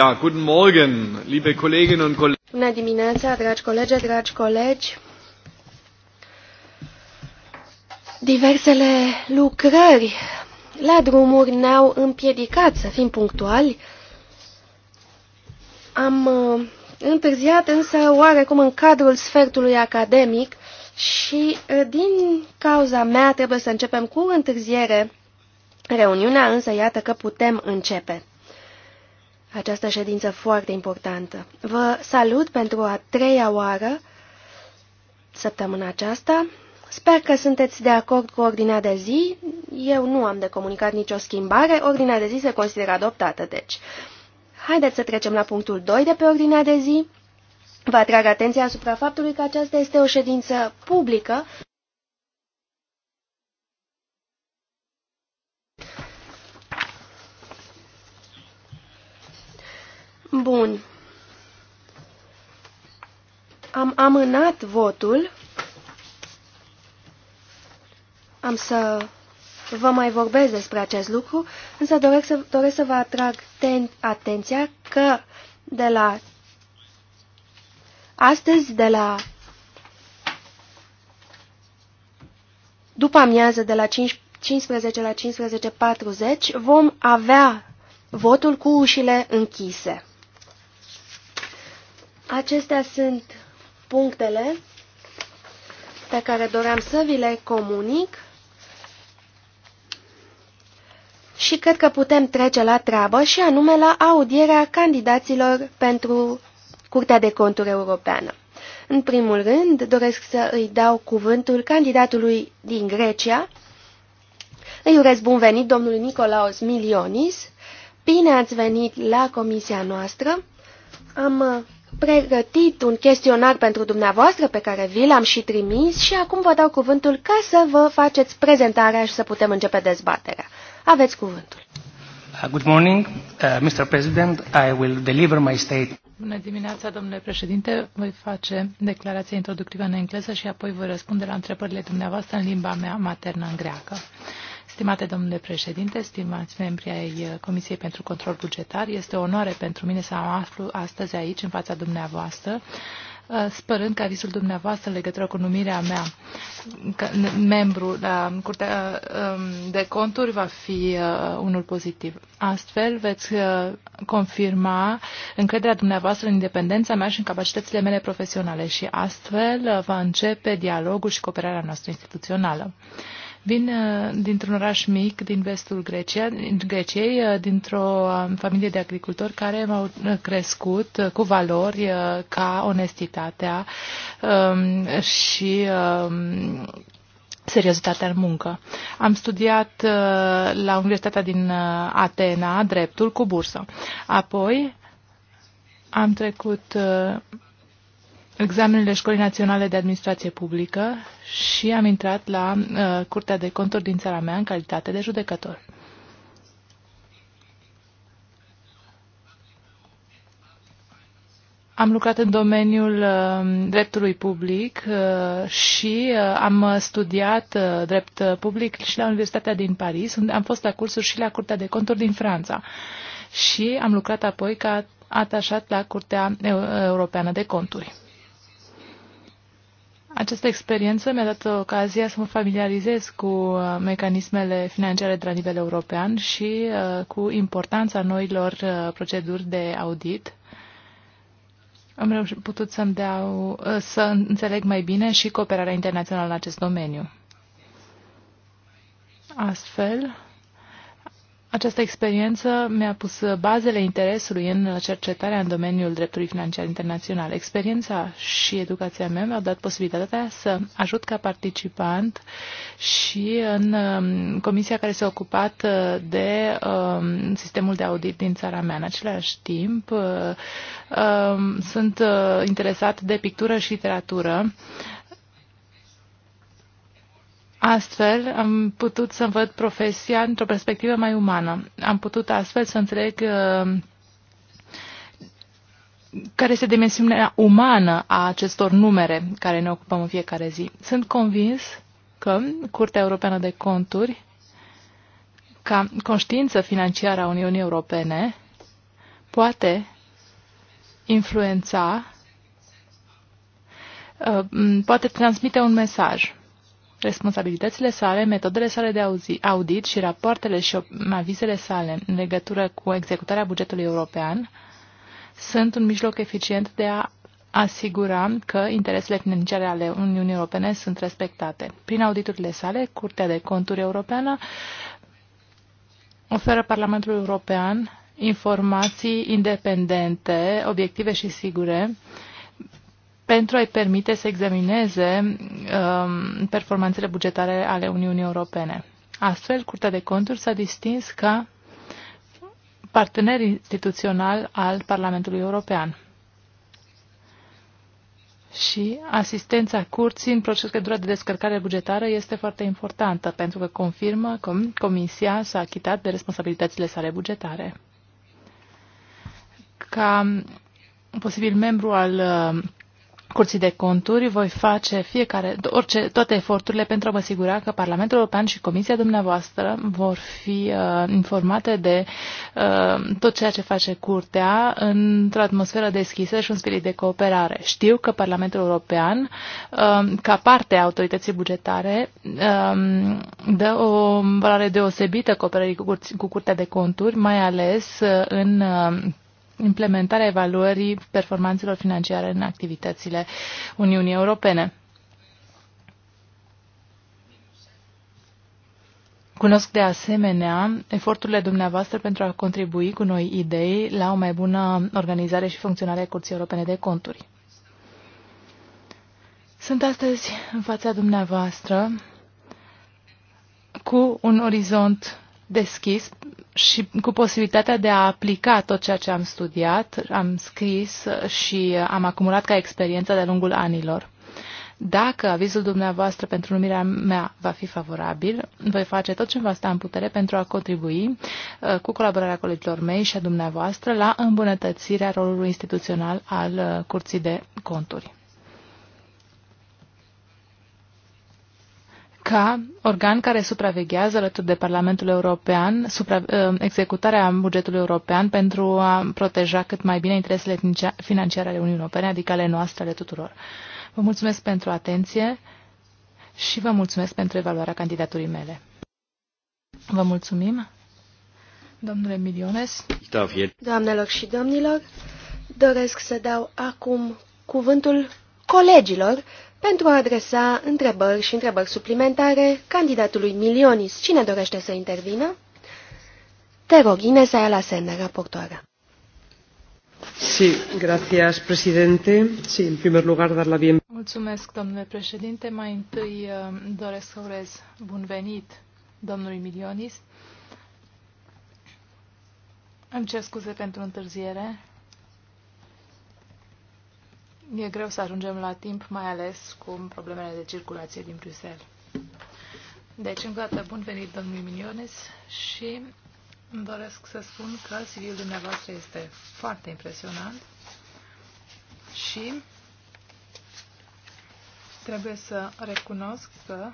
Ja, guten Morgen, liebe Kolleginnen und Kollegen. Bună dimineața, dragi colegi, dragi colegi. Diversele lucrări la drumuri ne-au împiedicat să fim punctuali. Am uh, întârziat însă oarecum în cadrul sfertului academic și uh, din cauza mea trebuie să începem cu întârziere reuniunea, însă iată că putem începe această ședință foarte importantă. Vă salut pentru a treia oară săptămâna aceasta. Sper că sunteți de acord cu ordinea de zi. Eu nu am de comunicat nicio schimbare. Ordinea de zi se consideră adoptată, deci. Haideți să trecem la punctul 2 de pe ordinea de zi. Vă atrag atenția asupra faptului că aceasta este o ședință publică Bun. Am amânat votul. Am să vă mai vorbesc despre acest lucru, însă doresc să, doresc să vă atrag ten, atenția că de la astăzi, de la după amiază, de la 15 la 15.40, vom avea votul cu ușile închise. Acestea sunt punctele pe care doream să vi le comunic și cred că putem trece la treabă și anume la audierea candidaților pentru Curtea de Conturi Europeană. În primul rând, doresc să îi dau cuvântul candidatului din Grecia. Îi urez bun venit domnului Nicolaos Milionis. Bine ați venit la comisia noastră. Am pregătit un chestionar pentru dumneavoastră pe care vi l-am și trimis și acum vă dau cuvântul ca să vă faceți prezentarea și să putem începe dezbaterea. Aveți cuvântul. Uh, good morning, uh, Mr. President. I will deliver my state. Bună dimineața, domnule președinte. Voi face declarația introductivă în engleză și apoi voi răspunde la întrebările dumneavoastră în limba mea maternă în greacă. Uh, Stimate domnule președinte, stimați membri ai uh, Comisiei pentru Control Bugetar, este o onoare pentru mine să mă aflu astăzi aici, în fața dumneavoastră, uh, spărând ca visul dumneavoastră în legătură cu numirea mea membru la Curtea uh, um, de Conturi va fi unul pozitiv. Astfel veți confirma încrederea dumneavoastră în independența mea și în capacitățile mele profesionale și astfel va începe dialogul și cooperarea noastră instituțională. Vin uh, dintr-un oraș mic din vestul Greciei, uh, dintr-o um, familie de agricultori care m-au uh, crescut cu valori ca onestitatea um, și um, seriozitatea în muncă. Am studiat la Universitatea din Atena dreptul cu bursă. Apoi am trecut examenele Școlii Naționale de Administrație Publică și am intrat la uh, Curtea de Conturi din țara mea în calitate de judecător. Am lucrat în domeniul uh, dreptului public uh, și uh, am studiat drept public și la Universitatea din Paris, unde am fost la cursuri și la Curtea de Conturi din Franța. Și am lucrat apoi ca atașat la Curtea Europeană de Conturi. Această experiență mi-a dat ocazia să mă familiarizez cu uh, mecanismele financiare de la nivel european și uh, cu importanța noilor uh, proceduri de audit. Am putut să-mi să înțeleg mai bine și cooperarea internațională în acest domeniu. Astfel, această experiență mi-a pus bazele interesului în cercetarea în domeniul dreptului financiar internațional. Experiența și educația mea mi-au dat posibilitatea să ajut ca participant și în um, comisia care s-a ocupat uh, de um, sistemul de audit din țara mea. În același timp, uh, um, sunt uh, interesat de pictură și literatură Astfel am putut să văd profesia într-o perspectivă mai umană. Am putut astfel să înțeleg uh, care este dimensiunea umană a acestor numere care ne ocupăm în fiecare zi. Sunt convins că Curtea Europeană de Conturi, ca conștiință financiară a Uniunii Europene, poate influența, uh, poate transmite un mesaj responsabilitățile sale, metodele sale de audit și rapoartele și avizele sale în legătură cu executarea bugetului european sunt un mijloc eficient de a asigura că interesele financiare ale Uniunii Europene sunt respectate. Prin auditurile sale, Curtea de Conturi Europeană oferă Parlamentului European informații independente, obiective și sigure pentru a-i permite să examineze um, performanțele bugetare ale Uniunii Europene. Astfel, Curtea de Conturi s-a distins ca partener instituțional al Parlamentului European și asistența curții în procedura de descărcare bugetară este foarte importantă pentru că confirmă că Comisia s-a achitat de responsabilitățile sale bugetare. Ca posibil membru al uh, Curții de Conturi, voi face fiecare, orice, toate eforturile pentru a mă asigura că Parlamentul European și Comisia dumneavoastră vor fi uh, informate de uh, tot ceea ce face Curtea într-o atmosferă deschisă și un spirit de cooperare. Știu că Parlamentul European, uh, ca parte a autorității bugetare, uh, dă o valoare deosebită cooperării cu, curți, cu Curtea de Conturi, mai ales uh, în uh, implementarea evaluării performanțelor financiare în activitățile Uniunii Europene. Cunosc de asemenea eforturile dumneavoastră pentru a contribui cu noi idei la o mai bună organizare și funcționare a Curții Europene de Conturi. Sunt astăzi în fața dumneavoastră cu un orizont deschis și cu posibilitatea de a aplica tot ceea ce am studiat, am scris și am acumulat ca experiență de-a lungul anilor. Dacă avizul dumneavoastră pentru numirea mea va fi favorabil, voi face tot ce va sta în putere pentru a contribui uh, cu colaborarea colegilor mei și a dumneavoastră la îmbunătățirea rolului instituțional al uh, Curții de Conturi. ca organ care supraveghează alături de Parlamentul European supra, uh, executarea bugetului european pentru a proteja cât mai bine interesele financiare ale Uniunii Europene, adică ale noastre, ale tuturor. Vă mulțumesc pentru atenție și vă mulțumesc pentru evaluarea candidaturii mele. Vă mulțumim, domnule Miliones. Doamnelor și domnilor, doresc să dau acum cuvântul colegilor pentru a adresa întrebări și întrebări suplimentare candidatului Milionis. Cine dorește să intervină? Te rog, Ines la semne, raportoarea. Sí, gracias, presidente. Sí, en primer lugar, dar la bienvenida. Mulțumesc, domnule președinte. Mai întâi uh, doresc să urez bun venit domnului Milionis. Îmi cer scuze pentru întârziere. E greu să ajungem la timp, mai ales cu problemele de circulație din Bruxelles. Deci, încă o dată, bun venit, domnul Minionis, și îmi doresc să spun că CV-ul dumneavoastră este foarte impresionant și trebuie să recunosc că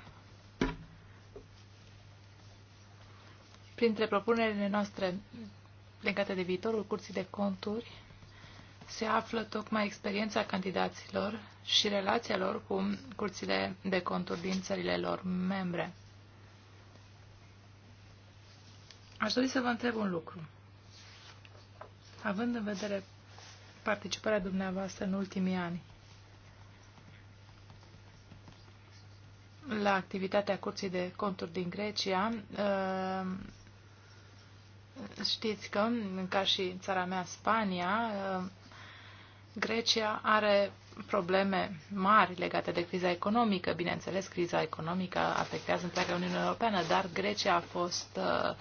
printre propunerile noastre legate de viitorul curții de conturi, se află tocmai experiența candidaților și relația lor cu curțile de conturi din țările lor membre. Aș dori să vă întreb un lucru. Având în vedere participarea dumneavoastră în ultimii ani la activitatea Curții de Conturi din Grecia, ă, știți că, ca și țara mea, Spania, ă, Grecia are probleme mari legate de criza economică. Bineînțeles, criza economică afectează întreaga Uniune Europeană, dar Grecia a fost uh,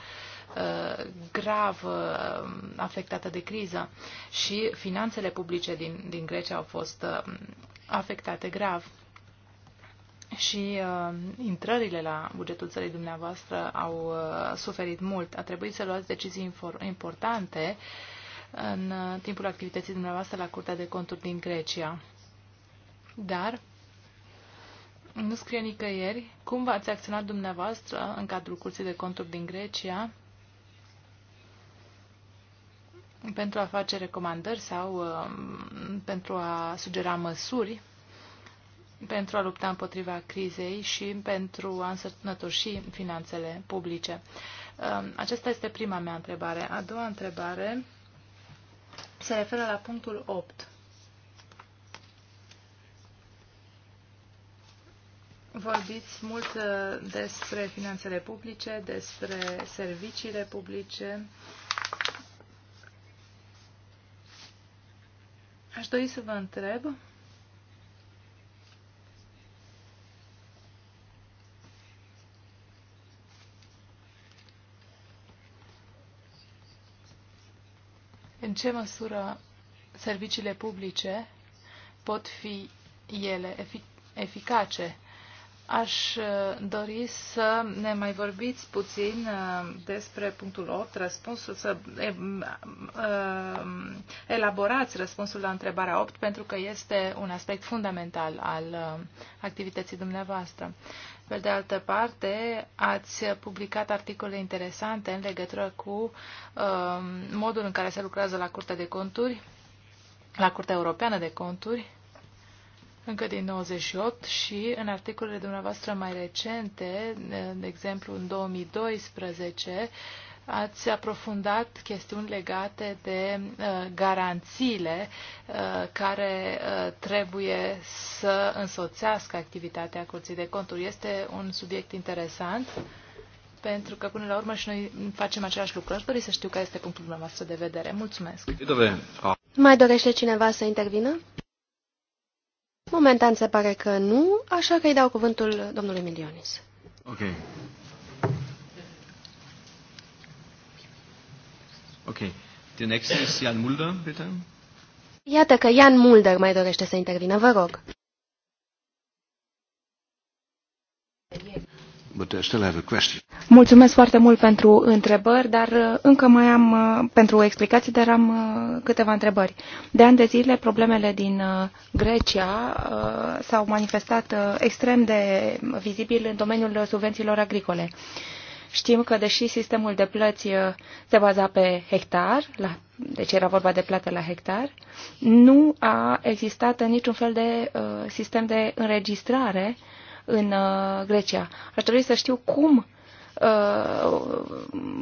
uh, grav uh, afectată de criză și finanțele publice din, din Grecia au fost afectate grav. Și uh, intrările la bugetul țării dumneavoastră au uh, suferit mult. A trebuit să luați decizii importante uh, în uh, timpul activității dumneavoastră la Curtea de Conturi din Grecia. Dar nu scrie nicăieri cum v-ați acționat dumneavoastră în cadrul Curții de Conturi din Grecia pentru a face recomandări sau uh, pentru a sugera măsuri pentru a lupta împotriva crizei și pentru a însărtănătoși finanțele publice. Uh, aceasta este prima mea întrebare. A doua întrebare se referă la punctul 8. Vorbiți mult uh, despre finanțele publice, despre serviciile publice. Aș dori să vă întreb în ce măsură serviciile publice pot fi ele efic eficace Aș uh, dori să ne mai vorbiți puțin uh, despre punctul 8, răspunsul, să uh, elaborați răspunsul la întrebarea 8, pentru că este un aspect fundamental al activității dumneavoastră. Pe de altă parte, ați publicat articole interesante în legătură cu modul în care se lucrează la Curtea de Conturi, la Curtea Europeană de Conturi, încă din 98 și în articolele dumneavoastră mai recente, de exemplu în 2012, ați aprofundat chestiuni legate de uh, garanțiile uh, care uh, trebuie să însoțească activitatea Curții de Conturi. Este un subiect interesant pentru că până la urmă și noi facem același lucru. Aș dori să știu care este punctul dumneavoastră de vedere. Mulțumesc. Mai dorește cineva să intervină? Momentan se pare că nu, așa că îi dau cuvântul domnului Milionis. Ok. Ok. The next is Jan Mulder, bitte. Iată că Jan Mulder mai dorește să intervină, vă rog but I still have a question. Mulțumesc foarte mult pentru întrebări, dar uh, încă mai am uh, pentru explicații, dar am uh, câteva întrebări. De ani de zile, problemele din Grecia s-au manifestat extrem de vizibil în domeniul subvențiilor agricole. Știm că deși sistemul de plăți se baza pe hectar, la, deci era vorba de plată la hectar, nu a existat niciun fel de uh, sistem de înregistrare uh, în uh, Grecia. Aș dori să știu cum uh,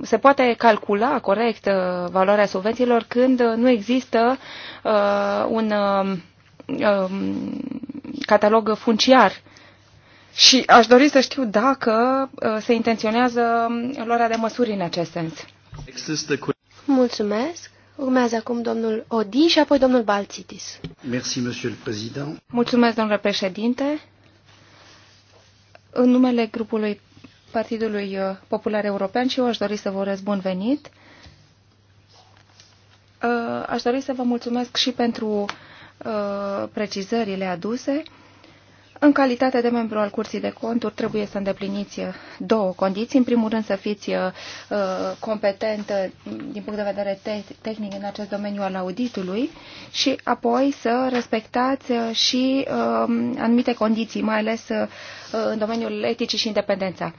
se poate calcula corect uh, valoarea subvențiilor când nu există un um, catalog funciar. Și aș dori să știu dacă se intenționează luarea de măsuri în acest sens. Mulțumesc. Urmează acum domnul Odi și apoi domnul Balțitis. Mulțumesc, domnule președinte. În numele grupului Partidului uh, Popular European și eu aș dori să vă urez bun venit. Uh, aș dori să vă mulțumesc și pentru uh, precizările aduse. În calitate de membru al Curții de Conturi trebuie să îndepliniți uh, două condiții. În primul rând să fiți uh, uh, competent din punct de vedere te tehnic în acest domeniu al auditului și apoi să respectați și um, anumite condiții, mai ales în domeniul eticii și independența.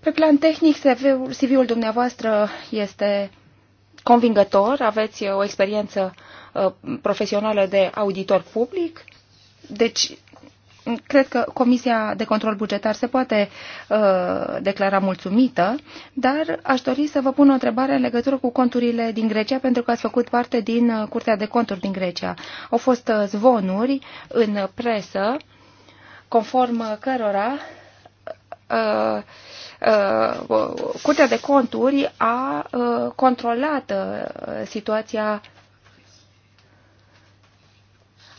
Pe plan tehnic, CV-ul dumneavoastră este convingător, aveți o experiență profesională de auditor public, deci cred că Comisia de Control Bugetar se poate uh, declara mulțumită, dar aș dori să vă pun o întrebare în legătură cu conturile din Grecia, pentru că ați făcut parte din uh, Curtea de Conturi din Grecia. Au fost uh, zvonuri în presă, conform cărora uh, uh, Curtea de Conturi a uh, controlat uh, situația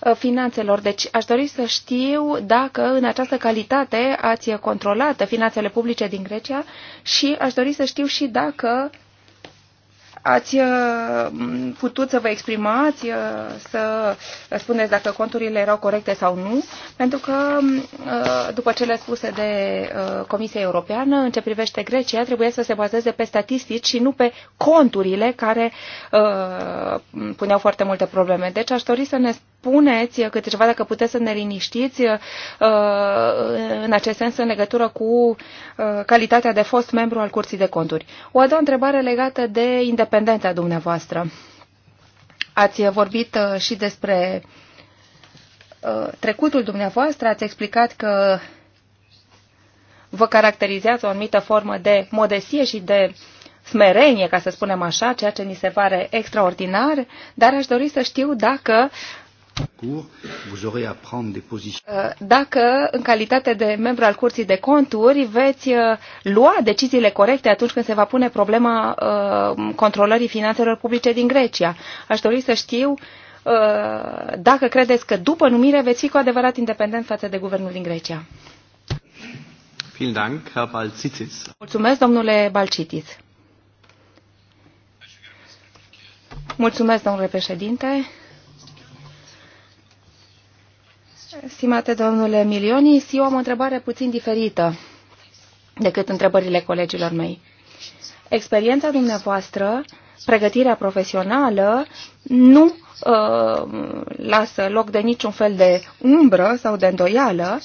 Uh, finanțelor. Deci aș dori să știu dacă în această calitate ați controlat finanțele publice din Grecia și aș dori să știu și dacă ați uh, putut să vă exprimați, uh, să spuneți dacă conturile erau corecte sau nu, pentru că uh, după cele spuse de Comisia Europeană, în ce privește Grecia, trebuie să se bazeze pe statistici și nu pe conturile care puneau foarte multe probleme. Deci aș dori să ne spuneți câte ceva, dacă puteți să ne liniștiți în acest sens în legătură cu calitatea de fost membru al Curții de Conturi. O a doua întrebare legată de independență independente a dumneavoastră. Ați vorbit uh, și despre uh, trecutul dumneavoastră, ați explicat că vă caracterizează o anumită formă de modestie și de smerenie, ca să spunem așa, ceea ce ni se pare extraordinar, dar aș dori să știu dacă Uh, dacă, în calitate de membru al Curții de Conturi, veți uh, lua deciziile corecte atunci când se va pune problema uh, controlării finanțelor publice din Grecia, aș dori să știu dacă credeți că după numire veți fi cu adevărat independent față de guvernul din Grecia. Mulțumesc, domnule Balcitis. Mulțumesc, domnule președinte. Stimate domnule Milionis, eu am o întrebare puțin diferită decât întrebările colegilor mei. Experiența dumneavoastră, pregătirea profesională, nu uh, lasă loc de niciun fel de umbră sau de îndoială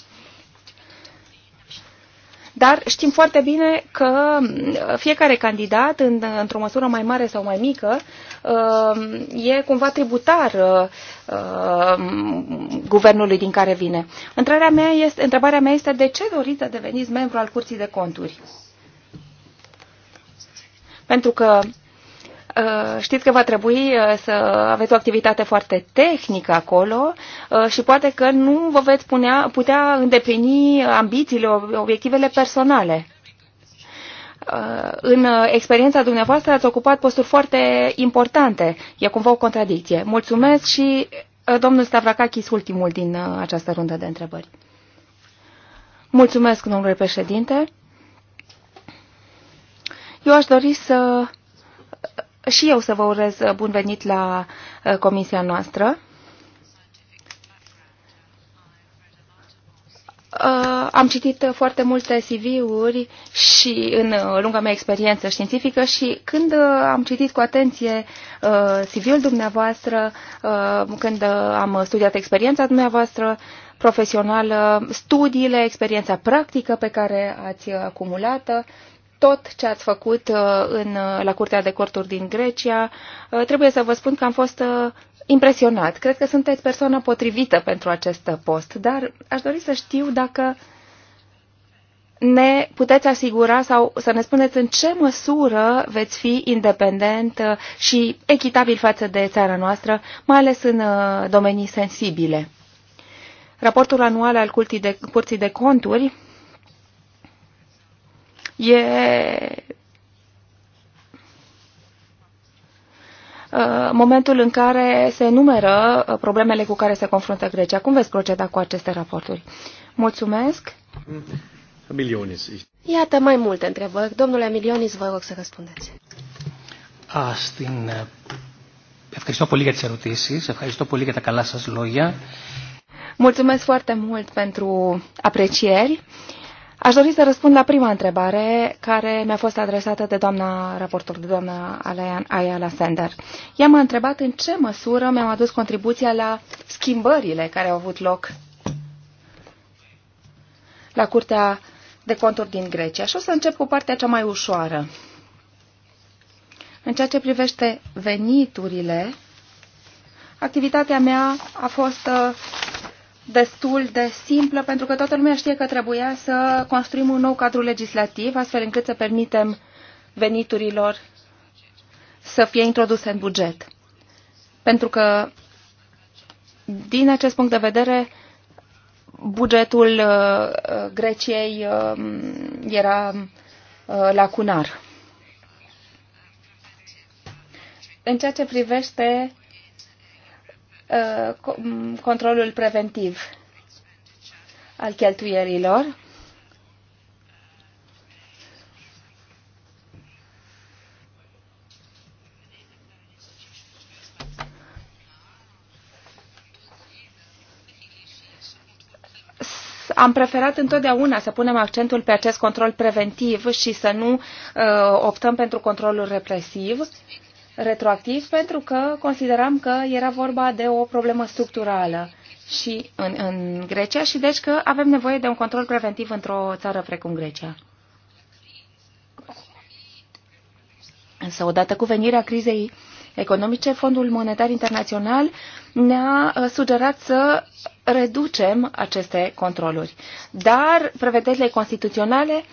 dar știm foarte bine că uh, fiecare candidat, în, într-o măsură mai mare sau mai mică, uh, e cumva tributar uh, guvernului din care vine. Întrebarea mea este, întrebarea mea este de ce doriți să deveniți membru al Curții de Conturi? Pentru că Eh, știți că va trebui eh, să aveți o activitate foarte tehnică acolo eh, și poate că nu vă veți punea, putea îndeplini ambițiile, obiectivele personale. În experiența dumneavoastră ați ocupat posturi foarte importante. E cumva o contradicție. Mulțumesc și domnul Stavrakakis, ultimul din această rundă de întrebări. Mulțumesc, domnule președinte. Eu aș dori să și eu să vă urez uh, bun venit la uh, comisia noastră. Uh, am citit foarte multe CV-uri și în lunga mea experiență științifică și când am citit cu atenție CV-ul dumneavoastră, când am studiat experiența dumneavoastră profesională, studiile, experiența practică pe care ați acumulată, tot ce ați făcut uh, în, uh, la Curtea de Corturi din Grecia. Uh, trebuie să vă spun că am fost impresionat. Cred că sunteți persoana potrivită pentru acest post, dar aș dori să știu dacă ne puteți asigura sau să ne spuneți în ce măsură veți fi independent și echitabil față de țara noastră, mai ales în domenii sensibile. Raportul anual al Curții de, Curții de Conturi e momentul în care se numără uh, problemele cu care se confruntă Grecia. Cum veți proceda cu aceste raporturi? Mulțumesc! Milionis. Iată mai multe întrebări. Domnule Milionis, vă rog să răspundeți. Α, Ευχαριστώ πολύ για τις ερωτήσεις, ευχαριστώ πολύ για τα καλά σας λόγια. Mulțumesc foarte mult pentru aprecieri. Aș dori să răspund la prima întrebare care mi-a fost adresată de doamna raportor, de doamna Ayala Sender. Ea m-a întrebat în ce măsură mi-am adus contribuția la schimbările care au avut loc la Curtea de Conturi din Grecia. Și o să încep cu partea cea mai ușoară. În ceea ce privește veniturile, activitatea mea a fost uh, destul de simplă, pentru că toată lumea știe că trebuia să construim un nou cadru legislativ, astfel încât să permitem veniturilor să fie introduse în buget. Pentru că, din acest punct de vedere, bugetul uh, uh Greciei uh, era uh, lacunar. În ceea ce privește Uh, controlul preventiv al cheltuierilor. am preferat întotdeauna să punem accentul pe acest control preventiv și să nu uh, optăm pentru controlul represiv. Uh, retroactiv pentru că consideram că era vorba de o problemă structurală și în, în Grecia și deci că avem nevoie de un control preventiv într-o țară precum Grecia. Însă, odată cu venirea crizei economice, Fondul Monetar Internațional ne-a uh, sugerat să reducem aceste controluri. Dar prevederile constituționale uh,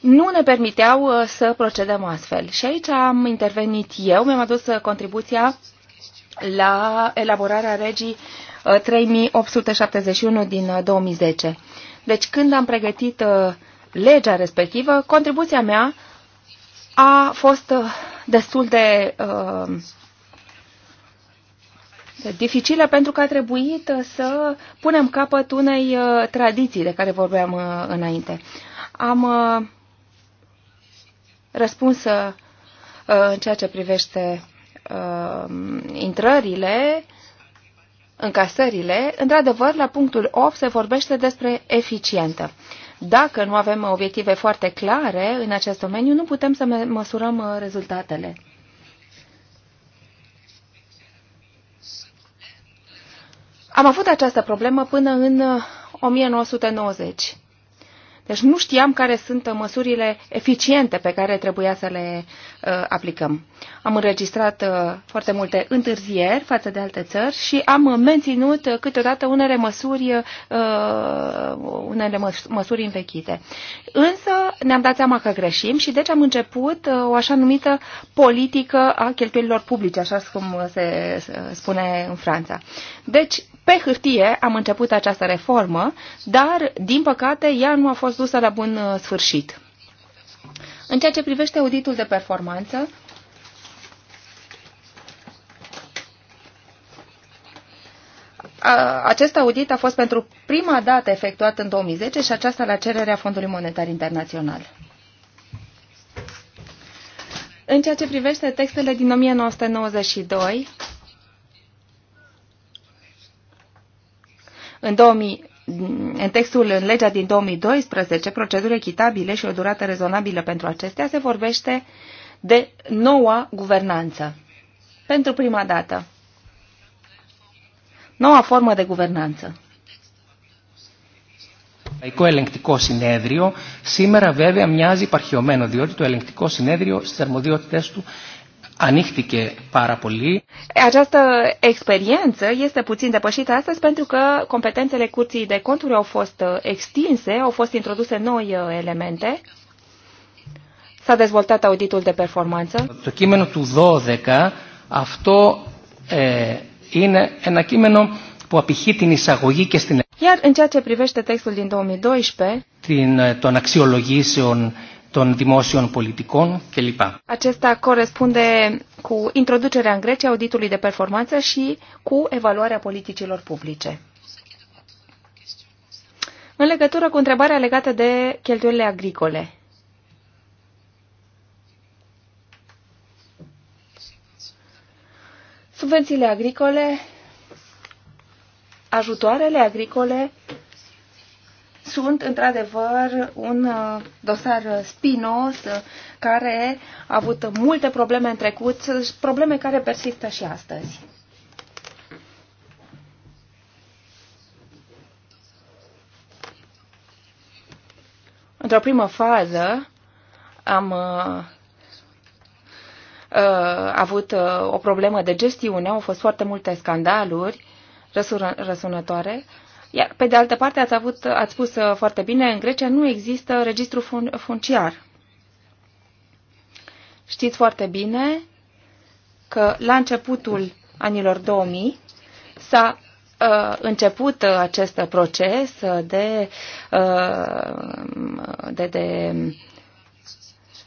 nu ne permiteau uh, să procedăm astfel. Și aici am intervenit eu, mi-am adus uh, contribuția la elaborarea regii 3871 uh, din 2010. Deci când am pregătit legea respectivă, contribuția mea a fost destul de, de dificilă pentru că a trebuit să punem capăt unei tradiții de care vorbeam înainte. Am răspunsă uh, în ceea ce privește uh, intrările, încasările, într-adevăr, la punctul 8 se vorbește despre eficientă. Dacă nu avem obiective foarte clare în acest domeniu, nu putem să măsurăm uh, rezultatele. Am avut această problemă până în 1990. Deci nu știam care sunt măsurile eficiente pe care trebuia să le uh, aplicăm. Am înregistrat uh, foarte multe întârzieri față de alte țări și am menținut uh, câteodată unele măsuri, uh, unele măs măsuri învechite. Însă ne-am dat seama că greșim și deci am început uh, o așa numită politică a cheltuielilor publice, așa cum se spune în Franța. Deci pe hârtie am început această reformă, dar, din păcate, ea nu a fost dusă la bun uh, sfârșit. În ceea ce privește auditul de performanță, Acest audit a fost pentru prima dată efectuat în 2010 și aceasta la cererea Fondului Monetar Internațional. În ceea ce privește textele din 1992, În 2000, în textul în legea din 2012, proceduri echitabile și o durată rezonabilă pentru acestea, se vorbește de noua guvernanță. Pentru prima dată. Noua formă de guvernanță. Laico Ελεγκτικό Συνέδριο σήμερα βέβαια μοιάζει υπαρχιωμένο, διότι το Ελεγκτικό Συνέδριο στι αρμοδιότητέ του Ανοίχτηκε πάρα πολύ. Această experiență este puțin depășită astăzi pentru că competențele curții de conturi au fost uh, extinse, au fost introduse noi uh, elemente. S-a dezvoltat auditul de performanță. Το κείμενο του 12 αυτό ε, είναι ένα κείμενο που απηχεί την εισαγωγή και στην Iar în ceea ce privește textul din 2012, την, των αξιολογήσεων των δημόσιων πολιτικών κλπ. Acesta corespunde cu introducerea în Grecia auditului de performanță și cu evaluarea politicilor publice. În legătură cu întrebarea legată de cheltuielile agricole. Subvențiile agricole, ajutoarele agricole sunt într-adevăr un uh, dosar spinos uh, care a avut multe probleme în trecut, probleme care persistă și astăzi. Într-o primă fază am uh, uh avut uh, o problemă de gestiune, au fost foarte multe scandaluri răsunătoare iar, pe de altă parte, ați, avut, ați spus uh, foarte bine, în Grecia nu există registru fun funciar. Știți foarte bine că la începutul anilor 2000 s-a uh, început uh, acest proces de, de, de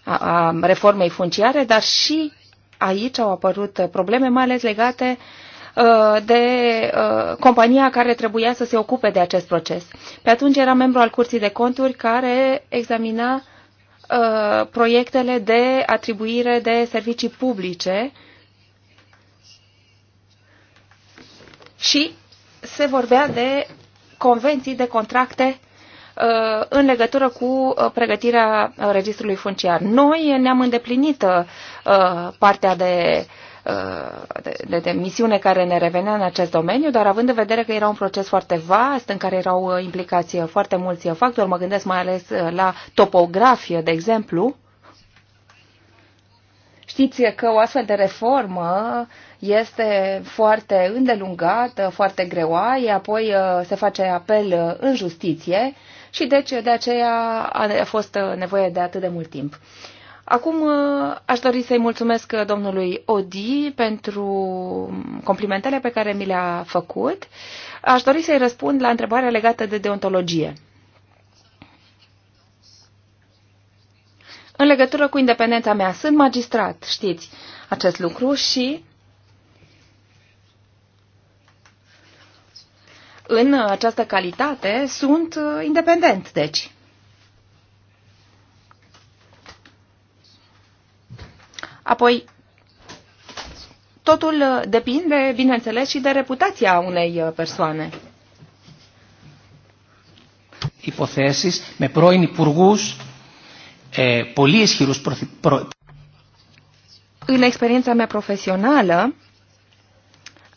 a, a reformei funciare, dar și aici au apărut probleme, mai ales legate uh, Uh, de uh, compania care trebuia să se ocupe de acest proces. Pe atunci era membru al Curții de Conturi care examina uh, proiectele de atribuire de servicii publice și se vorbea de convenții, de contracte în legătură cu pregătirea registrului funciar. Noi ne-am îndeplinit partea de Uh, de, de, misiune care ne revenea în acest domeniu, dar având în vedere că era un proces foarte vast, în care erau uh, implicați uh, foarte mulți factori, mă gândesc mai ales la topografie, de exemplu, Știți că o astfel de reformă este foarte îndelungată, foarte greoaie, apoi se face apel în justiție și deci de aceea a fost nevoie de atât de mult timp. Acum uh, aș dori să-i mulțumesc uh, domnului Odi pentru complimentele pe care mi le-a făcut. Aș dori să-i răspund la întrebarea legată de deontologie. În legătură cu independența mea, sunt magistrat, știți acest lucru și în această calitate sunt uh, independent, deci. Apoi, totul uh, depinde, bineînțeles, și de reputația unei uh, persoane. Υποθέσεις με πρώην υπουργούς, ε, πολύ ισχυρούς În experiența mea profesională,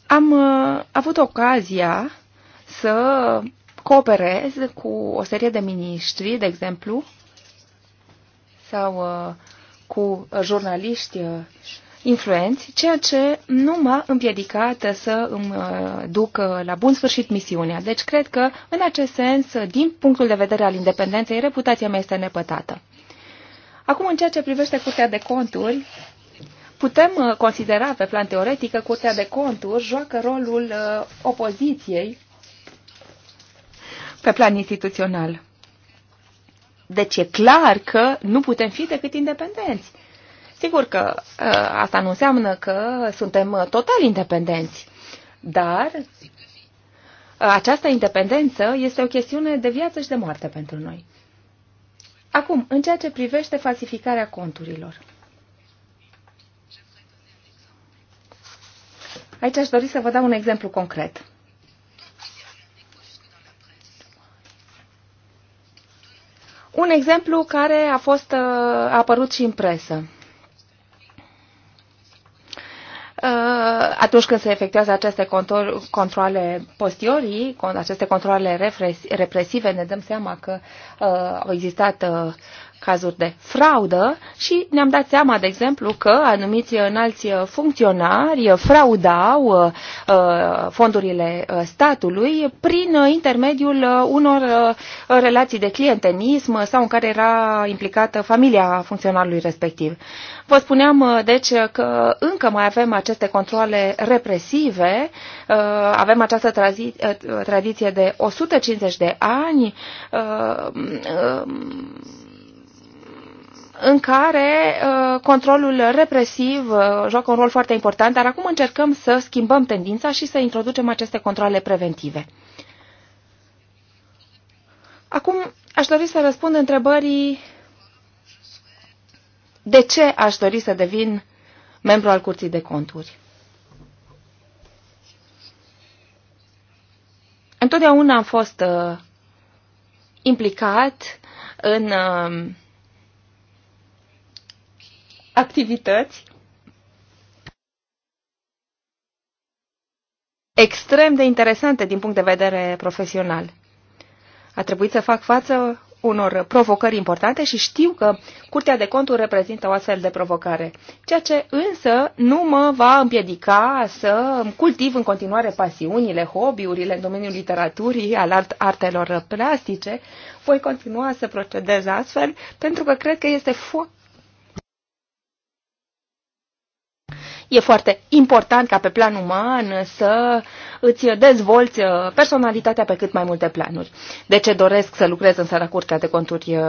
am uh, avut ocazia să cooperez cu o serie de miniștri, de exemplu, sau uh, cu jurnaliști uh, influenți, ceea ce nu m-a împiedicat să îmi uh, duc uh, la bun sfârșit misiunea. Deci cred că, în acest sens, din punctul de vedere al independenței, reputația mea este nepătată. Acum, în ceea ce privește Curtea de Conturi, putem considera pe plan teoretic că Curtea de Conturi joacă rolul opoziției pe plan instituțional. Deci e clar că nu putem fi decât independenți. Sigur că ă, asta nu înseamnă că suntem total independenți, dar această independență este o chestiune de viață și de moarte pentru noi. Acum, în ceea ce privește falsificarea conturilor. Aici aș dori să vă dau un exemplu concret. Un exemplu care a fost uh, a apărut și în presă. Uh, atunci când se efectuează aceste controle postiorii, aceste controle represive, ne dăm seama că uh, au existat cazuri de fraudă și ne-am dat seama, de exemplu, că anumiți înalți funcționari fraudau uh, fondurile uh, statului prin intermediul uh, unor relații de clientenism sau în care era implicată familia funcționarului respectiv. Vă spuneam, deci, că încă mai avem aceste controle represive, avem această tradiție de 150 de ani, în care uh, controlul represiv uh, joacă un rol foarte important, dar acum încercăm să schimbăm tendința și să introducem aceste controle preventive. Acum aș dori să răspund întrebării de ce aș dori să devin membru al Curții de Conturi. Întotdeauna am fost uh, implicat în uh, activități extrem de interesante din punct de vedere profesional. A trebuit să fac față unor provocări importante și știu că Curtea de Conturi reprezintă o astfel de provocare, ceea ce însă nu mă va împiedica să cultiv în continuare pasiunile, hobby-urile în domeniul literaturii, al art artelor plastice. Voi continua să procedez astfel pentru că cred că este fo E foarte important ca pe plan uman să îți dezvolți uh, personalitatea pe cât mai multe planuri. De ce doresc să lucrez în sala Curtea de Conturi uh,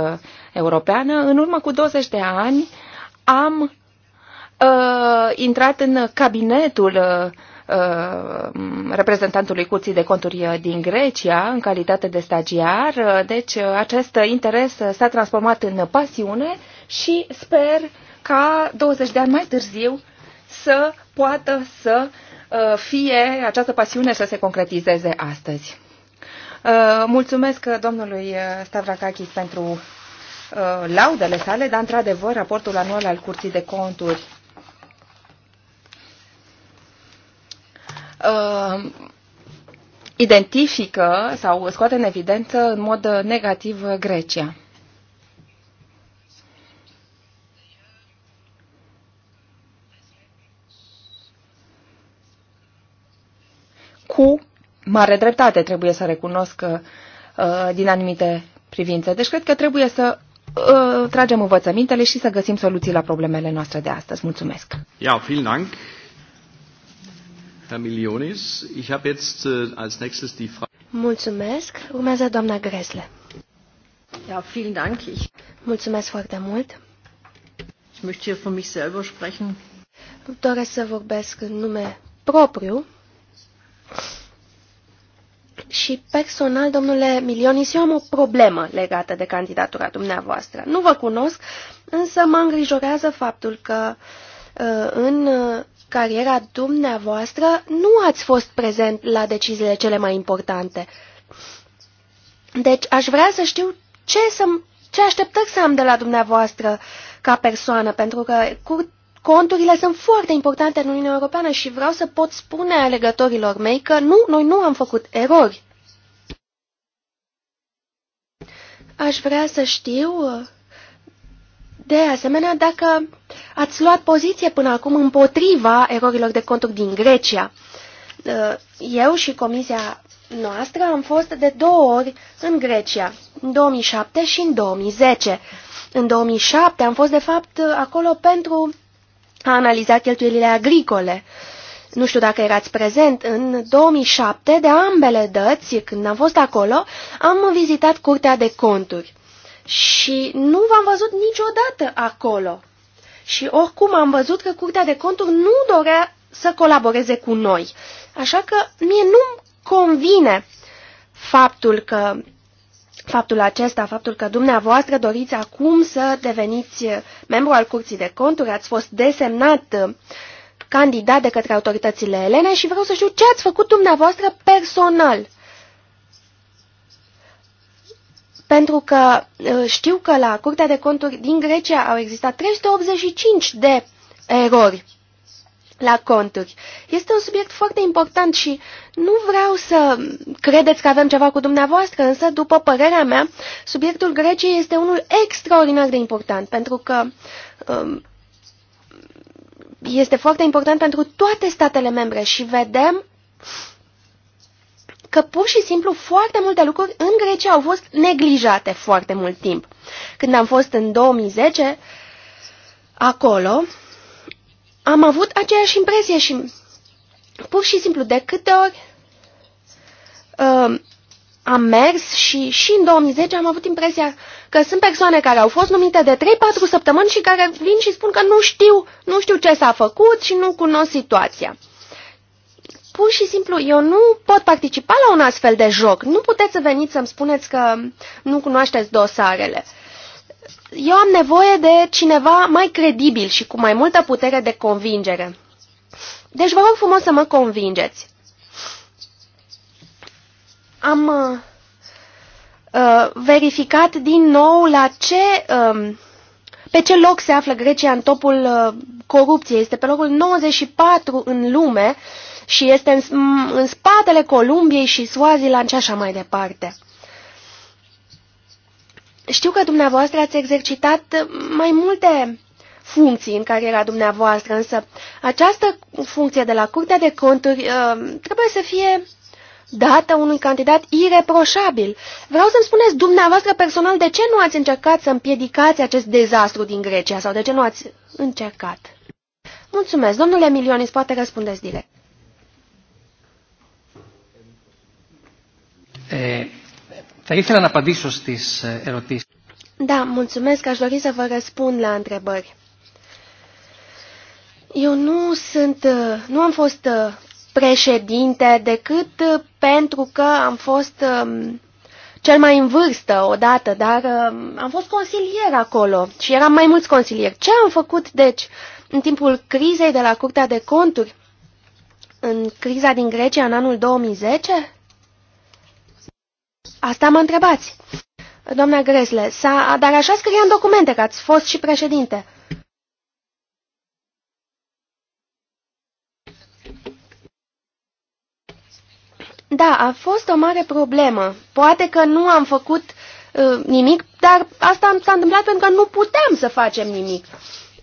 Europeană? În urmă cu 20 de ani am uh, intrat în cabinetul uh, uh reprezentantului Curții de Conturi din Grecia în calitate de stagiar. Deci acest interes s-a transformat în pasiune și sper ca 20 de ani mai târziu să poată să uh, fie această pasiune să se concretizeze astăzi. Uh, mulțumesc domnului uh, Stavrakakis pentru laudele sale, dar într-adevăr raportul anual al Curții de Conturi identifică sau scoate în evidență în mod negativ Grecia. cu mare dreptate, trebuie să recunosc uh, din anumite privințe. Deci cred că trebuie să uh, tragem învățămintele și să găsim soluții la problemele noastre de astăzi. Mulțumesc! Ja, vielen Dank, Herr Milionis. Ich habe jetzt äh, als nächstes die Frage... Mulțumesc! Urmează doamna Gresle. Ja, vielen Dank. Ich... Mulțumesc foarte mult! Ich möchte hier von mich selber sprechen. Doresc să vorbesc în nume propriu. Și personal, domnule Milionis, eu am o problemă legată de candidatura dumneavoastră. Nu vă cunosc, însă mă îngrijorează faptul că uh, în uh, cariera dumneavoastră nu ați fost prezent la deciziile cele mai importante. Deci aș vrea să știu ce, să ce așteptări să am de la dumneavoastră ca persoană, pentru că cur Conturile sunt foarte importante în Uniunea Europeană și vreau să pot spune alegătorilor mei că nu, noi nu am făcut erori. Aș vrea să știu, de asemenea, dacă ați luat poziție până acum împotriva erorilor de conturi din Grecia. Eu și comisia noastră am fost de două ori în Grecia, în 2007 și în 2010. În 2007 am fost, de fapt, acolo pentru a analizat cheltuielile agricole. Nu știu dacă erați prezent, în 2007, de ambele dăți, când am fost acolo, am vizitat Curtea de Conturi. Și nu v-am văzut niciodată acolo. Și oricum am văzut că Curtea de Conturi nu dorea să colaboreze cu noi. Așa că mie nu-mi convine faptul că faptul acesta, faptul că dumneavoastră doriți acum să deveniți membru al Curții de Conturi, ați fost desemnat candidat de către autoritățile elene și vreau să știu ce ați făcut dumneavoastră personal. Pentru că ă, știu că la Curtea de Conturi din Grecia au existat 385 de erori la conturi. Este un subiect foarte important și nu vreau să credeți că avem ceva cu dumneavoastră, însă, după părerea mea, subiectul Greciei este unul extraordinar de important, pentru că um, este foarte important pentru toate statele membre și vedem că pur și simplu foarte multe lucruri în Grecia au fost neglijate foarte mult timp. Când am fost în 2010 acolo, am avut aceeași impresie și pur și simplu de câte ori uh, am mers și, și în 2010 am avut impresia că sunt persoane care au fost numite de 3-4 săptămâni și care vin și spun că nu știu, nu știu ce s-a făcut și nu cunosc situația. Pur și simplu, eu nu pot participa la un astfel de joc. Nu puteți să veniți să-mi spuneți că nu cunoașteți dosarele. Uh, eu am nevoie de cineva mai credibil și cu mai multă putere de convingere. Deci vă rog frumos să mă convingeți. Am uh, uh verificat din nou la ce, uh, pe ce loc se află Grecia în topul uh, corupției. Este pe locul 94 în lume și este în, în spatele Columbiei și Swaziland și așa mai departe. Știu că dumneavoastră ați exercitat mai multe funcții în cariera dumneavoastră, însă această funcție de la Curtea de Conturi uh, trebuie să fie dată unui candidat ireproșabil. Vreau să-mi spuneți dumneavoastră personal de ce nu ați încercat să împiedicați acest dezastru din Grecia sau de ce nu ați încercat. Mulțumesc. Domnule Milionis, poate răspundeți direct. E... Eh, Θα ήθελα να απαντήσω στις ερωτήσεις. Da, mulțumesc. Aș dori să vă răspund la întrebări. Eu nu sunt, uh, nu am fost uh, președinte decât uh, pentru că am fost um, cel mai în vârstă odată, dar um, am fost consilier acolo și eram mai mulți consilieri. Ce am făcut, deci, în timpul crizei de la Curtea de Conturi, în criza din Grecia în anul 2010? Asta mă întrebați. Doamna Gresle, dar așa scrie în documente că ați fost și președinte. Da, a fost o mare problemă. Poate că nu am făcut uh, nimic, dar asta s-a întâmplat pentru că nu puteam să facem nimic.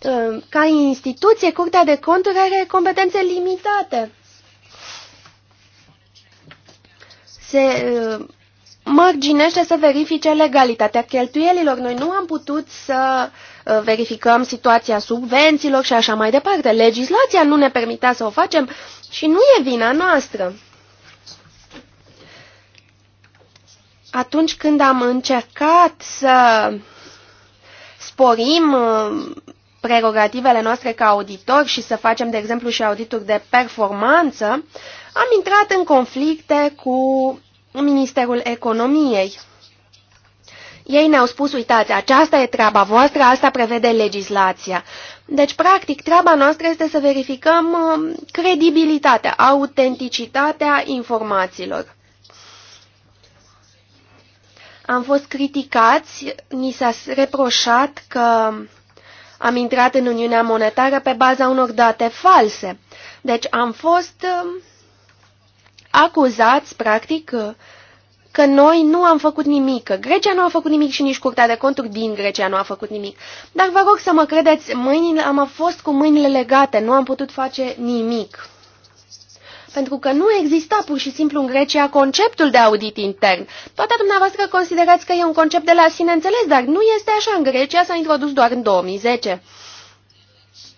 Uh, ca instituție, Curtea de Conturi are competențe limitate. Se uh, mărginește să verifice legalitatea cheltuielilor. Noi nu am putut să uh, verificăm situația subvențiilor și așa mai departe. Legislația nu ne permitea să o facem și nu e vina noastră. Atunci când am încercat să sporim uh, prerogativele noastre ca auditor și să facem, de exemplu, și audituri de performanță, am intrat în conflicte cu Ministerul Economiei. Ei ne-au spus, uitați, aceasta e treaba voastră, asta prevede legislația. Deci, practic, treaba noastră este să verificăm uh, credibilitatea, autenticitatea informațiilor. Am fost criticați, ni s-a reproșat că am intrat în Uniunea Monetară pe baza unor date false. Deci am fost uh, acuzați, practic, că noi nu am făcut nimic, că Grecia nu a făcut nimic și nici Curtea de Conturi din Grecia nu a făcut nimic. Dar vă rog să mă credeți, mâinile, am fost cu mâinile legate, nu am putut face nimic. Pentru că nu exista pur și simplu în Grecia conceptul de audit intern. Toate dumneavoastră considerați că e un concept de la sine înțeles, dar nu este așa în Grecia, s-a introdus doar în 2010.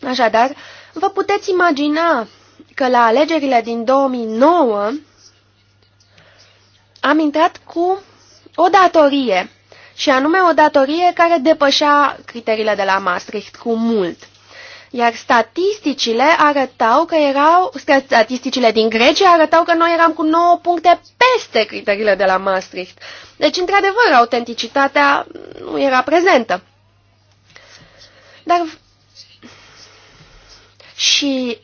Așadar, vă puteți imagina că la alegerile din 2009 am intrat cu o datorie, și anume o datorie care depășea criteriile de la Maastricht cu mult. Iar statisticile arătau că erau, statisticile din Grecia arătau că noi eram cu 9 puncte peste criteriile de la Maastricht. Deci, într-adevăr, autenticitatea nu era prezentă. Dar și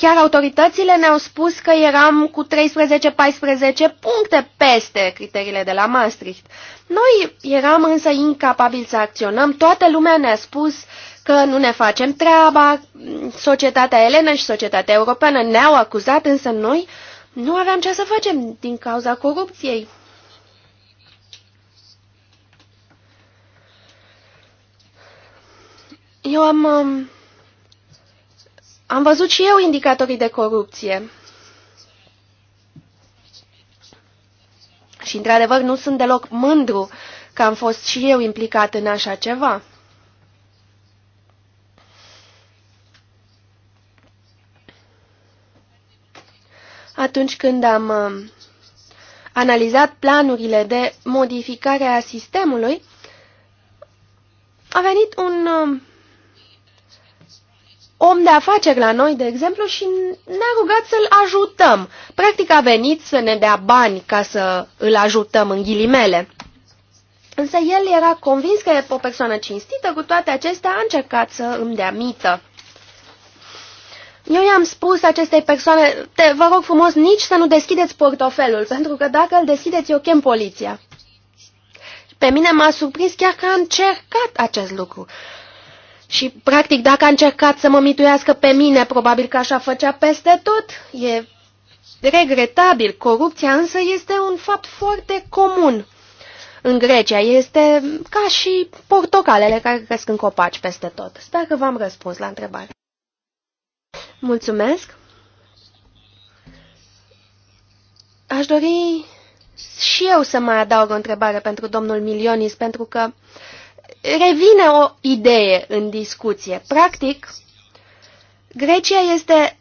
Chiar autoritățile ne-au spus că eram cu 13-14 puncte peste criteriile de la Maastricht. Noi eram însă incapabili să acționăm, toată lumea ne-a spus că nu ne facem treaba, societatea elenă și societatea europeană ne-au acuzat, însă noi nu aveam ce să facem din cauza corupției. Eu am... Uh... Am văzut și eu indicatorii de corupție. Și, într-adevăr, nu sunt deloc mândru că am fost și eu implicat în așa ceva. Atunci când am um, analizat planurile de modificare a sistemului, a venit un um, om de afaceri la noi, de exemplu, și ne-a rugat să-l ajutăm. Practic a venit să ne dea bani ca să îl ajutăm în ghilimele. Însă el era convins că e o persoană cinstită, cu toate acestea a încercat să îmi dea mită. Eu i-am spus acestei persoane, te, vă rog frumos, nici să nu deschideți portofelul, pentru că dacă îl deschideți, eu chem poliția. Pe mine m-a surprins chiar că a încercat acest lucru. Și, practic, dacă a încercat să mă mituiască pe mine, probabil că așa făcea peste tot. E regretabil. Corupția însă este un fapt foarte comun în Grecia. Este ca și portocalele care cresc în copaci peste tot. Sper că v-am răspuns la întrebare. Mulțumesc. Aș dori și eu să mai adaug o întrebare pentru domnul Milionis, pentru că uh, revine o idee în discuție. Practic, Grecia este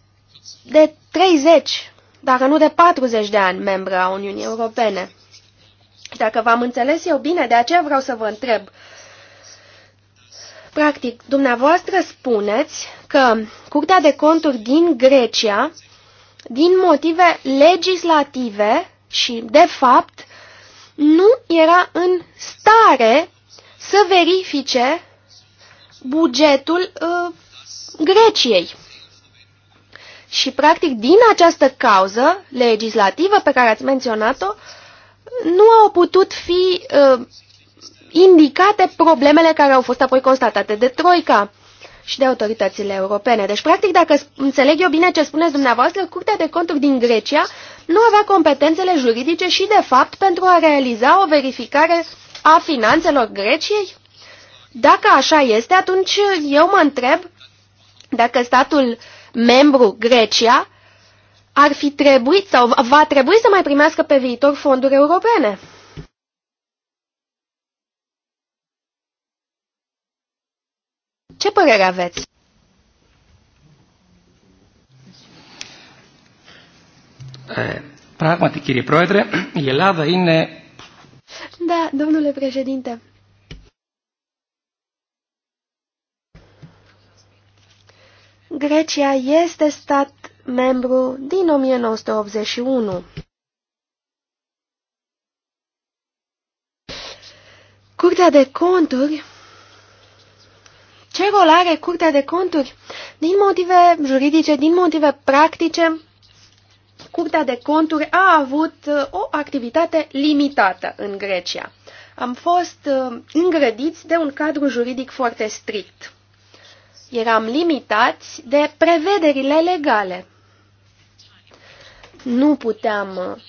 de 30, dacă nu de 40 de ani, membră a Uniunii Europene. Dacă v-am înțeles eu bine, de aceea vreau să vă întreb. Practic, dumneavoastră spuneți că Curtea de Conturi din Grecia, din motive legislative și, de fapt, nu era în stare să verifice bugetul uh, Greciei. Și, practic, din această cauză legislativă pe care ați menționat-o, nu au putut fi uh, indicate problemele care au fost apoi constatate de Troica și de autoritățile europene. Deci, practic, dacă înțeleg eu bine ce spuneți dumneavoastră, Curtea de Conturi din Grecia nu avea competențele juridice și, de fapt, pentru a realiza o verificare a finanțelor Greciei? Dacă așa este, atunci eu mă întreb dacă statul membru Grecia ar fi trebuit sau va trebui să mai primească pe viitor fonduri europene. Ce părere aveți? Pragmatic, κύριε Πρόεδρε, η Ελλάδα είναι da, domnule președinte. Grecia este stat membru din 1981. Curtea de conturi ce rol are Curtea de Conturi? Din motive juridice, din motive practice, Curtea de Conturi a avut uh, o activitate limitată în Grecia. Am fost uh, îngrădiți de un cadru juridic foarte strict. Eram limitați de prevederile legale. Nu puteam uh,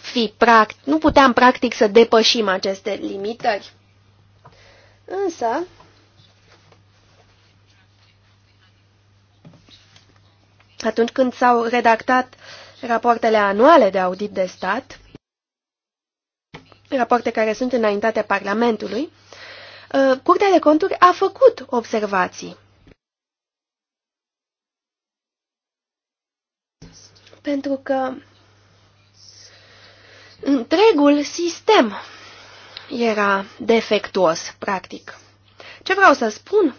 fi practic, nu puteam practic să depășim aceste limitări. Însă, atunci când s-au redactat rapoartele anuale de audit de stat, rapoarte care sunt înaintate Parlamentului, uh, Curtea de Conturi a făcut observații. Pentru că întregul sistem era defectuos, practic. Ce vreau să spun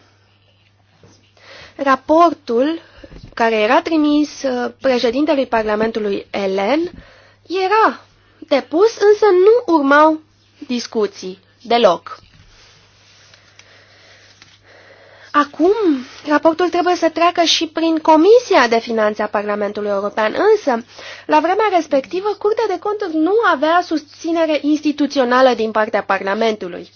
Raportul care era trimis uh, președintelui Parlamentului Elen era depus, însă nu urmau discuții deloc. Acum, raportul trebuie să treacă și prin Comisia de Finanțe a Parlamentului European, însă, la vremea respectivă, Curtea de Conturi nu avea susținere instituțională din partea Parlamentului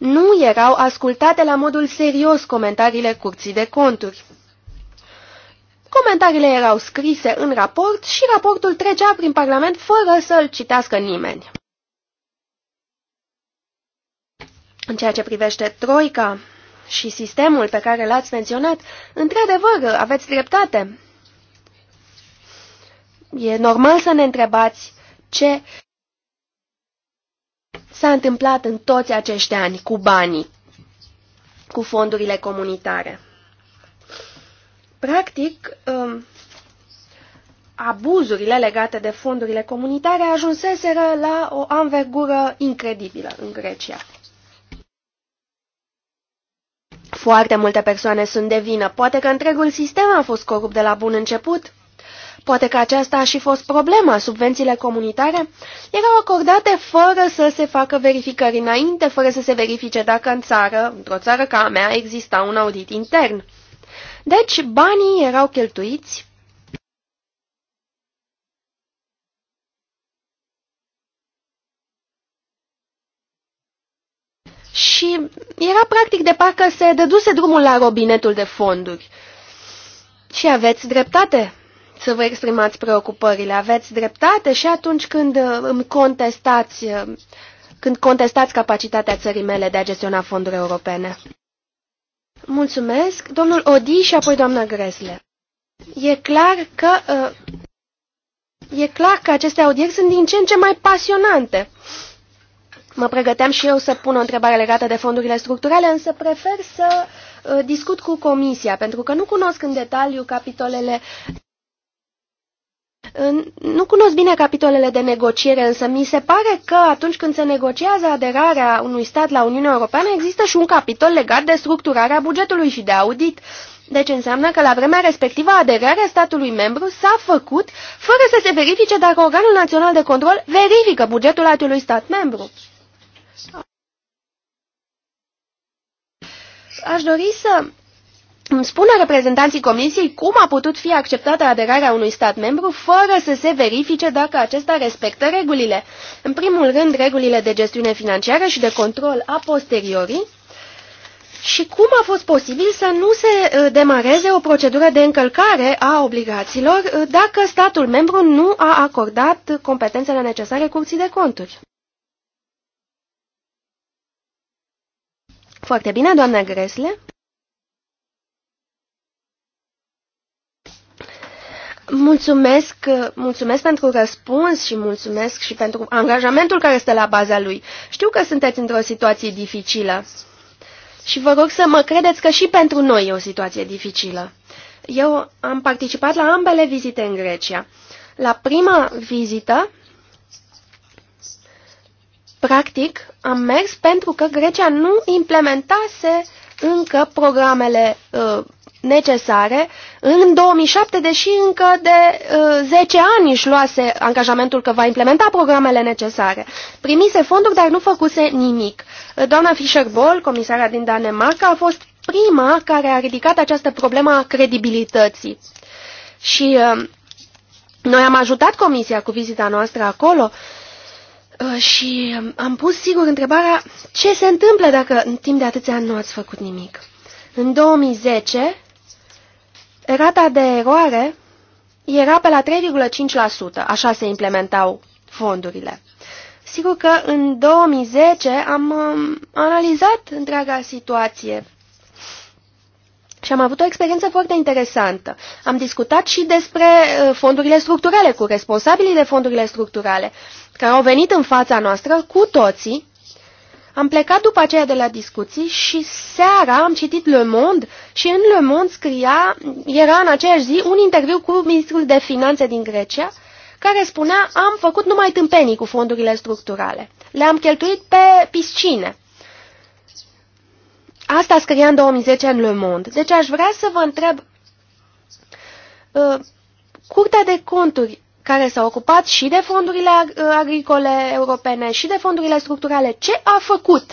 nu erau ascultate la modul serios comentariile curții de conturi. Comentariile erau scrise în raport și raportul trecea prin Parlament fără să-l citească nimeni. În ceea ce privește Troica și sistemul pe care l-ați menționat, într-adevăr, aveți dreptate. E normal să ne întrebați ce s-a întâmplat în toți acești ani cu banii, cu fondurile comunitare. Practic, um, abuzurile legate de fondurile comunitare ajunseseră la o anvergură incredibilă în Grecia. Foarte multe persoane sunt de vină. Poate că întregul sistem a fost corupt de la bun început, Poate că aceasta a și fost problema, subvențiile comunitare erau acordate fără să se facă verificări înainte, fără să se verifice dacă în țară, într-o țară ca a mea, exista un audit intern. Deci banii erau cheltuiți și era practic de parcă se dăduse drumul la robinetul de fonduri. Și aveți dreptate să vă exprimați preocupările. Aveți dreptate și atunci când uh, îmi contestați, uh, când contestați capacitatea țării mele de a gestiona fonduri europene. Mulțumesc, domnul Odi și apoi doamna Gresle. E clar că... Uh, e clar că aceste audieri sunt din ce în ce mai pasionante. Mă pregăteam și eu să pun o întrebare legată de fondurile structurale, însă prefer să discut cu comisia, pentru că nu cunosc în detaliu capitolele nu cunosc bine capitolele de negociere, însă mi se pare că atunci când se negociază aderarea unui stat la Uniunea Europeană există și un capitol legat de structurarea bugetului și de audit. Deci înseamnă că la vremea respectivă aderarea statului membru s-a făcut fără să se verifice dacă organul național de control verifică bugetul acelui stat membru. Aș dori să îmi spună reprezentanții Comisiei cum a putut fi acceptată aderarea unui stat membru fără să se verifice dacă acesta respectă regulile. În primul rând, regulile de gestiune financiară și de control a posteriori și cum a fost posibil să nu se uh, demareze o procedură de încălcare a obligațiilor uh, dacă statul membru nu a acordat competențele necesare curții de conturi. Foarte bine, doamna Gresle. Mulțumesc, mulțumesc pentru răspuns și mulțumesc și pentru angajamentul care este la baza lui. Știu că sunteți într-o situație dificilă și vă rog să mă credeți că și pentru noi e o situație dificilă. Eu am participat la ambele vizite în Grecia. La prima vizită, practic, am mers pentru că Grecia nu implementase încă programele uh, necesare în 2007, deși încă de uh, 10 ani își luase angajamentul că va implementa programele necesare. Primise fonduri, dar nu făcuse nimic. Uh, doamna Fischer-Boll, comisara din Danemarca, a fost prima care a ridicat această problemă a credibilității. Și uh, noi am ajutat comisia cu vizita noastră acolo uh, și uh, am pus sigur întrebarea ce se întâmplă dacă în timp de atâția ani nu ați făcut nimic. În 2010, Rata de eroare era pe la 3,5%, așa se implementau fondurile. Sigur că în 2010 am um, analizat întreaga situație și am avut o experiență foarte interesantă. Am discutat și despre uh, fondurile structurale cu responsabilii de fondurile structurale, care au venit în fața noastră cu toții am plecat după aceea de la discuții și seara am citit Le Monde și în Le Monde scria, era în aceeași zi, un interviu cu ministrul de finanțe din Grecia, care spunea, am făcut numai tâmpenii cu fondurile structurale. Le-am cheltuit pe piscine. Asta scria în 2010 în Le Monde. Deci aș vrea să vă întreb, uh, Curtea de conturi care s-a ocupat și de fondurile agricole europene și de fondurile structurale. Ce a făcut?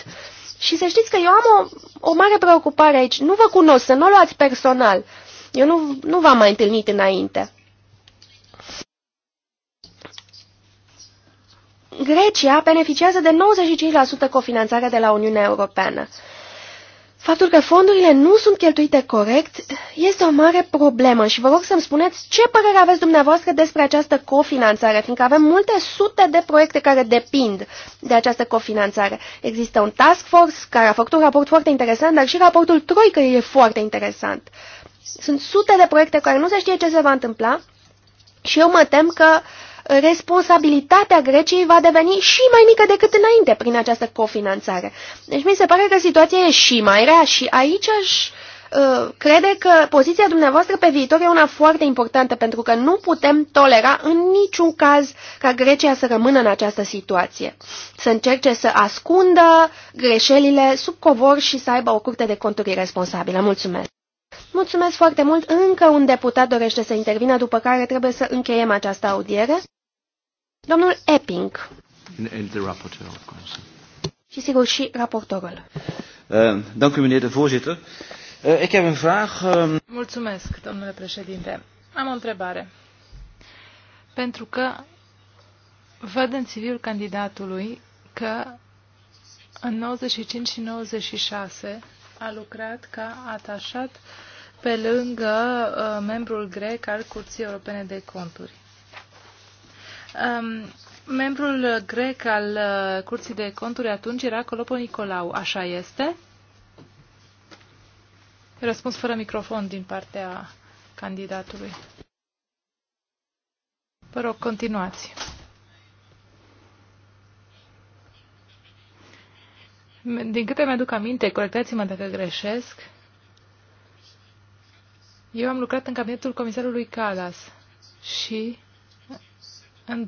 Și să știți că eu am o, o mare preocupare aici. Nu vă cunosc, să nu o luați personal. Eu nu, nu v-am mai întâlnit înainte. Grecia beneficiază de 95% cofinanțare de la Uniunea Europeană. Faptul că fondurile nu sunt cheltuite corect este o mare problemă și vă rog să-mi spuneți ce părere aveți dumneavoastră despre această cofinanțare, fiindcă avem multe sute de proiecte care depind de această cofinanțare. Există un task force care a făcut un raport foarte interesant, dar și raportul Troică e foarte interesant. Sunt sute de proiecte care nu se știe ce se va întâmpla și eu mă tem că uh, responsabilitatea Greciei va deveni și mai mică decât înainte prin această cofinanțare. Deci mi se pare că situația e și mai rea și aici aș uh, crede că poziția dumneavoastră pe viitor e una foarte importantă pentru că nu putem tolera în niciun caz ca Grecia să rămână în această situație, să încerce să ascundă greșelile sub covor și să aibă o curte de conturi responsabilă. Mulțumesc! Mulțumesc foarte mult. Încă un deputat dorește să intervină, după care trebuie să încheiem această audiere. Domnul Epping. And the rapporteur, of course. Și sigur și raportorul. Uh, dank u, meneer de voorzitter. Uh, ik heb een vraag. Uh... Mulțumesc, domnule președinte. Am o întrebare. Pentru că văd în civil candidatului că în 95 și 96 a lucrat ca atașat pe lângă uh, membrul grec al Curții Europene de Conturi. Um, membrul grec al uh, Curții de Conturi atunci era Colopo Nicolau. Așa este? Răspuns fără microfon din partea candidatului. Vă rog, continuați. Din câte mi-aduc aminte, corectați-mă dacă greșesc, eu am lucrat în cabinetul comisarului Calas și în 2004-2007,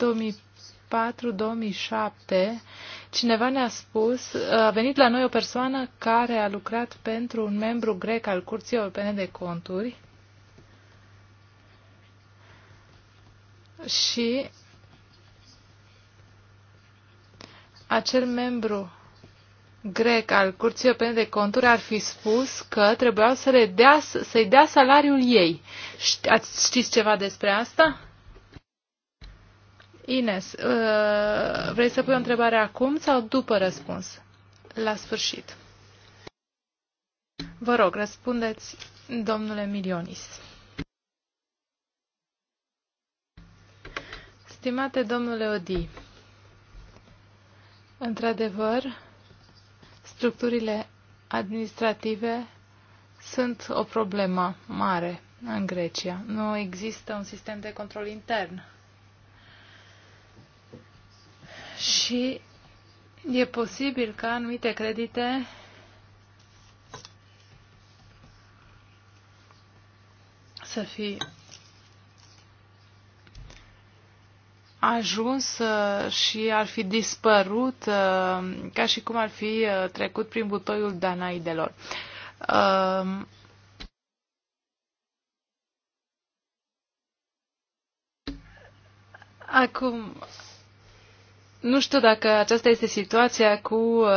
cineva ne-a spus, a venit la noi o persoană care a lucrat pentru un membru grec al Curții Europene de Conturi și acel membru grec al Curții Europene de Conturi ar fi spus că trebuiau să i dea, să-i dea salariul ei. Ați știți ceva despre asta? Ines, uh, vrei să pui o întrebare acum sau după răspuns? La sfârșit. Vă rog, răspundeți, domnule Milionis. Stimate domnule Odi, într-adevăr, structurile administrative sunt o problemă mare în Grecia. Nu există un sistem de control intern și e posibil ca anumite credite să fi ajuns uh, și ar fi dispărut uh, ca și cum ar fi uh, trecut prin butoiul danaidelor. Acum, nu știu dacă aceasta este situația cu uh,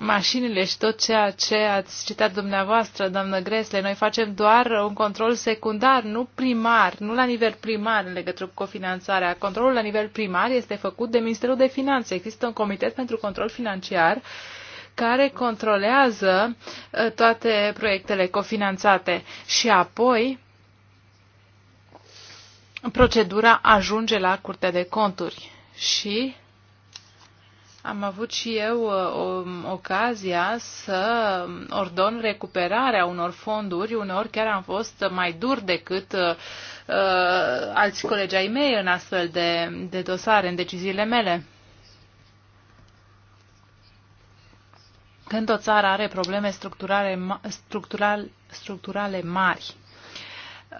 mașinile și tot ceea ce ați citat dumneavoastră, doamnă Gresle. Noi facem doar un control secundar, nu primar, nu la nivel primar în legătură cu cofinanțarea. Controlul la nivel primar este făcut de Ministerul de Finanțe. Există un comitet pentru control financiar care controlează uh, toate proiectele cofinanțate și apoi procedura ajunge la Curtea de Conturi și am avut și eu uh, o, ocazia să ordon recuperarea unor fonduri, uneori chiar am fost mai dur decât uh, uh, alți colegi ai mei în astfel de, de dosare, în deciziile mele. Când o țară are probleme structurale, structural, structurale mari,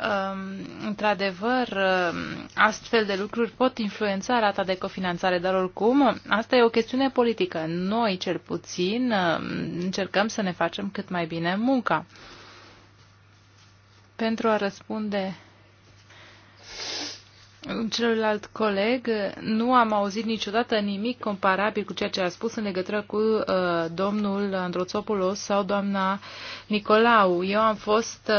Um, într-adevăr, um, astfel de lucruri pot influența rata de cofinanțare, dar oricum, asta e o chestiune politică. Noi, cel puțin, um, încercăm să ne facem cât mai bine munca. Pentru a răspunde celălalt coleg, nu am auzit niciodată nimic comparabil cu ceea ce a spus în legătură cu uh, domnul Androțopoulos sau doamna Nicolau. Eu am fost uh,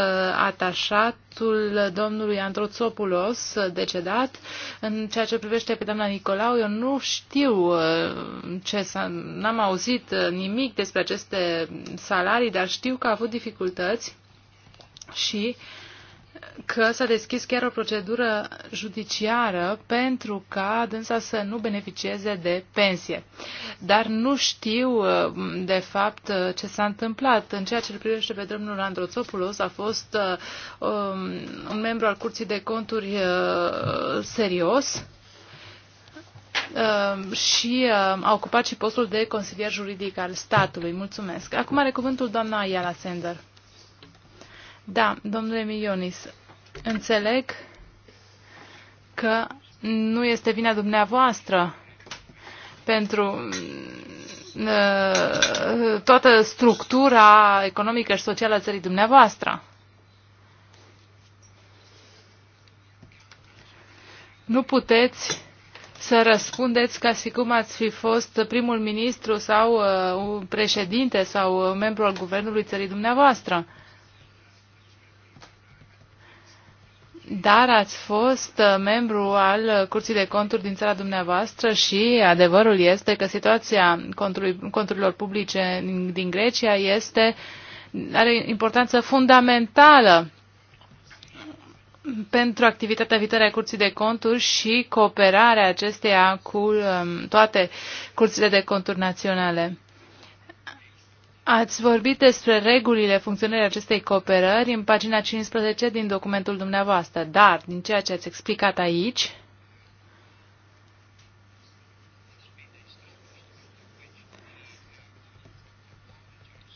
atașatul domnului Androțopoulos uh, decedat. În ceea ce privește pe doamna Nicolau, eu nu știu uh, ce s-a, n-am auzit uh, nimic despre aceste salarii, dar știu că a avut dificultăți și uh, că s-a deschis chiar o procedură judiciară pentru ca dânsa să nu beneficieze de pensie. Dar nu știu, uh, de fapt, uh, ce s-a întâmplat. În ceea ce îl privește pe domnul Androțopoulos, a fost uh, um, un membru al Curții de Conturi uh, serios și a ocupat și postul de consilier juridic al statului. Mulțumesc. Acum are cuvântul doamna Iala Sender. Da, domnule Milionis, înțeleg că nu este vina dumneavoastră pentru mm, uh, toată structura economică și socială a țării dumneavoastră. Nu puteți să răspundeți ca și cum ați fi fost primul ministru sau uh, președinte sau uh, membru al guvernului țării dumneavoastră. Uh, dar ați fost uh, membru al uh, Curții de Conturi din țara dumneavoastră și adevărul este că situația conturilor publice din Grecia este, are importanță fundamentală pentru activitatea viitoare a Curții de Conturi și cooperarea acesteia cu um, toate curțile de conturi naționale. Ați vorbit despre regulile funcționării acestei cooperări în pagina 15 din documentul dumneavoastră, dar din ceea ce ați explicat aici,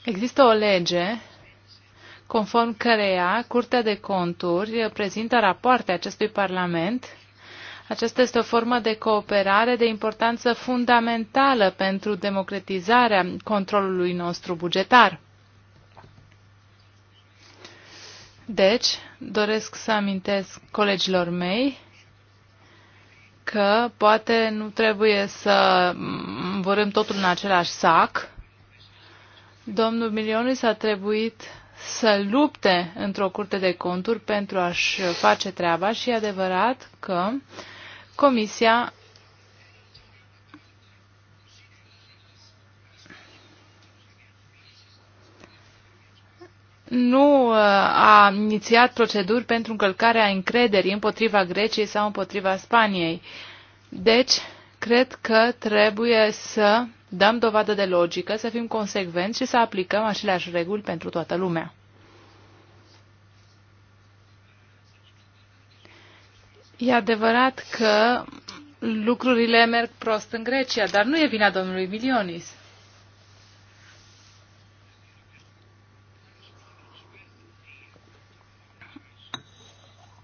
există o lege conform căreia Curtea de Conturi prezintă rapoarte acestui Parlament aceasta este o formă de cooperare de importanță fundamentală pentru democratizarea controlului nostru bugetar. Deci, doresc să amintesc colegilor mei că poate nu trebuie să vorim totul în același sac. Domnul Milionis a trebuit să lupte într-o curte de conturi pentru a-și face treaba și e adevărat că uh, Comisia nu uh, a inițiat proceduri pentru încălcarea încrederii împotriva Greciei sau împotriva Spaniei. Deci, cred că trebuie să dăm dovadă de logică, să fim consecvenți și să aplicăm aceleași reguli pentru toată lumea. E adevărat că lucrurile merg prost în Grecia, dar nu e vina domnului Milionis.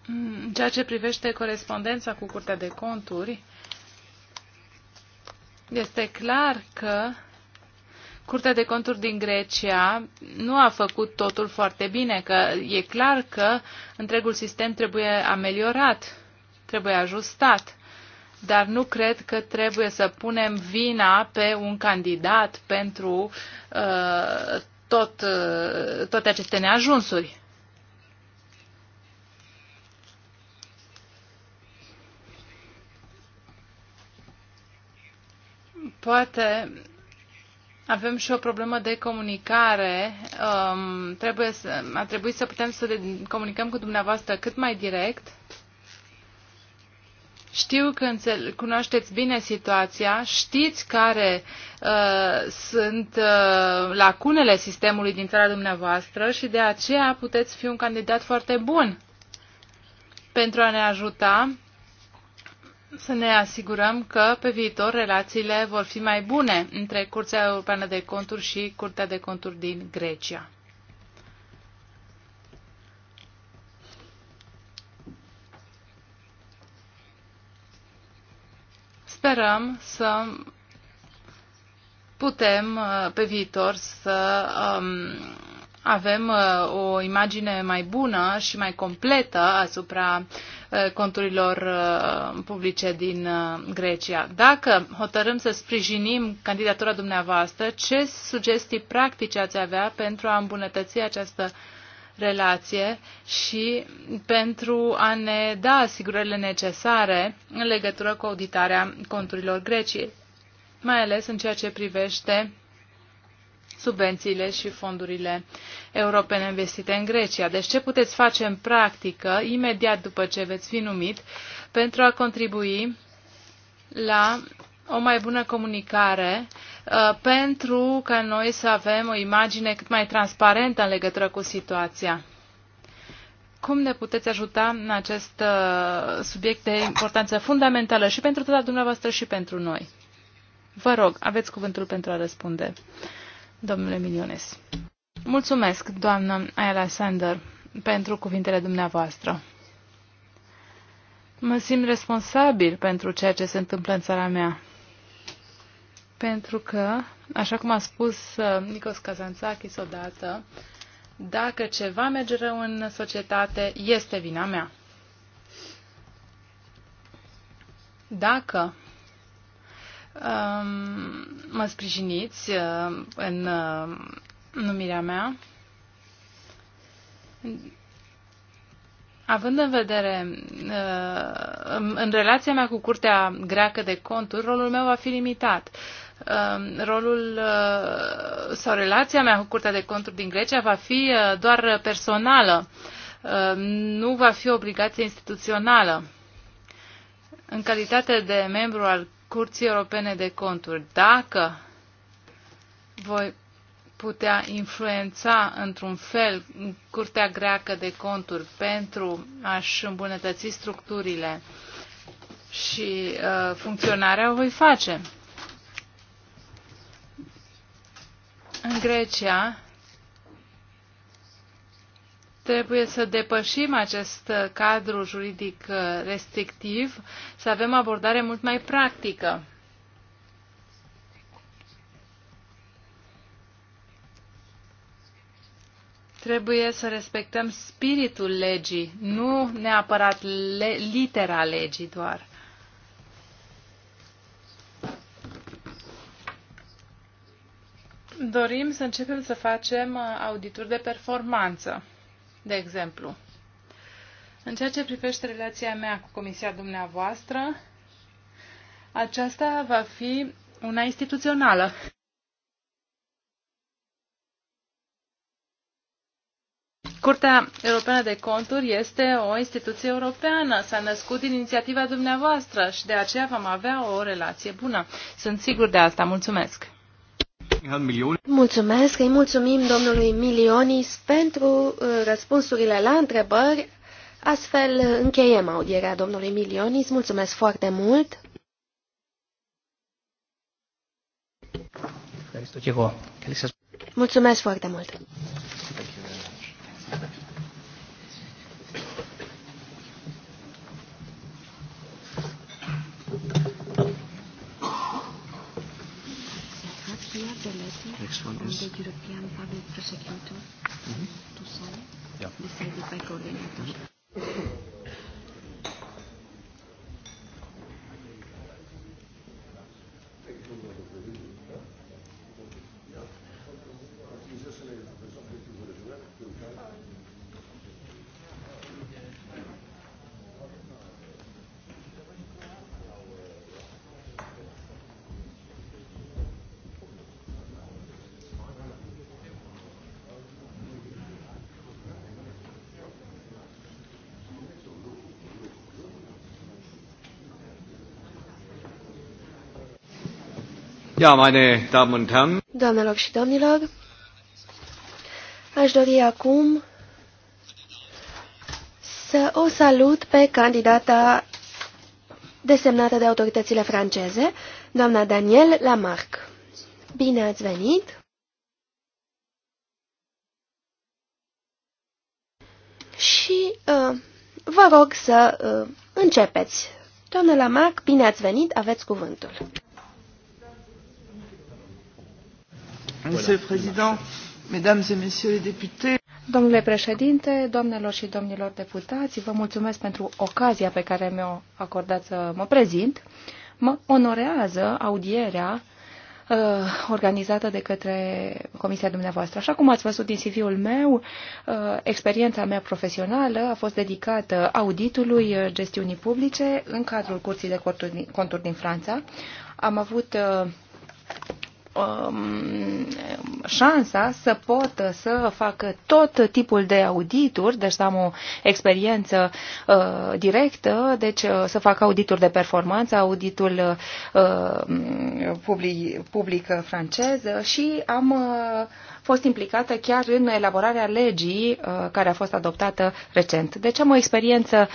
În ceea ce privește corespondența cu Curtea de Conturi, este clar că Curtea de Conturi din Grecia nu a făcut totul foarte bine, că e clar că întregul sistem trebuie ameliorat trebuie ajustat. Dar nu cred că trebuie să punem vina pe un candidat pentru uh, tot, uh, toate aceste neajunsuri. Poate avem și o problemă de comunicare. Um, trebuie să, a trebuit să putem să comunicăm cu dumneavoastră cât mai direct. Știu că înțel- cunoașteți bine situația, știți care uh, sunt uh, lacunele sistemului din țara dumneavoastră și de aceea puteți fi un candidat foarte bun pentru a ne ajuta să ne asigurăm că pe viitor relațiile vor fi mai bune între Curtea Europeană de Conturi și Curtea de Conturi din Grecia. sperăm să putem uh, pe viitor să um, avem uh, o imagine mai bună și mai completă asupra uh, conturilor uh, publice din uh, Grecia. Dacă hotărâm să sprijinim candidatura dumneavoastră, ce sugestii practice ați avea pentru a îmbunătăți această uh, relație și pentru a ne da asigurările necesare în legătură cu auditarea conturilor Greciei, mai ales în ceea ce privește subvențiile și fondurile europene investite în Grecia. Deci ce puteți face în practică, imediat după ce veți fi numit, pentru a contribui la o mai bună comunicare uh, pentru ca noi să avem o imagine cât mai transparentă în legătură cu situația. Cum ne puteți ajuta în acest uh, subiect de importanță fundamentală și pentru toată dumneavoastră și pentru noi? Vă rog, aveți cuvântul pentru a răspunde, domnule Miliones. Mulțumesc, doamnă Ayala Sander, pentru cuvintele dumneavoastră. Mă simt responsabil pentru ceea ce se întâmplă în țara mea. Pentru că, așa cum a spus uh, Nicos Kazantzakis odată, dacă ceva merge rău în societate, este vina mea. Dacă um, mă sprijiniți uh, în uh, numirea mea, Având în vedere, uh, în relația mea cu Curtea Greacă de Conturi, rolul meu va fi limitat. Um, rolul uh, sau relația mea cu Curtea de Conturi din Grecia va fi uh, doar personală, um, nu va fi obligație instituțională. În calitate de membru al Curții Europene de Conturi, dacă voi putea influența într-un fel Curtea Greacă de Conturi pentru a-și îmbunătăți structurile și uh, funcționarea, o voi face. În Grecia trebuie să depășim acest cadru juridic restrictiv, să avem abordare mult mai practică. trebuie să respectăm spiritul legii, nu neapărat le litera legii doar. dorim să începem să facem uh, audituri de performanță, de exemplu. În ceea ce privește relația mea cu comisia dumneavoastră, aceasta va fi una instituțională. Curtea Europeană de Conturi este o instituție europeană, s-a născut din inițiativa dumneavoastră și de aceea vom avea o relație bună. Sunt sigur de asta. Mulțumesc! Mulțumesc, îi mulțumim domnului Milionis pentru uh, răspunsurile la întrebări. Astfel încheiem audierea domnului Milionis. Mulțumesc foarte mult. Mulțumesc foarte mult. we have the letter Next one from is... the European Public Prosecutor mm -hmm. to yeah. decided by coordinator. Da, meine Damen und Herren. Doamnelor și domnilor, aș dori acum să o salut pe candidata desemnată de autoritățile franceze, doamna Daniel Lamarck. Bine ați venit! Și uh, vă rog să uh, începeți. Doamna Lamarck, bine ați venit, aveți cuvântul. Domnule președinte, doamnelor și domnilor deputați, vă mulțumesc pentru ocazia pe care mi-o acordați să mă prezint. Mă onorează audierea uh, organizată de către comisia dumneavoastră. Așa cum ați văzut din CV-ul meu, uh, experiența mea profesională a fost dedicată auditului gestiunii publice în cadrul curții de conturi din Franța. Am avut uh, Um, șansa să pot să fac tot tipul de audituri, deci să am o experiență uh, directă, deci uh, să fac audituri de performanță, auditul uh, public, public francez și am fost implicată chiar în elaborarea legii care a fost adoptată recent. Deci am o experiență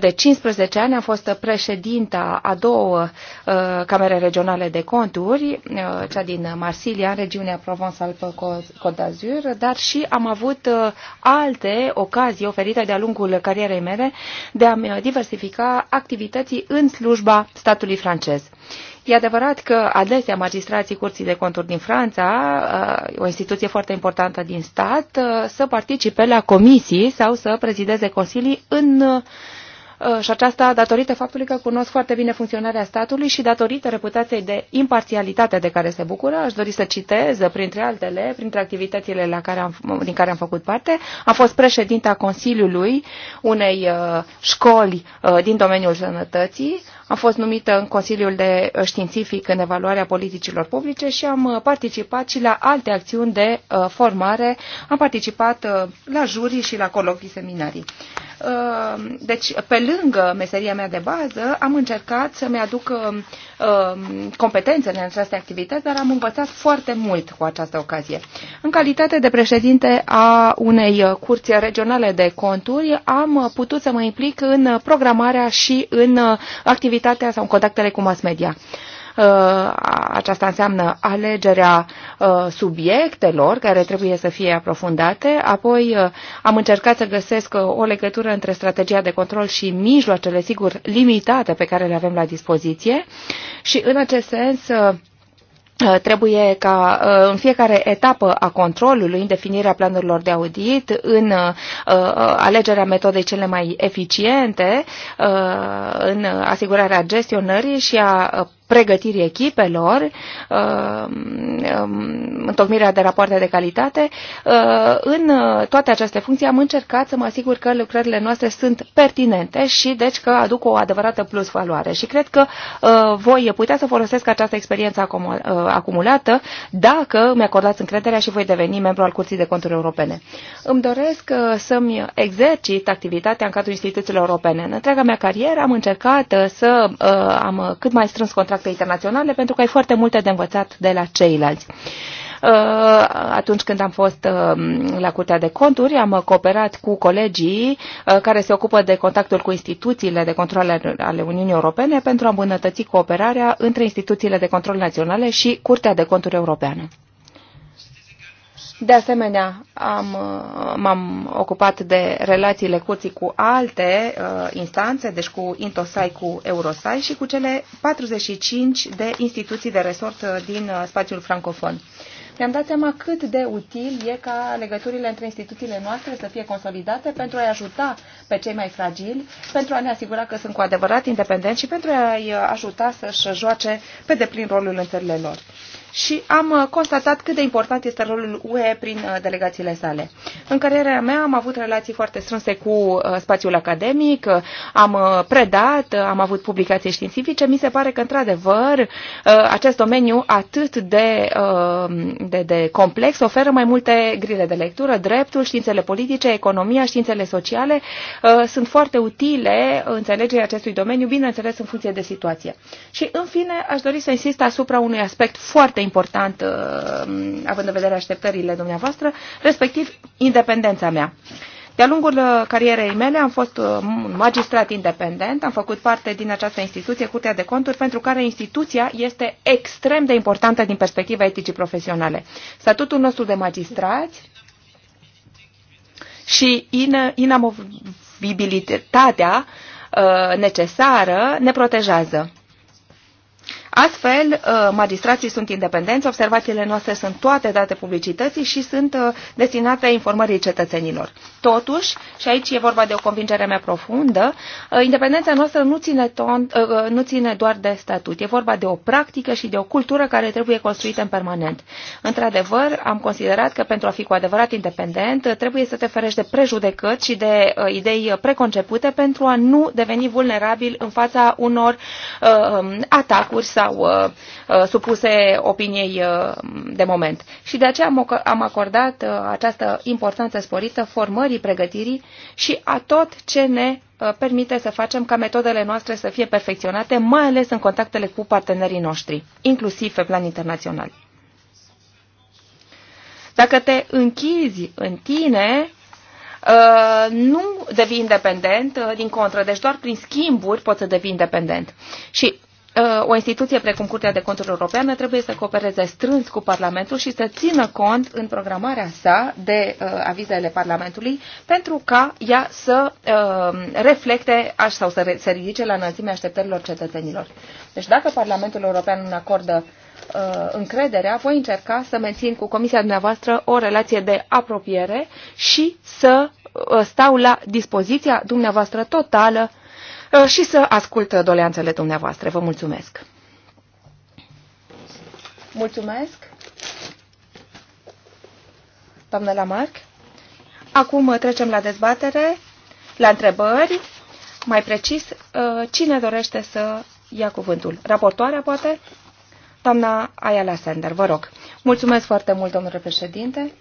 de 15 ani, am fost președinta a două camere regionale de conturi, cea din din Marsilia, în regiunea Provence-Alpes-Côte d'Azur, dar și am avut uh, alte ocazii oferite de-a lungul carierei mele de a uh, diversifica activității în slujba statului francez. E adevărat că adesea magistrații Curții de Conturi din Franța, uh, o instituție foarte importantă din stat, să participe la comisii sau să prezideze consilii în Uh, și aceasta datorită faptului că cunosc foarte bine funcționarea statului și datorită reputației de imparțialitate de care se bucură. Aș dori să citez, printre altele, printre activitățile la care am, din care am făcut parte. Am fost președinta Consiliului unei uh, școli uh, din domeniul sănătății. Am fost numită în Consiliul de Științific în evaluarea politicilor publice și am participat și la alte acțiuni de formare. Am participat la jurii și la colocii seminarii. Uh, deci, pe lângă meseria mea de bază, am încercat să-mi aduc uh, uh, competențele în aceste activități, dar am învățat foarte mult cu această ocazie. În calitate de președinte a unei curți regionale de conturi, am putut să mă implic în programarea și în activitatea sau în contactele cu mass media. Uh, aceasta înseamnă alegerea uh, subiectelor care trebuie să fie aprofundate. Apoi uh, am încercat să găsesc o legătură între strategia de control și mijloacele, sigur, limitate pe care le avem la dispoziție. Și în acest sens, trebuie ca în fiecare etapă a controlului, în definirea planurilor de audit, în alegerea metodei cele mai eficiente, în asigurarea gestionării și a pregătirii echipelor, uh, um, întocmirea de rapoarte de calitate. Uh, în uh, toate aceste funcții am încercat să mă asigur că lucrările noastre sunt pertinente și deci că aduc o adevărată plus valoare. Și cred că voi putea să folosesc această experiență acumulată dacă mi-acordați încrederea și voi deveni membru al Curții de Conturi Europene. Îmi doresc să-mi exercit activitatea în cadrul instituțiilor europene. În întreaga mea carieră am încercat să am cât mai strâns contract contacte internaționale, pentru că ai foarte multe de învățat de la ceilalți uh, atunci când am fost uh, la Curtea de Conturi, am cooperat cu colegii uh, care se ocupă de contactul cu instituțiile de control ale Uniunii Europene pentru a îmbunătăți cooperarea între instituțiile de control naționale și Curtea de Conturi Europeană. De asemenea, am, am, am ocupat de relațiile curții cu alte uh, instanțe, deci cu Intosai, cu Eurosai și cu cele 45 de instituții de resort uh, din uh, spațiul francofon. Mi-am dat seama cât de util e ca legăturile între instituțiile noastre să fie consolidate pentru a-i ajuta pe cei mai fragili, pentru a ne asigura că sunt cu adevărat independenți și pentru a-i uh, ajuta să-și joace pe deplin rolul în țările lor și am uh, constatat cât de important este rolul UE prin uh, delegațiile sale. În cariera mea am avut relații foarte strânse cu uh, spațiul academic, am predat, am avut publicații științifice. Mi se pare că, într-adevăr, acest domeniu atât de, de, de complex oferă mai multe grile de lectură. Dreptul, științele politice, economia, științele sociale sunt foarte utile înțelegerii acestui domeniu, bineînțeles în funcție de situație. Și, în fine, aș dori să insist asupra unui aspect foarte important, uh, având în vedere așteptările dumneavoastră, respectiv independența mea. De-a lungul uh, carierei mele am fost uh, un magistrat independent, am făcut parte din această instituție, Curtea de Conturi, pentru care instituția este extrem de importantă din perspectiva eticii profesionale. Statutul nostru de magistrați și inamovibilitatea necesară ne protejează. Astfel, uh, magistrații sunt independenți, observațiile noastre sunt toate date publicității și sunt uh, destinate informării cetățenilor. Totuși, și aici e vorba de o convingere mea profundă, uh, independența noastră nu ține, ton, nu ține doar de statut. E vorba de o practică și de o cultură care trebuie construită în permanent. Într-adevăr, am considerat că pentru a fi cu adevărat independent, trebuie să te ferești de prejudecăți și de idei preconcepute pentru a nu deveni vulnerabil în fața unor um, atacuri sau sau uh, uh, supuse opiniei uh, de moment. Și de aceea am acordat această importanță sporită formării, pregătirii și a tot ce ne permite să facem ca metodele noastre să fie perfecționate, mai ales în contactele cu partenerii noștri, inclusiv pe plan internațional. Dacă te închizi în tine, nu devii independent, din contră, deci doar prin schimburi poți să devii independent. Și Uh, o instituție precum Curtea de Conturi Europeană trebuie să coopereze strâns cu Parlamentul și să țină cont în programarea sa de uh, avizele Parlamentului pentru ca ea să uh, reflecte aș, sau să se ridice la înălțimea așteptărilor cetățenilor. Deci dacă Parlamentul European nu acordă uh, încrederea, voi încerca să mențin cu Comisia dumneavoastră o relație de apropiere și să uh, stau la dispoziția dumneavoastră totală Uh, și să ascult uh, doleanțele dumneavoastră. Vă mulțumesc! Mulțumesc! Doamna Lamarck? Acum uh, trecem la dezbatere, la întrebări. Mai precis, cine dorește să ia cuvântul? Raportoarea, poate? Doamna Ayala Sender, vă rog. Mulțumesc foarte mult, domnule președinte.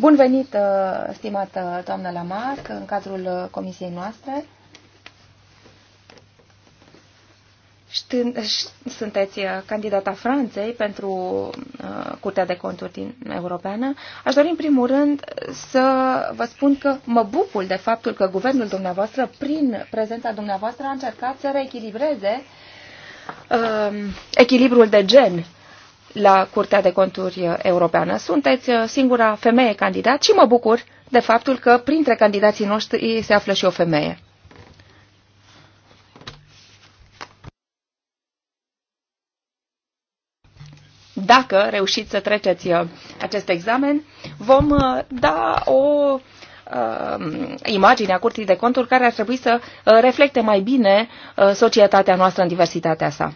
Bun venit, uh, stimată uh, doamnă Lamarck, în cadrul uh, comisiei noastre. sunteți candidata Franței pentru Curtea de Conturi din Europeană. Aș dori, în primul rând, să vă spun că mă bucur de faptul că guvernul dumneavoastră, prin prezența dumneavoastră, a încercat să reechilibreze echilibrul de gen la Curtea de Conturi uh, Europeană. Sunteți uh, singura femeie candidat și mă bucur de faptul că printre candidații noștri se află și o femeie. Dacă reușiți să treceți uh, acest examen, vom da o um, imaginea Curții de Conturi care ar trebui să reflecte mai bine societatea noastră în diversitatea sa.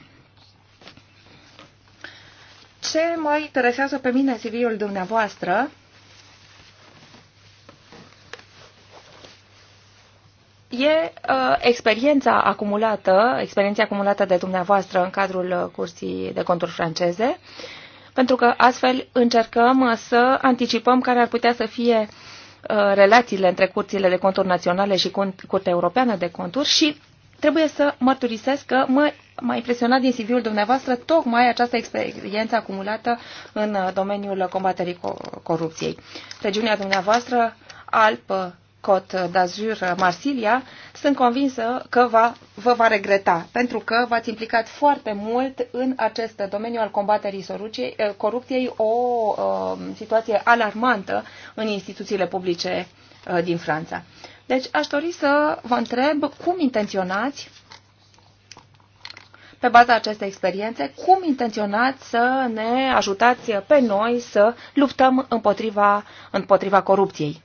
Ce mă interesează pe mine CV-ul dumneavoastră e uh, experiența acumulată, experiența acumulată de dumneavoastră în cadrul uh, cursii de conturi franceze, pentru că astfel încercăm uh, să anticipăm care ar putea să fie uh, relațiile între curțile de conturi naționale și Curtea Europeană de Conturi și trebuie să mărturisesc că mă m-a impresionat din CV-ul dumneavoastră tocmai această experiență acumulată în uh, domeniul combaterii corupției. Regiunea dumneavoastră, Alp, Cot d'Azur, Marsilia, sunt convinsă că va, vă va regreta, pentru că v-ați implicat foarte mult în acest domeniu al combaterii uh, corupției, o uh, situație alarmantă în instituțiile publice din Franța. Deci aș dori să vă întreb cum intenționați, pe baza acestei experiențe, cum intenționați să ne ajutați pe noi să luptăm împotriva, împotriva corupției.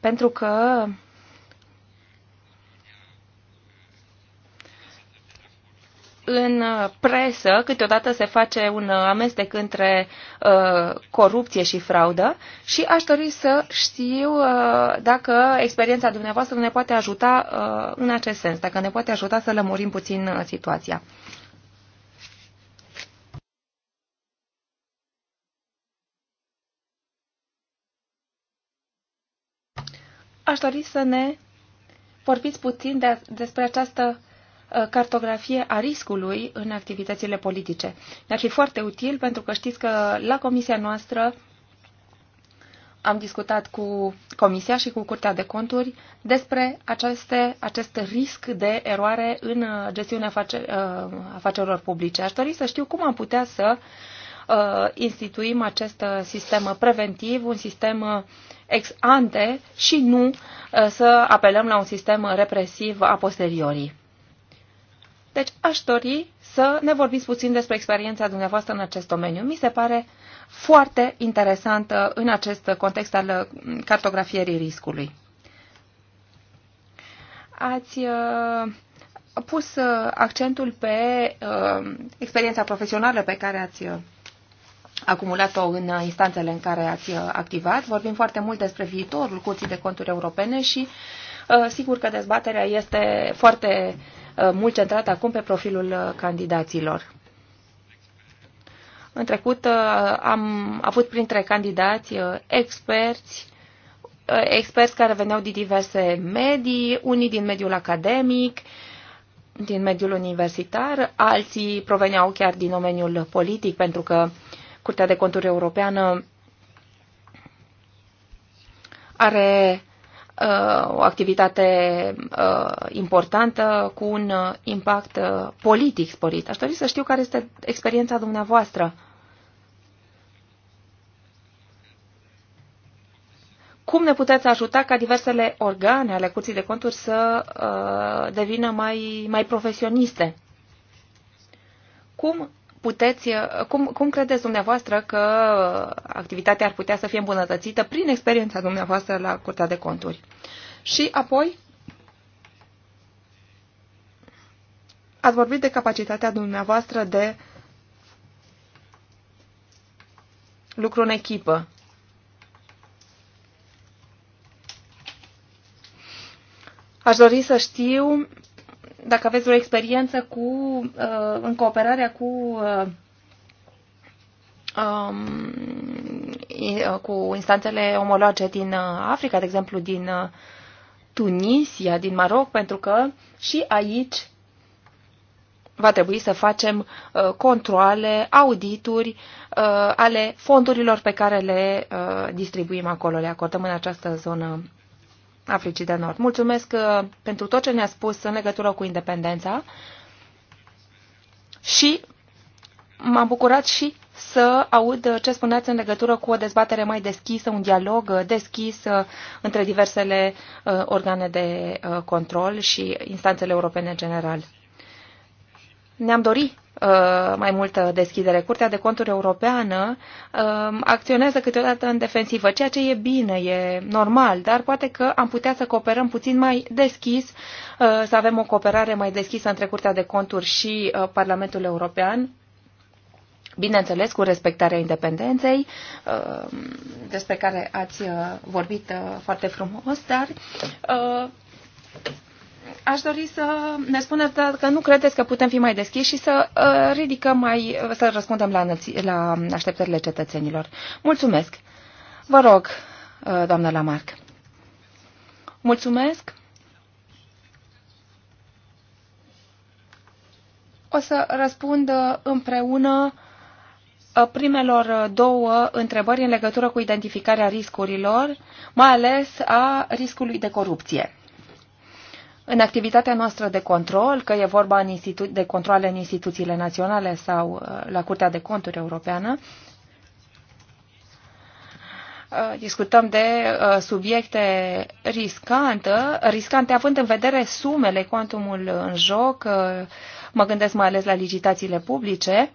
Pentru că în presă câteodată se face un amestec între uh, corupție și fraudă și aș dori să știu uh, dacă experiența dumneavoastră ne poate ajuta uh, în acest sens, dacă ne poate ajuta să lămurim puțin uh, situația. Aș dori să ne vorbiți puțin de, despre această Uh, cartografie a riscului în activitățile politice. Ar fi foarte util pentru că știți că la comisia noastră am discutat cu Comisia și cu Curtea de Conturi despre aceste, acest risc de eroare în uh, gestiunea afacer, uh, afacerilor publice. Aș dori să știu cum am putea să instituim acest sistem preventiv, un sistem ex ante și nu să apelăm la un sistem represiv a posteriori. Deci aș dori să ne vorbiți puțin despre experiența dumneavoastră în acest domeniu. Mi se pare foarte interesantă în acest context al mm, cartografierii riscului. Ați uh, pus uh, accentul pe uh, experiența profesională pe care ați uh, acumulat-o în uh, instanțele în care ați uh, activat. Vorbim foarte mult despre viitorul Curții de Conturi Europene și uh, sigur că dezbaterea este foarte Uh, mult centrat acum pe profilul uh, candidaților. În trecut uh, am avut printre candidați experți, experți care veneau din diverse medii, unii din mediul academic, din mediul universitar, alții proveneau chiar din domeniul politic, pentru că Curtea de Conturi Europeană are Uh, o activitate uh, importantă cu un uh, impact politic sporit. Aș dori să știu care este experiența dumneavoastră. Cum ne puteți ajuta ca diversele organe ale Curții de Conturi să devină mai, mai profesioniste? Cum puteți, uh, cum, cum credeți dumneavoastră că activitatea ar putea să fie îmbunătățită prin experiența dumneavoastră la Curtea de Conturi? Și apoi, ați vorbit de capacitatea dumneavoastră de lucru în echipă. Aș dori să știu dacă aveți o experiență cu, uh, în cooperarea cu uh, um, uh, cu instanțele omologe din uh, Africa, de exemplu din uh, Tunisia, din Maroc, pentru că și aici va trebui să facem uh, controle, audituri uh, ale fondurilor pe care le uh, distribuim acolo, le acordăm în această zonă Africii de Nord. Mulțumesc uh, pentru tot ce ne-a spus în legătură cu independența și m-am bucurat și să aud ce spuneați în legătură cu o dezbatere mai deschisă, un dialog uh, deschis uh, între diversele organe de control și instanțele europene în general. Ne-am dorit Uh, mai multă deschidere. Curtea de conturi europeană uh, acționează câteodată în defensivă, ceea ce e bine, e normal, dar poate că am putea să cooperăm puțin mai deschis, uh, să avem o cooperare mai deschisă între Curtea de conturi și Parlamentul European bineînțeles cu respectarea independenței, despre care ați vorbit foarte frumos, dar aș dori să ne spuneți da, că nu credeți că putem fi mai deschiși și să uh, ridicăm mai, să răspundem la, la așteptările cetățenilor. Mulțumesc. Vă rog, uh, doamnă Lamarck. Mulțumesc. O să răspund uh, împreună primelor două întrebări în legătură cu identificarea riscurilor, mai ales a riscului de corupție. În activitatea noastră de control, că e vorba în de controle în instituțiile naționale sau uh, la Curtea de Conturi Europeană, uh, discutăm de uh, subiecte riscante, riscante având în vedere sumele, cuantumul în joc, mă gândesc mai ales la licitațiile publice,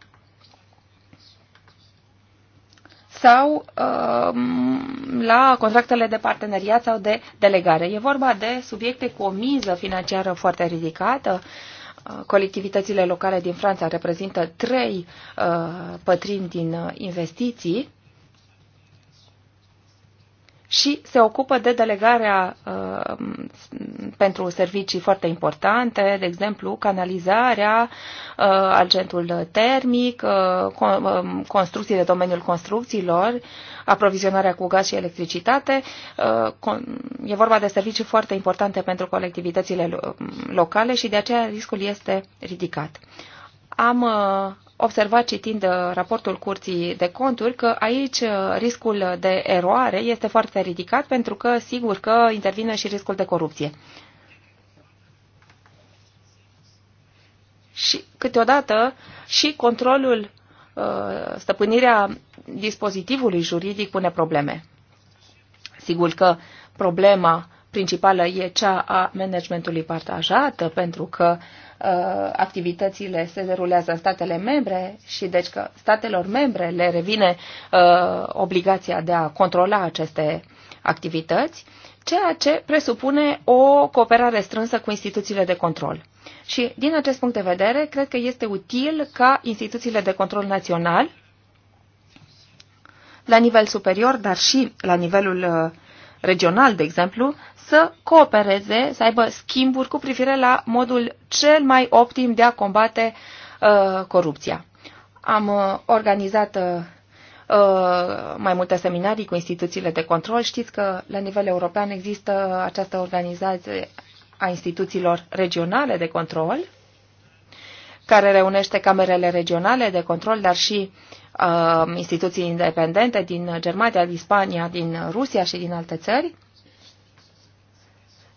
sau um, la contractele de parteneriat sau de delegare. E vorba de subiecte cu o miză financiară foarte ridicată. Uh, colectivitățile locale din Franța reprezintă trei uh, pătrini din uh, investiții și se ocupă de delegarea uh, pentru servicii foarte importante, de exemplu canalizarea, uh, agentul termic, uh, uh, construcții de domeniul construcțiilor, aprovizionarea cu gaz și electricitate. Uh, con, e vorba de servicii foarte importante pentru colectivitățile locale și de aceea riscul este ridicat. Am uh, observat citind uh, raportul Curții de Conturi că aici uh, riscul de eroare este foarte ridicat pentru că sigur că intervine și riscul de corupție. Și câteodată și controlul, uh, stăpânirea dispozitivului juridic pune probleme. Sigur că problema principală e cea a managementului partajat, pentru că uh, Uh, activitățile se derulează în statele membre și deci că statelor membre le revine uh, obligația de a controla aceste activități, ceea ce presupune o cooperare strânsă cu instituțiile de control. Și din acest punct de vedere, cred că este util ca instituțiile de control național, la nivel superior, dar și la nivelul uh, regional, de exemplu, să coopereze, să aibă schimburi cu privire la modul cel mai optim de a combate uh, corupția. Am uh, organizat uh, mai multe seminarii cu instituțiile de control. Știți că la nivel european există această organizație a instituțiilor regionale de control, care reunește camerele regionale de control, dar și uh, Uh, instituții independente din Germania, din Spania, din Rusia și din alte țări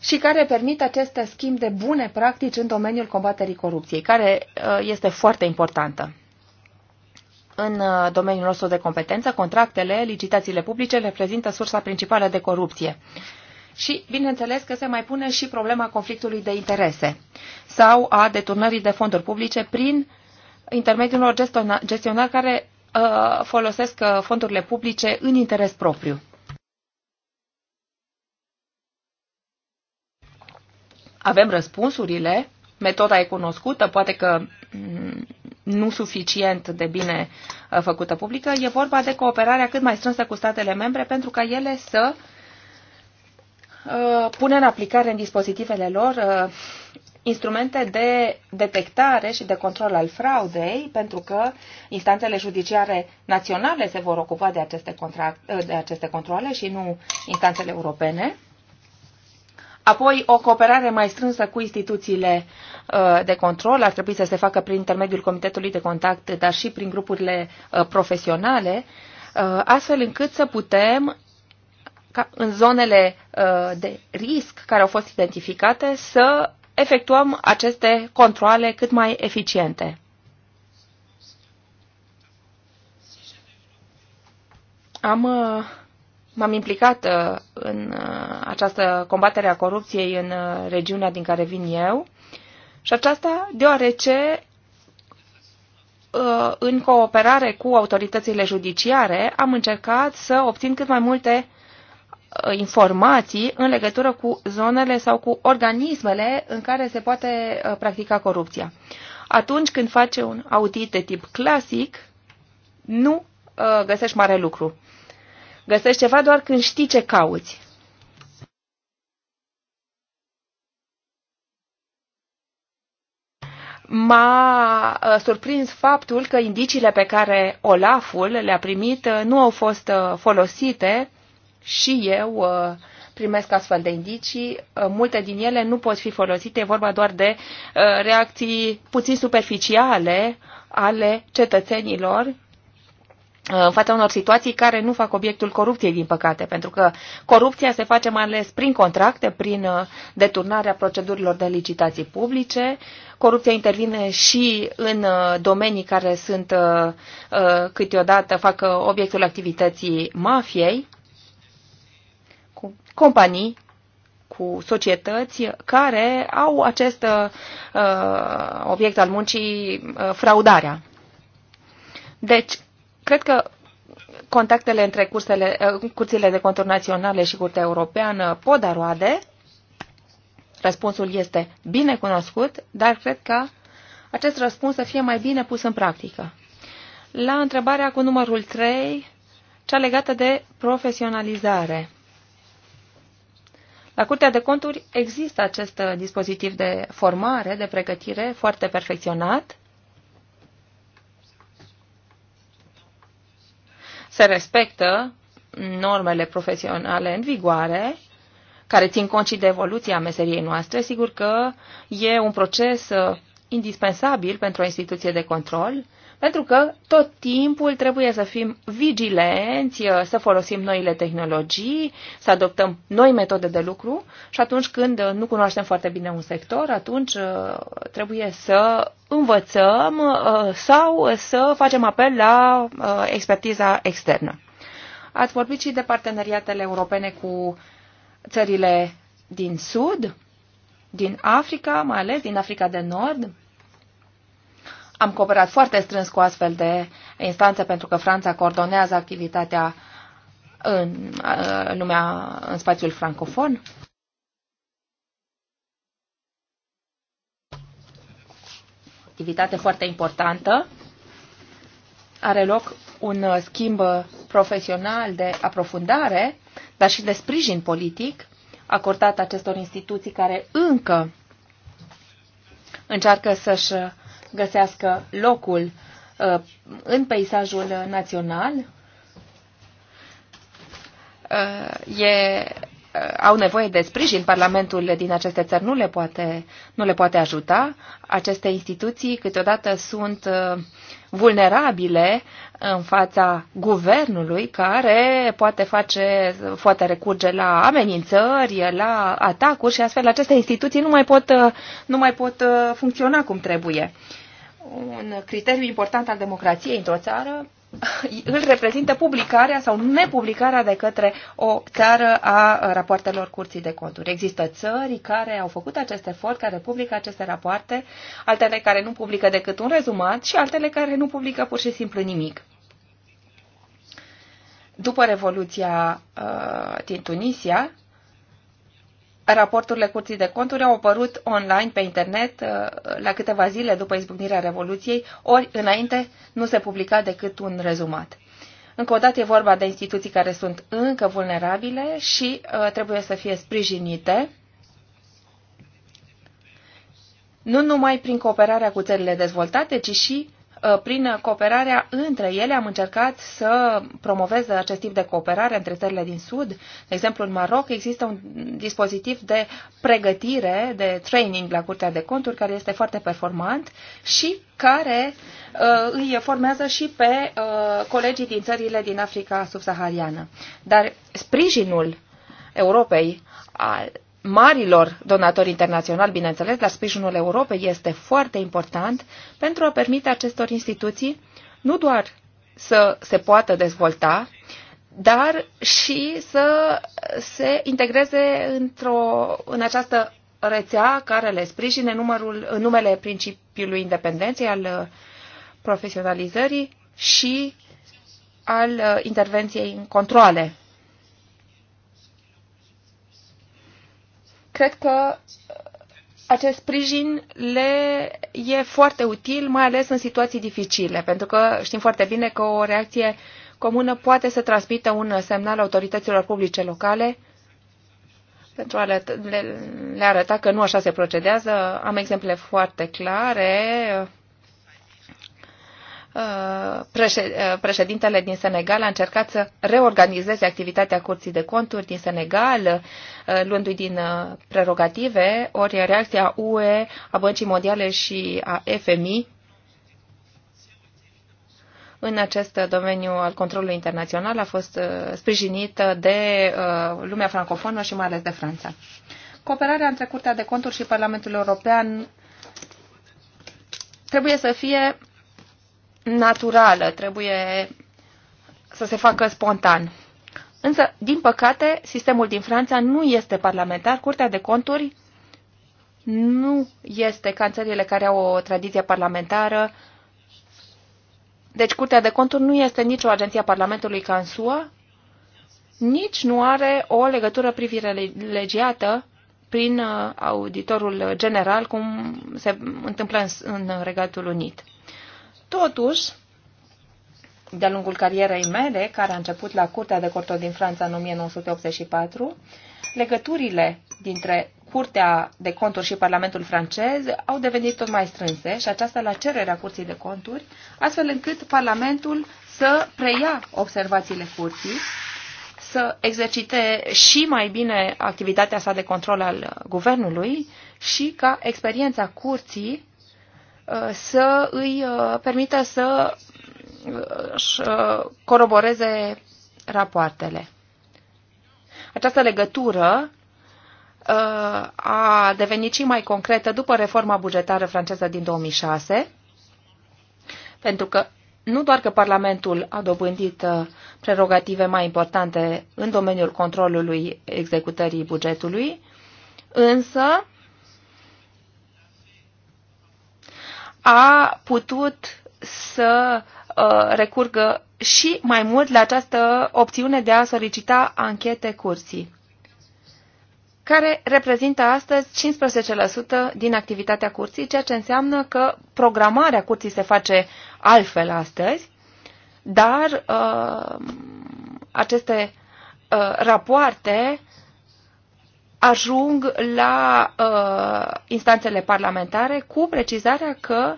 și care permit acest schimb de bune practici în domeniul combaterii corupției, care uh, este foarte importantă. În uh, domeniul nostru de competență, contractele, licitațiile publice reprezintă sursa principală de corupție. Și, bineînțeles, că se mai pune și problema conflictului de interese sau a deturnării de fonduri publice prin intermediul unor gestionari care Uh, folosesc uh, fondurile publice în interes propriu. Avem răspunsurile, metoda e cunoscută, poate că mm, nu suficient de bine uh, făcută publică, e vorba de cooperarea cât mai strânsă cu statele membre pentru ca ele să pună în aplicare în dispozitivele lor instrumente de detectare și de control al fraudei, pentru că instanțele judiciare naționale se vor ocupa de aceste, de aceste controle și nu instanțele europene. Apoi, o cooperare mai strânsă cu instituțiile uh, de control ar trebui să se facă prin intermediul Comitetului de Contact, dar și prin grupurile uh, profesionale, uh, astfel încât să putem în zonele de risc care au fost identificate să efectuăm aceste controle cât mai eficiente. Am, uh, m-am implicat uh, în uh, această combatere a corupției în regiunea din care vin eu și aceasta deoarece în cooperare cu autoritățile judiciare am încercat să obțin cât mai multe Uh, informații în legătură cu zonele sau cu organismele în care se poate uh, practica corupția. Atunci când face un audit de tip clasic, nu uh, găsești mare lucru. Găsești ceva doar când știi ce cauți. m-a surprins faptul că indiciile pe care Olaful le-a primit nu au fost folosite și eu uh, primesc astfel de indicii. Uh, multe din ele nu pot fi folosite, e vorba doar de uh, reacții puțin superficiale ale cetățenilor în fața unor situații care nu fac obiectul corupției, din păcate, pentru că corupția se face mai ales prin contracte, prin deturnarea procedurilor de licitații publice. Corupția intervine și în domenii care sunt câteodată fac obiectul activității mafiei companii cu societăți care au acest uh, obiect al muncii, uh, fraudarea. Deci, cred că contactele între cursele, uh, curțile de conturi naționale și Curtea Europeană pot da roade. Răspunsul este bine cunoscut, dar cred că acest răspuns să fie mai bine pus în practică. La întrebarea cu numărul 3, cea legată de profesionalizare. La Curtea de Conturi există acest uh, dispozitiv de formare, de pregătire foarte perfecționat. Se respectă normele profesionale în vigoare, care țin cont și de evoluția meseriei noastre. Sigur că e un proces uh, indispensabil pentru o instituție de control pentru că tot timpul trebuie să fim vigilenți, uh, să folosim noile tehnologii, să adoptăm noi metode de lucru și atunci când uh, nu cunoaștem foarte bine un sector, atunci uh, trebuie să învățăm sau să facem apel la expertiza externă. Ați vorbit și de parteneriatele europene cu țările din Sud, din Africa, mai ales din Africa de Nord, am cooperat foarte strâns cu astfel de instanțe pentru că Franța coordonează activitatea în uh, lumea, în spațiul francofon. Activitate foarte importantă. Are loc un uh, schimb profesional de aprofundare, dar și de sprijin politic acordat acestor instituții care încă încearcă să-și găsească locul uh, în peisajul național. Uh, e au nevoie de sprijin, Parlamentul din aceste țări nu le poate, nu le poate ajuta. Aceste instituții câteodată sunt uh, vulnerabile în fața guvernului care poate face, poate recurge la amenințări, la atacuri și astfel aceste instituții nu mai pot, uh, nu mai pot uh, funcționa cum trebuie. Un criteriu important al democrației într-o țară îl reprezintă publicarea sau nepublicarea de către o țară a rapoartelor curții de conturi. Există țări care au făcut acest efort, care publică aceste rapoarte, altele care nu publică decât un rezumat și altele care nu publică pur și simplu nimic. După Revoluția uh, din Tunisia, raporturile Curții de Conturi au apărut online pe internet uh, la câteva zile după izbucnirea Revoluției, ori înainte nu se publica decât un rezumat. Încă o dată e vorba de instituții care sunt încă vulnerabile și uh, trebuie să fie sprijinite, nu numai prin cooperarea cu țările dezvoltate, ci și Uh, prin cooperarea între ele am încercat să promoveze acest tip de cooperare între țările din Sud. De exemplu, în Maroc există un dispozitiv de pregătire, de training la Curtea de Conturi, care este foarte performant și care uh, îi formează și pe uh, colegii din țările din Africa subsahariană. Dar sprijinul Europei al marilor donatori internaționali, bineînțeles, dar sprijinul Europei este foarte important pentru a permite acestor instituții nu doar să se poată dezvolta, dar și să se integreze într-o, în această rețea care le sprijine numărul, în numele principiului independenței, al profesionalizării și al uh, intervenției în controle Cred că uh, acest sprijin le e foarte util, mai ales în situații dificile, pentru că știm foarte bine că o reacție comună poate să transmită un semnal autorităților publice locale pentru a le, le, le arăta că nu așa se procedează. Am exemple foarte clare Uh, uh, președintele din Senegal a încercat să reorganizeze activitatea Curții de Conturi din Senegal, uh, luându-i din prerogative, ori reacția UE, a Băncii Mondiale și a FMI în acest domeniu al controlului internațional a fost sprijinită de lumea francofonă și mai ales de Franța. Cooperarea între Curtea de Conturi și Parlamentul European trebuie să fie naturală, trebuie să se facă spontan. Însă, din păcate, sistemul din Franța nu este parlamentar. Curtea de conturi nu este ca în țările care au o tradiție parlamentară. Deci, Curtea de conturi nu este nicio agenție a Parlamentului ca în SUA, nici nu are o legătură privilegiată prin uh, auditorul general, cum se întâmplă în Regatul Unit. Totuși, de-a lungul carierei mele, care a început la Curtea de Corturi din Franța în 1984, legăturile dintre Curtea de Conturi și Parlamentul francez au devenit tot mai strânse și aceasta la cererea Curții de Conturi, astfel încât Parlamentul să preia observațiile Curții, să exercite și mai bine activitatea sa de control al Guvernului și ca experiența Curții să îi uh, permită să uh, își uh, coroboreze rapoartele. Această legătură a devenit și mai concretă după reforma bugetară franceză din 2006, pentru că nu doar că Parlamentul a dobândit prerogative mai importante în domeniul controlului executării bugetului, însă a putut să uh, recurgă și mai mult la această opțiune de a solicita anchete curții, care reprezintă astăzi 15% din activitatea curții, ceea ce înseamnă că programarea curții se face altfel astăzi, dar uh, aceste uh, rapoarte ajung la uh, instanțele parlamentare cu precizarea că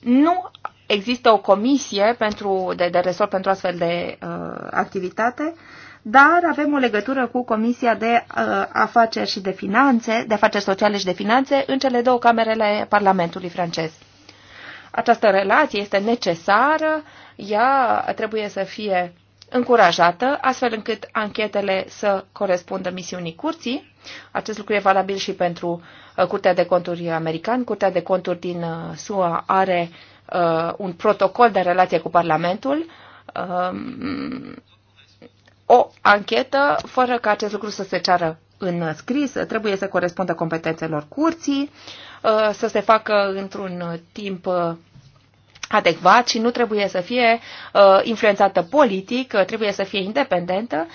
nu există o comisie pentru, de, de resort pentru astfel de uh, activitate, dar avem o legătură cu Comisia de uh, Afaceri și de Finanțe, de Afaceri Sociale și de Finanțe, în cele două camerele Parlamentului francez. Această relație este necesară, ea trebuie să fie încurajată, astfel încât anchetele să corespundă misiunii curții. Acest lucru e valabil și pentru uh, Curtea de Conturi american. Curtea de Conturi din uh, SUA are uh, un protocol de relație cu Parlamentul. Uh, o anchetă, fără ca acest lucru să se ceară în scris, trebuie să corespundă competențelor curții, uh, să se facă într-un timp adecvat și nu trebuie să fie uh, influențată politic, uh, trebuie să fie independentă.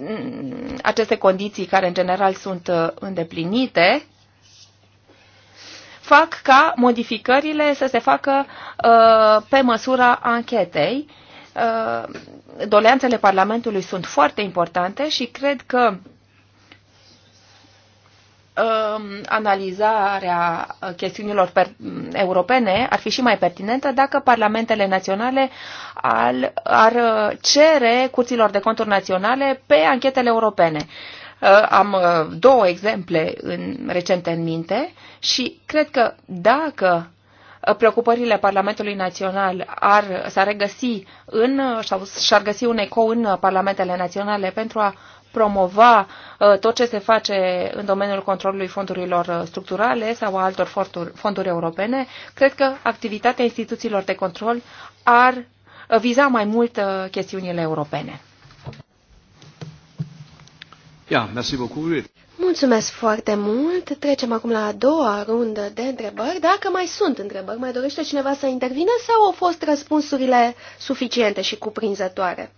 Mm, aceste condiții care în general sunt uh, îndeplinite fac ca modificările să se facă uh, pe măsura anchetei. Uh, doleanțele Parlamentului sunt foarte importante și cred că uh, Um, analizarea chestiunilor europene ar fi și mai pertinentă dacă parlamentele naționale ar cere curților de conturi naționale pe anchetele europene. Uh, am uh, două exemple în, recente în minte și cred că dacă preocupările Parlamentului Național ar, s-ar regăsi în, uh, sau și-ar găsi un eco în Parlamentele Naționale pentru a promova uh, tot ce se face în domeniul controlului fondurilor uh, structurale sau a altor fonduri europene, cred că activitatea instituțiilor de control ar uh, viza mai mult chestiunile europene. Yeah, merci Mulțumesc foarte mult. Trecem acum la a doua rundă de întrebări. Dacă mai sunt întrebări, mai dorește cineva să intervină sau au fost răspunsurile suficiente și cuprinzătoare?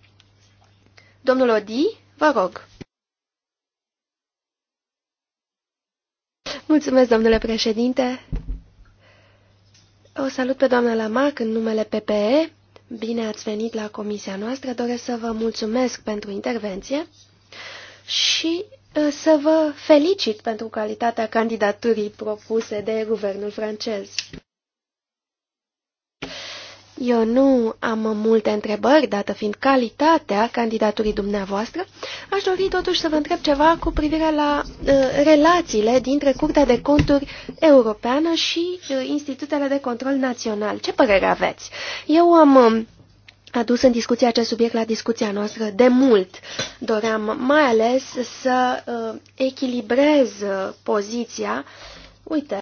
Domnul Odi? Vă rog. Mulțumesc, domnule președinte. O salut pe doamna Lamarck în numele PPE. Bine ați venit la comisia noastră. Doresc să vă mulțumesc pentru intervenție și uh, să vă felicit pentru calitatea candidaturii propuse de guvernul francez. Eu nu am multe întrebări, dată fiind calitatea candidaturii dumneavoastră. Aș dori totuși să vă întreb ceva cu privire la uh, relațiile dintre Curtea de Conturi Europeană și uh, Institutele de Control Național. Ce părere aveți? Eu am... Uh, adus în discuție acest subiect la discuția noastră de mult. Doream mai ales să uh, echilibrez uh, poziția. Uite,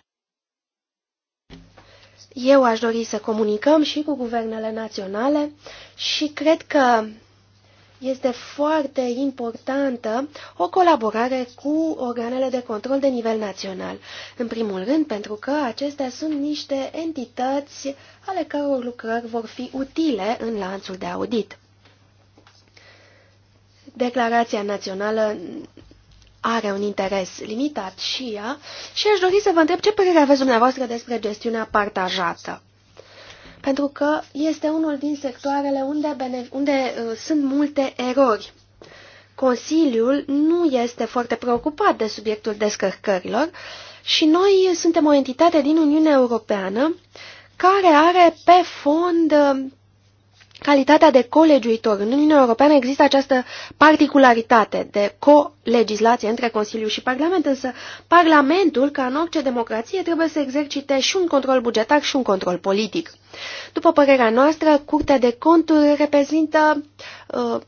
eu aș dori să comunicăm și cu guvernele naționale și cred că este foarte importantă o colaborare cu organele de control de nivel național. În primul rând, pentru că acestea sunt niște entități ale căror lucrări vor fi utile în lanțul de audit. Declarația națională are un interes limitat și ea și aș dori să vă întreb ce părere aveți dumneavoastră despre gestiunea partajată. Pentru că este unul din sectoarele unde, unde uh, sunt multe erori. Consiliul nu este foarte preocupat de subiectul descărcărilor și noi suntem o entitate din Uniunea Europeană care are pe fond uh, calitatea de colegiuitor. În Uniunea Europeană există această particularitate de co-legislație între Consiliu și Parlament, însă Parlamentul, ca în orice democrație, trebuie să exercite și un control bugetar și un control politic. După părerea noastră, Curtea de Conturi reprezintă uh,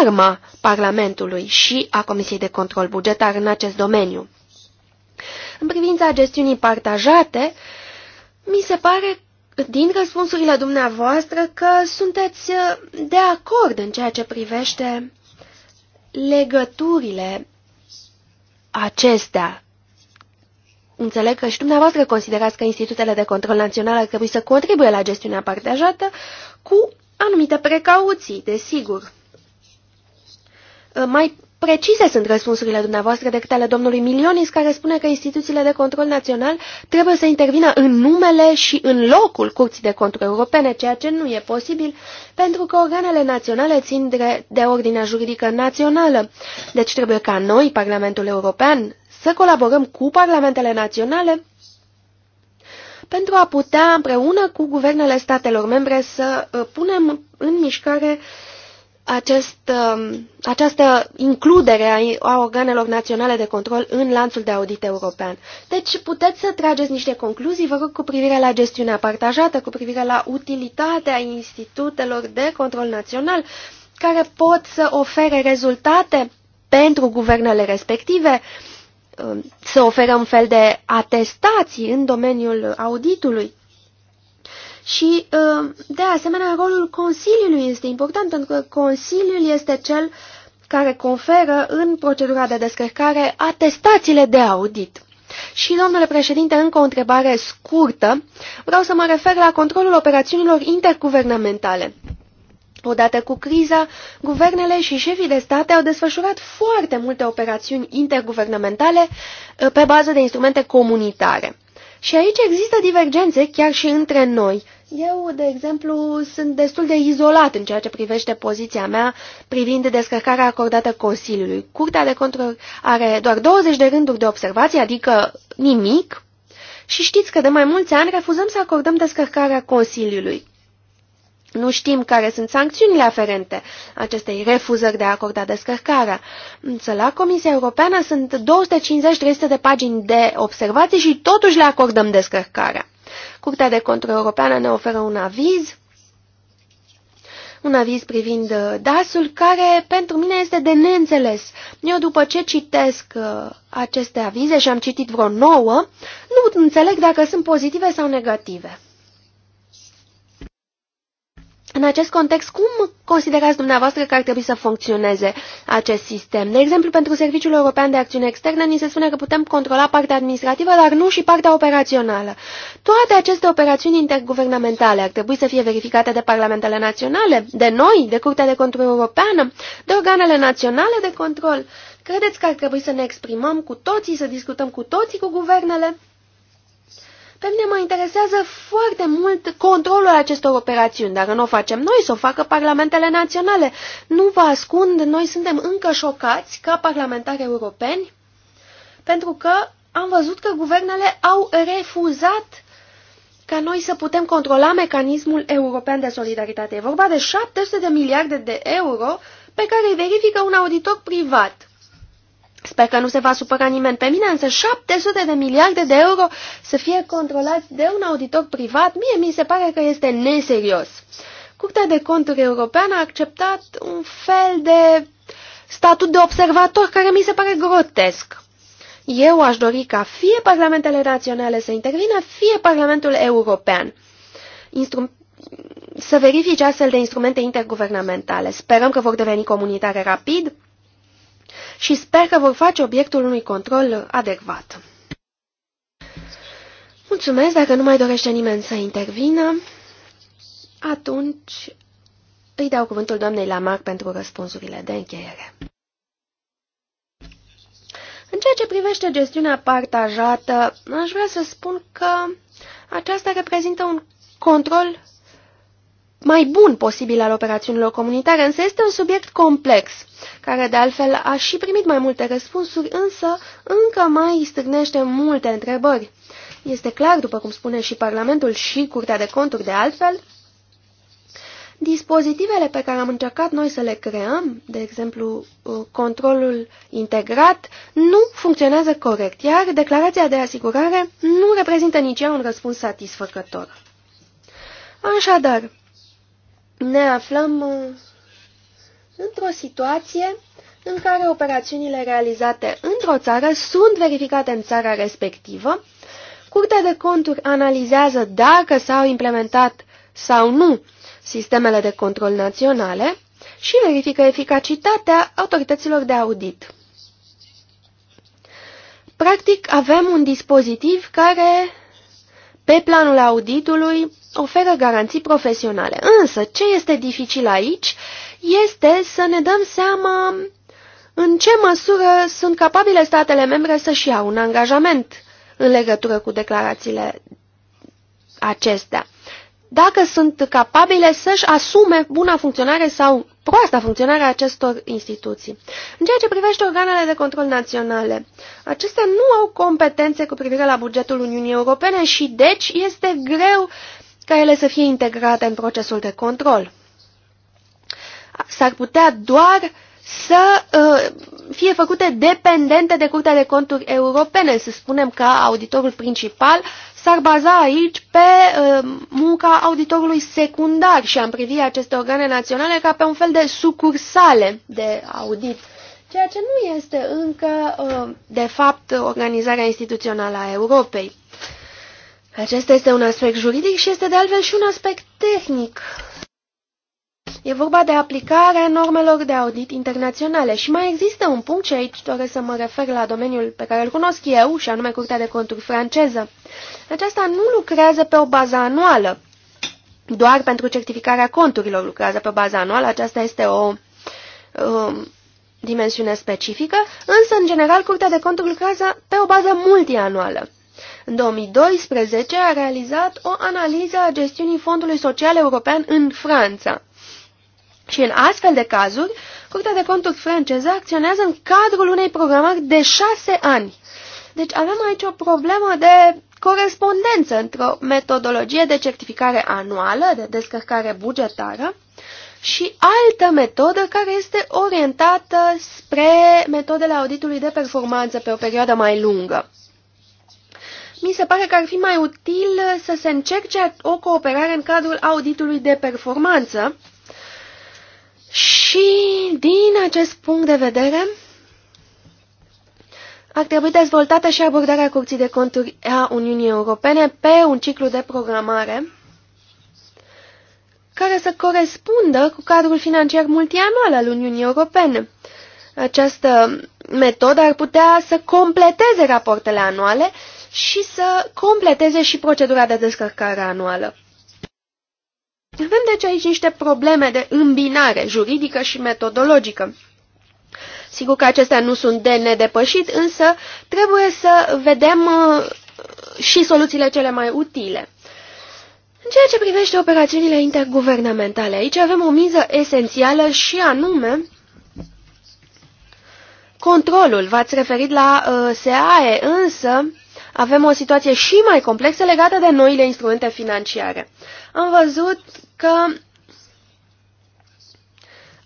arma Parlamentului și a Comisiei de Control Bugetar în acest domeniu. În privința gestiunii partajate, mi se pare din răspunsurile dumneavoastră că sunteți uh, de acord în ceea ce privește legăturile acestea. Înțeleg că și dumneavoastră considerați că institutele de control național ar trebui să contribuie la gestiunea partajată cu anumite precauții, desigur. Uh, mai precise sunt răspunsurile dumneavoastră decât ale domnului Milionis, care spune că instituțiile de control național trebuie să intervină în numele și în locul Curții de Control Europene, ceea ce nu e posibil, pentru că organele naționale țin de, de ordinea juridică națională. Deci trebuie ca noi, Parlamentul European, să colaborăm cu parlamentele naționale pentru a putea, împreună cu guvernele statelor membre, să uh, punem în mișcare uh, acest, um, această includere a organelor naționale de control în lanțul de audit european. Deci puteți să trageți niște concluzii, vă rog, cu privire la gestiunea partajată, cu privire la utilitatea institutelor de control național, care pot să ofere rezultate pentru guvernele respective, um, să ofere un fel de atestații în domeniul auditului. Și, ă, de asemenea, rolul Consiliului este important, pentru că Consiliul este cel care conferă în procedura de descărcare atestațiile de audit. Și, domnule președinte, încă o întrebare scurtă. Vreau să mă refer la controlul operațiunilor interguvernamentale. Odată cu criza, guvernele și șefii de state au desfășurat foarte multe operațiuni interguvernamentale ă, pe bază de instrumente comunitare. Și aici există divergențe chiar și între noi. Eu, de exemplu, sunt destul de izolat în ceea ce privește poziția mea privind descărcarea acordată Consiliului. Curtea de control are doar 20 de rânduri de observații, adică nimic, și știți că de mai mulți ani refuzăm să acordăm descărcarea Consiliului. Nu știm care sunt sancțiunile aferente acestei refuzări de a acorda descărcarea. Însă la Comisia Europeană sunt 250-300 de pagini de observații și totuși le acordăm descărcarea. Curtea de Control Europeană ne oferă un aviz, un aviz privind uh, DAS-ul, care pentru mine este de neînțeles. Eu după ce citesc uh, aceste avize și am citit vreo nouă, nu înțeleg dacă sunt pozitive sau negative. În acest context, cum considerați dumneavoastră că ar trebui să funcționeze acest sistem? De exemplu, pentru Serviciul European de Acțiune Externă, ni se spune că putem controla partea administrativă, dar nu și partea operațională. Toate aceste operațiuni interguvernamentale ar trebui să fie verificate de parlamentele naționale, de noi, de Curtea de Control Europeană, de organele naționale de control. Credeți că ar trebui să ne exprimăm cu toții, să discutăm cu toții cu guvernele? Pe mine mă interesează foarte mult controlul acestor operațiuni. Dacă nu o facem noi, să o facă parlamentele naționale. Nu vă ascund, noi suntem încă șocați ca parlamentari europeni, pentru că am văzut că guvernele au refuzat ca noi să putem controla mecanismul european de solidaritate. E vorba de 700 de miliarde de euro pe care îi verifică un auditor privat. Sper că nu se va supăra nimeni pe mine, însă 700 de miliarde de euro să fie controlați de un auditor privat, mie mi se pare că este neserios. Curtea de conturi europeană a acceptat un fel de statut de observator care mi se pare grotesc. Eu aș dori ca fie parlamentele naționale să intervină, fie Parlamentul European. Instru să verifice astfel de instrumente interguvernamentale. Sperăm că vor deveni comunitare rapid și sper că vor face obiectul unui control adecvat. Mulțumesc, dacă nu mai dorește nimeni să intervină, atunci îi dau cuvântul doamnei Lamar pentru răspunsurile de încheiere. În ceea ce privește gestiunea partajată, aș vrea să spun că aceasta reprezintă un control mai bun posibil al operațiunilor comunitare, însă este un subiect complex, care de altfel a și primit mai multe răspunsuri, însă încă mai strânește multe întrebări. Este clar, după cum spune și Parlamentul și Curtea de Conturi de altfel, dispozitivele pe care am încercat noi să le creăm, de exemplu uh, controlul integrat, nu funcționează corect, iar declarația de asigurare nu reprezintă nici ea un răspuns satisfăcător. Așadar, ne aflăm uh, într-o situație în care operațiunile realizate într-o țară sunt verificate în țara respectivă. Curtea de conturi analizează dacă s-au implementat sau nu sistemele de control naționale și verifică eficacitatea autorităților de audit. Practic, avem un dispozitiv care, pe planul auditului, oferă garanții profesionale. Însă, ce este dificil aici este să ne dăm seama în ce măsură sunt capabile statele membre să-și iau un angajament în legătură cu declarațiile acestea. Dacă sunt capabile să-și asume buna funcționare sau proasta funcționare a acestor instituții. În ceea ce privește organele de control naționale, acestea nu au competențe cu privire la bugetul Uniunii Europene și deci este greu ca ele să fie integrate în procesul de control. S-ar putea doar să uh, fie făcute dependente de Curtea de Conturi Europene. Să spunem că auditorul principal s-ar baza aici pe uh, munca auditorului secundar și am privit aceste organe naționale ca pe un fel de sucursale de audit, ceea ce nu este încă, uh, de fapt, organizarea instituțională a Europei. Acesta este un aspect juridic și este de altfel și un aspect tehnic. E vorba de aplicarea normelor de audit internaționale și mai există un punct și aici doresc să mă refer la domeniul pe care îl cunosc eu, și anume Curtea de Conturi franceză. Aceasta nu lucrează pe o bază anuală, doar pentru certificarea conturilor lucrează pe bază anuală, aceasta este o um, dimensiune specifică, însă, în general, Curtea de Conturi lucrează pe o bază multianuală. În 2012 a realizat o analiză a gestiunii Fondului Social European în Franța. Și în astfel de cazuri, Curtea de Conturi franceză acționează în cadrul unei programări de șase ani. Deci avem aici o problemă de corespondență într-o metodologie de certificare anuală, de descărcare bugetară, și altă metodă care este orientată spre metodele auditului de performanță pe o perioadă mai lungă mi se pare că ar fi mai util să se încerce o cooperare în cadrul auditului de performanță. Și din acest punct de vedere, ar trebui dezvoltată și abordarea Curții de Conturi a Uniunii Europene pe un ciclu de programare care să corespundă cu cadrul financiar multianual al Uniunii Europene. Această metodă ar putea să completeze rapoartele anuale și să completeze și procedura de descărcare anuală. Avem deci aici niște probleme de îmbinare juridică și metodologică. Sigur că acestea nu sunt de nedepășit, însă trebuie să vedem uh, și soluțiile cele mai utile. În ceea ce privește operațiunile interguvernamentale, aici avem o miză esențială și anume controlul. V-ați referit la uh, SAE, însă avem o situație și mai complexă legată de noile instrumente financiare. Am văzut că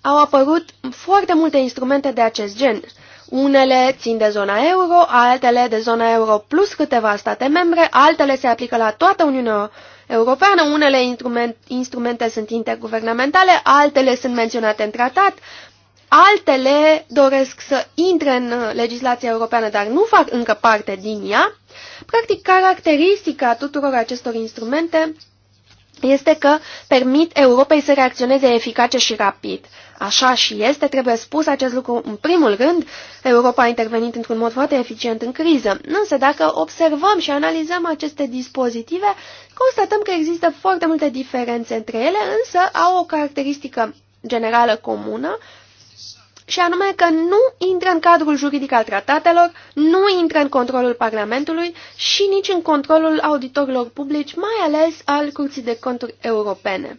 au apărut foarte multe instrumente de acest gen. Unele țin de zona euro, altele de zona euro plus câteva state membre, altele se aplică la toată Uniunea Europeană, unele instrument, instrumente sunt interguvernamentale, altele sunt menționate în tratat, altele doresc să intre în legislația europeană, dar nu fac încă parte din ea Practic, caracteristica tuturor acestor instrumente este că permit Europei să reacționeze eficace și rapid. Așa și este, trebuie spus acest lucru în primul rând, Europa a intervenit într-un mod foarte eficient în criză. Însă dacă observăm și analizăm aceste dispozitive, constatăm că există foarte multe diferențe între ele, însă au o caracteristică generală comună și anume că nu intră în cadrul juridic al tratatelor, nu intră în controlul Parlamentului și nici în controlul auditorilor publici, mai ales al Curții de Conturi Europene.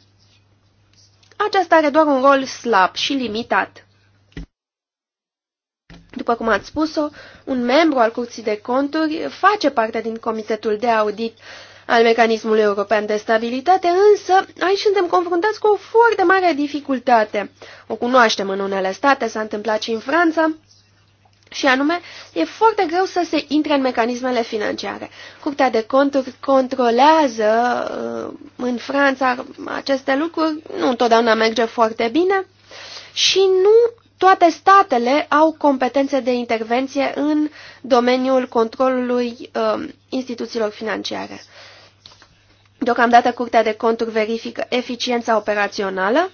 Aceasta are doar un rol slab și limitat. După cum ați spus-o, un membru al Curții de Conturi face parte din Comitetul de Audit al mecanismului european de stabilitate, însă aici suntem confruntați cu o foarte mare dificultate. O cunoaștem în unele state, s-a întâmplat și în Franța, și anume, e foarte greu să se intre în mecanismele financiare. Curtea de conturi controlează uh, în Franța aceste lucruri, nu întotdeauna merge foarte bine și nu toate statele au competențe de intervenție în domeniul controlului uh, instituțiilor financiare. Deocamdată Curtea de Conturi verifică eficiența operațională,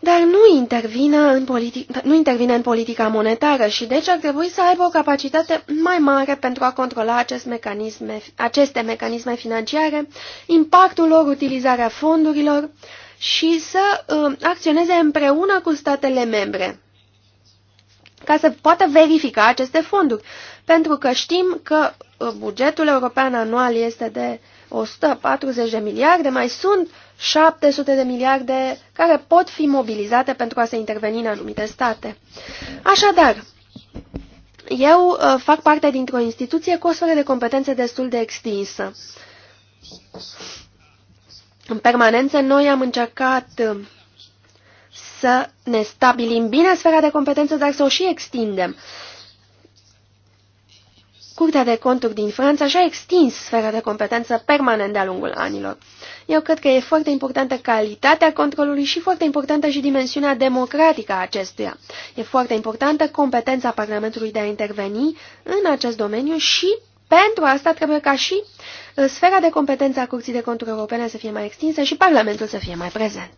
dar nu intervine, în politic, nu intervine în politica monetară și deci ar trebui să aibă o capacitate mai mare pentru a controla acest mecanisme, aceste mecanisme financiare, impactul lor, utilizarea fondurilor și să uh, acționeze împreună cu statele membre ca să poată verifica aceste fonduri, pentru că știm că uh, bugetul european anual este de 140 de miliarde, mai sunt 700 de miliarde care pot fi mobilizate pentru a se interveni în anumite state. Așadar, eu uh, fac parte dintr-o instituție cu o sferă de competențe destul de extinsă. În permanență, noi am încercat uh, să ne stabilim bine sfera de competență, dar să o și extindem. Curtea de conturi din Franța și-a extins sfera de competență permanent de-a lungul anilor. Eu cred că e foarte importantă calitatea controlului și foarte importantă și dimensiunea democratică a acestuia. E foarte importantă competența Parlamentului de a interveni în acest domeniu și pentru asta trebuie ca și uh, sfera de competență a Curții de Conturi Europene să fie mai extinsă și Parlamentul să fie mai prezent.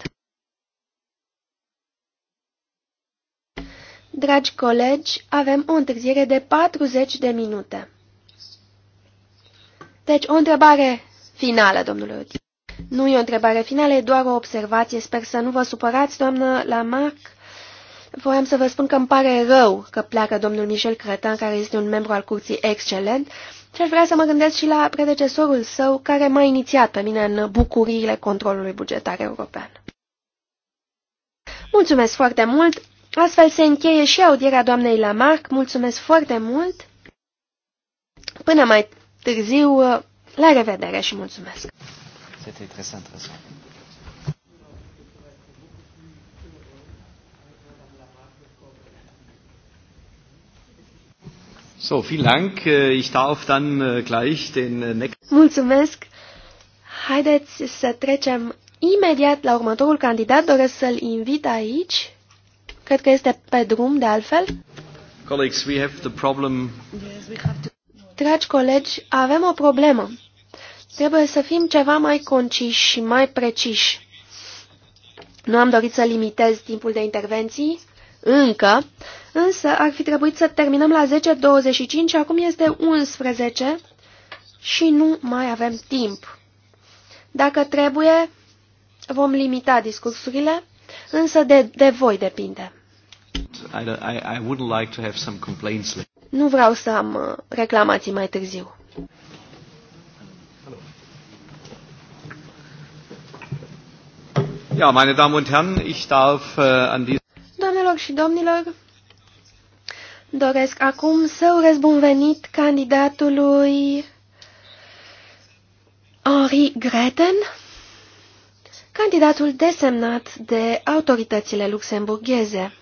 Dragi colegi, avem o întârziere de 40 de minute. Deci, o întrebare finală, domnule Uti. Nu e o întrebare finală, e doar o observație. Sper să nu vă supărați, doamnă Lamarck. Vreau să vă spun că îmi pare rău că pleacă domnul Michel Cretan, care este un membru al curții excelent, și aș vrea să mă gândesc și la predecesorul său, care m-a inițiat pe mine în bucuriile controlului bugetar european. Mulțumesc foarte mult! Astfel se încheie și audierea doamnei Lamarck. Mulțumesc foarte mult! Până mai târziu, la revedere și mulțumesc! So, vielen Dank. Äh, ich darf dann äh, gleich den äh, nächsten. Mulțumesc. Haideți să trecem imediat la următorul candidat. Doresc să-l invit aici. Cred că este pe drum, de altfel. Colleagues, we have the problem. Dragi colegi, avem o problemă. Trebuie să fim ceva mai conciși și mai preciși. Nu am dorit să limitez timpul de intervenții, încă, însă ar fi trebuit să terminăm la 10.25 și acum este 11 și nu mai avem timp. Dacă trebuie, vom limita discursurile Însă de, de voi depinde. I, I, like to have some Nu vreau să am uh, reclamații mai târziu. Ja, meine Damen und Herren, ich darf uh, an die Doamnelor și domnilor, doresc acum să urez bun venit candidatului Henri Greten candidatul desemnat de autoritățile luxemburgheze.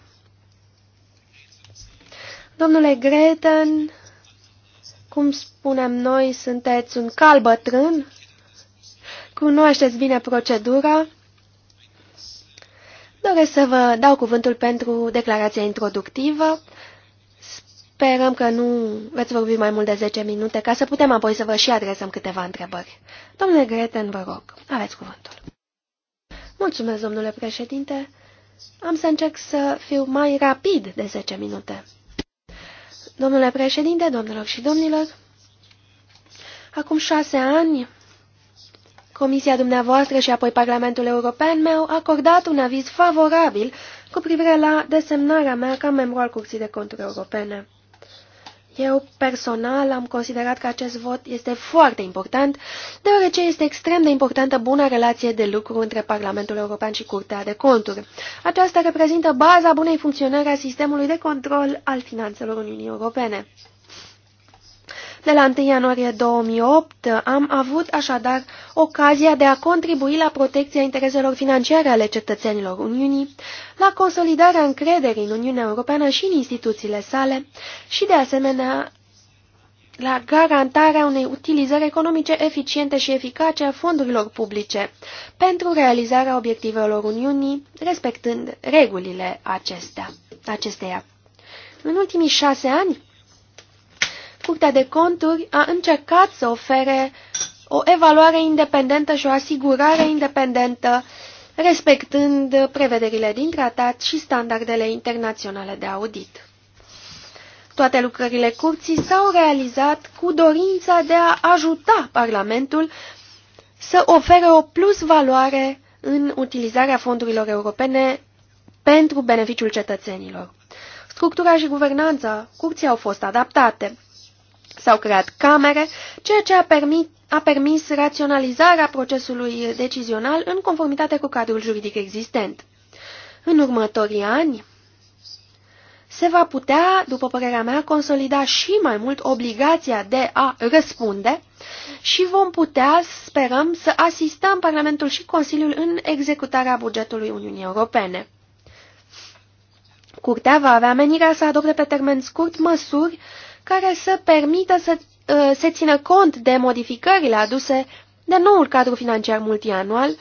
Domnule Greten, cum spunem noi, sunteți un cal bătrân, cunoașteți bine procedura. Doresc să vă dau cuvântul pentru declarația introductivă. Sperăm că nu veți vorbi mai mult de 10 minute, ca să putem apoi să vă și adresăm câteva întrebări. Domnule Greten, vă rog, aveți cuvântul. Mulțumesc, domnule președinte. Am să încerc să fiu mai rapid de 10 minute. Domnule președinte, domnilor și domnilor, acum șase ani, Comisia dumneavoastră și apoi Parlamentul European mi-au acordat un aviz favorabil cu privire la desemnarea mea ca membru al Curții de Conturi Europene. Eu personal am considerat că acest vot este foarte important, deoarece este extrem de importantă buna relație de lucru între Parlamentul European și Curtea de Conturi. Aceasta reprezintă baza bunei funcționări a sistemului de control al finanțelor Uniunii Europene. De la 1 ianuarie 2008 am avut așadar ocazia de a contribui la protecția intereselor financiare ale cetățenilor Uniunii, la consolidarea încrederii în Uniunea Europeană și în instituțiile sale și, de asemenea, la garantarea unei utilizări economice eficiente și eficace a fondurilor publice pentru realizarea obiectivelor Uniunii, respectând regulile acestea, acesteia. În ultimii șase ani, Curtea de Conturi a încercat să ofere o evaluare independentă și o asigurare independentă respectând prevederile din tratat și standardele internaționale de audit. Toate lucrările curții s-au realizat cu dorința de a ajuta Parlamentul să ofere o plus valoare în utilizarea fondurilor europene pentru beneficiul cetățenilor. Structura și guvernanța curții au fost adaptate. S-au creat camere, ceea ce a permis a permis raționalizarea procesului decizional în conformitate cu cadrul juridic existent. În următorii ani, se va putea, după părerea mea, consolida și mai mult obligația de a răspunde și vom putea, sperăm, să asistăm Parlamentul și Consiliul în executarea bugetului Uniunii Europene. Curtea va avea menirea să adopte pe termen scurt măsuri care să permită să Uh, se țină cont de modificările aduse de noul cadru financiar multianual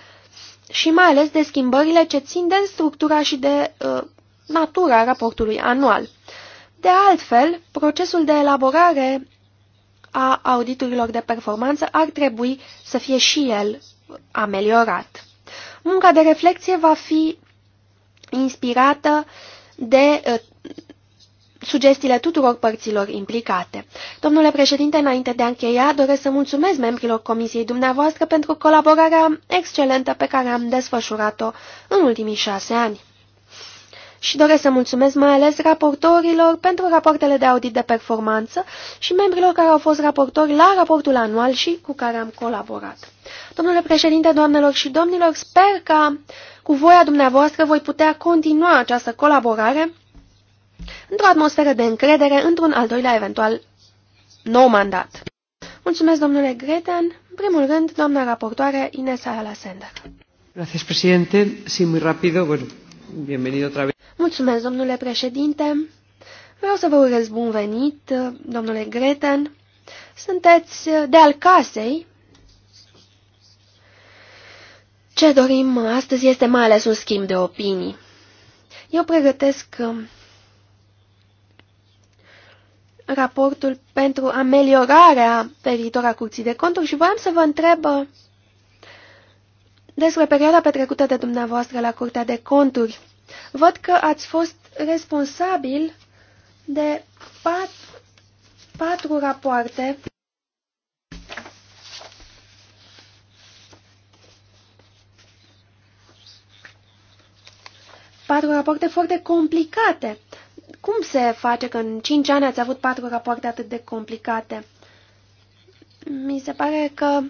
și mai ales de schimbările ce țin de structura și de uh, natura raportului anual. De altfel, procesul de elaborare a auditurilor de performanță ar trebui să fie și el ameliorat. Munca de reflexie va fi inspirată de uh, sugestiile tuturor părților implicate. Domnule președinte, înainte de a încheia, doresc să mulțumesc membrilor comisiei dumneavoastră pentru colaborarea excelentă pe care am desfășurat-o în ultimii șase ani. Și doresc să mulțumesc mai ales raportorilor pentru rapoartele de audit de performanță și membrilor care au fost raportori la raportul anual și cu care am colaborat. Domnule președinte, doamnelor și domnilor, sper că cu voia dumneavoastră voi putea continua această colaborare într-o atmosferă de încredere, într-un al doilea eventual nou mandat. Mulțumesc, domnule Gretan. În primul rând, doamna raportoare Inesa Alasender. Gracias, presidente. Sí, muy rápido. Bueno, bienvenido otra vez. Mulțumesc, domnule președinte. Vreau să vă urez bun venit, domnule Gretan. Sunteți de al casei. Ce dorim astăzi este mai ales un schimb de opinii. Eu pregătesc raportul pentru ameliorarea pe Curții de Conturi și voiam să vă întreb uh, despre perioada petrecută de dumneavoastră la Curtea de Conturi. Văd că ați fost responsabil de pat, patru rapoarte patru rapoarte foarte complicate cum se face că în cinci ani ați avut patru rapoarte atât de complicate? Mi se pare că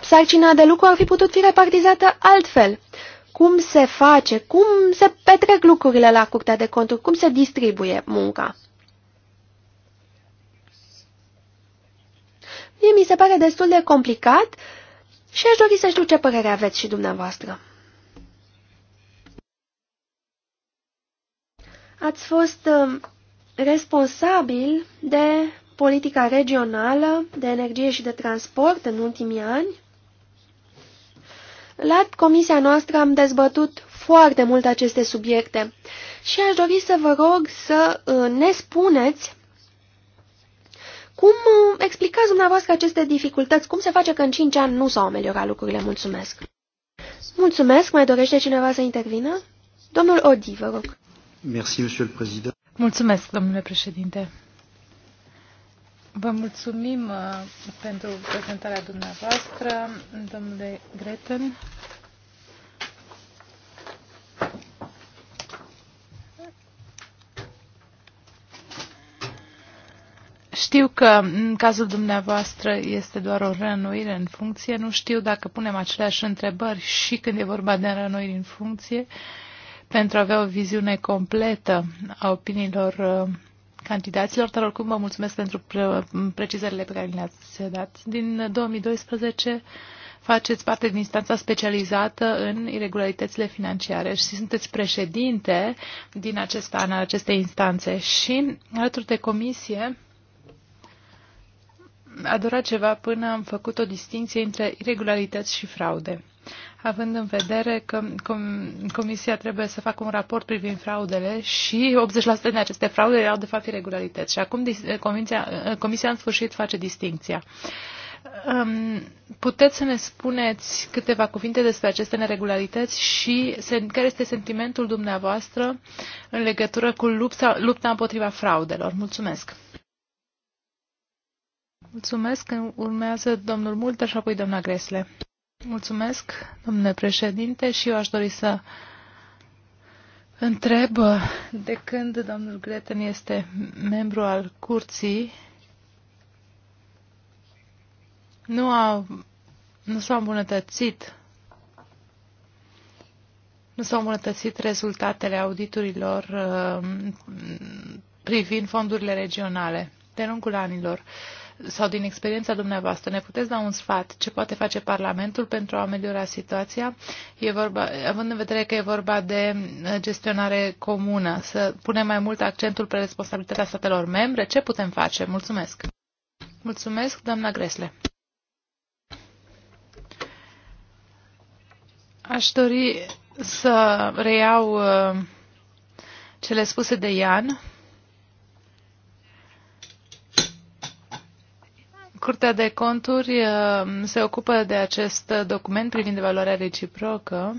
sarcina de lucru ar fi putut fi repartizată altfel. Cum se face? Cum se petrec lucrurile la Curtea de Conturi? Cum se distribuie munca? Mie mi se pare destul de complicat și aș dori să știu ce părere aveți și dumneavoastră. Ați fost um, responsabil de politica regională de energie și de transport în ultimii ani. La comisia noastră am dezbătut foarte mult aceste subiecte și aș dori să vă rog să uh, ne spuneți cum uh, explicați dumneavoastră aceste dificultăți, cum se face că în 5 ani nu s-au ameliorat lucrurile. Mulțumesc! Mulțumesc! Mai dorește cineva să intervină? Domnul Odi, vă rog. Mulțumesc, domnule președinte. Vă mulțumim uh, pentru prezentarea dumneavoastră, domnule Greten. Știu că în cazul dumneavoastră este doar o rănuire în funcție. Nu știu dacă punem aceleași întrebări și când e vorba de rănuiri în funcție. Uh, pentru a avea o viziune completă a opiniilor uh, candidaților, dar oricum vă mulțumesc pentru precizările pe care le-ați dat. Din 2012 faceți parte din instanța specializată în irregularitățile financiare și sunteți președinte din acest an al acestei instanțe și alături de comisie a durat ceva până am făcut o distinție între irregularități și fraude având în vedere că Comisia trebuie să facă un raport privind fraudele și 80% din aceste fraude erau de fapt irregularități. Și acum Comisia, comisia în sfârșit face distinția. Um, puteți să ne spuneți câteva cuvinte despre aceste neregularități și care este sentimentul dumneavoastră în legătură cu lupta, lupta împotriva fraudelor? Mulțumesc! Mulțumesc. Urmează domnul Multer și apoi doamna Gresle. Mulțumesc, domnule președinte, și eu aș dori să întreb de când domnul Greten este membru al curții. Nu, a, nu s-au îmbunătățit nu s-au îmbunătățit rezultatele auditurilor uh, privind fondurile regionale de lungul anilor. Uh, sau din experiența dumneavoastră, ne puteți da un sfat ce poate face Parlamentul pentru a ameliora situația, e vorba, având în vedere că e vorba de gestionare comună, să punem mai mult accentul pe responsabilitatea statelor membre, ce putem face? Mulțumesc! Mulțumesc, doamna Gresle! Aș dori să reiau uh, cele spuse de Ian Curtea de conturi uh, se ocupă de acest document privind valoarea reciprocă.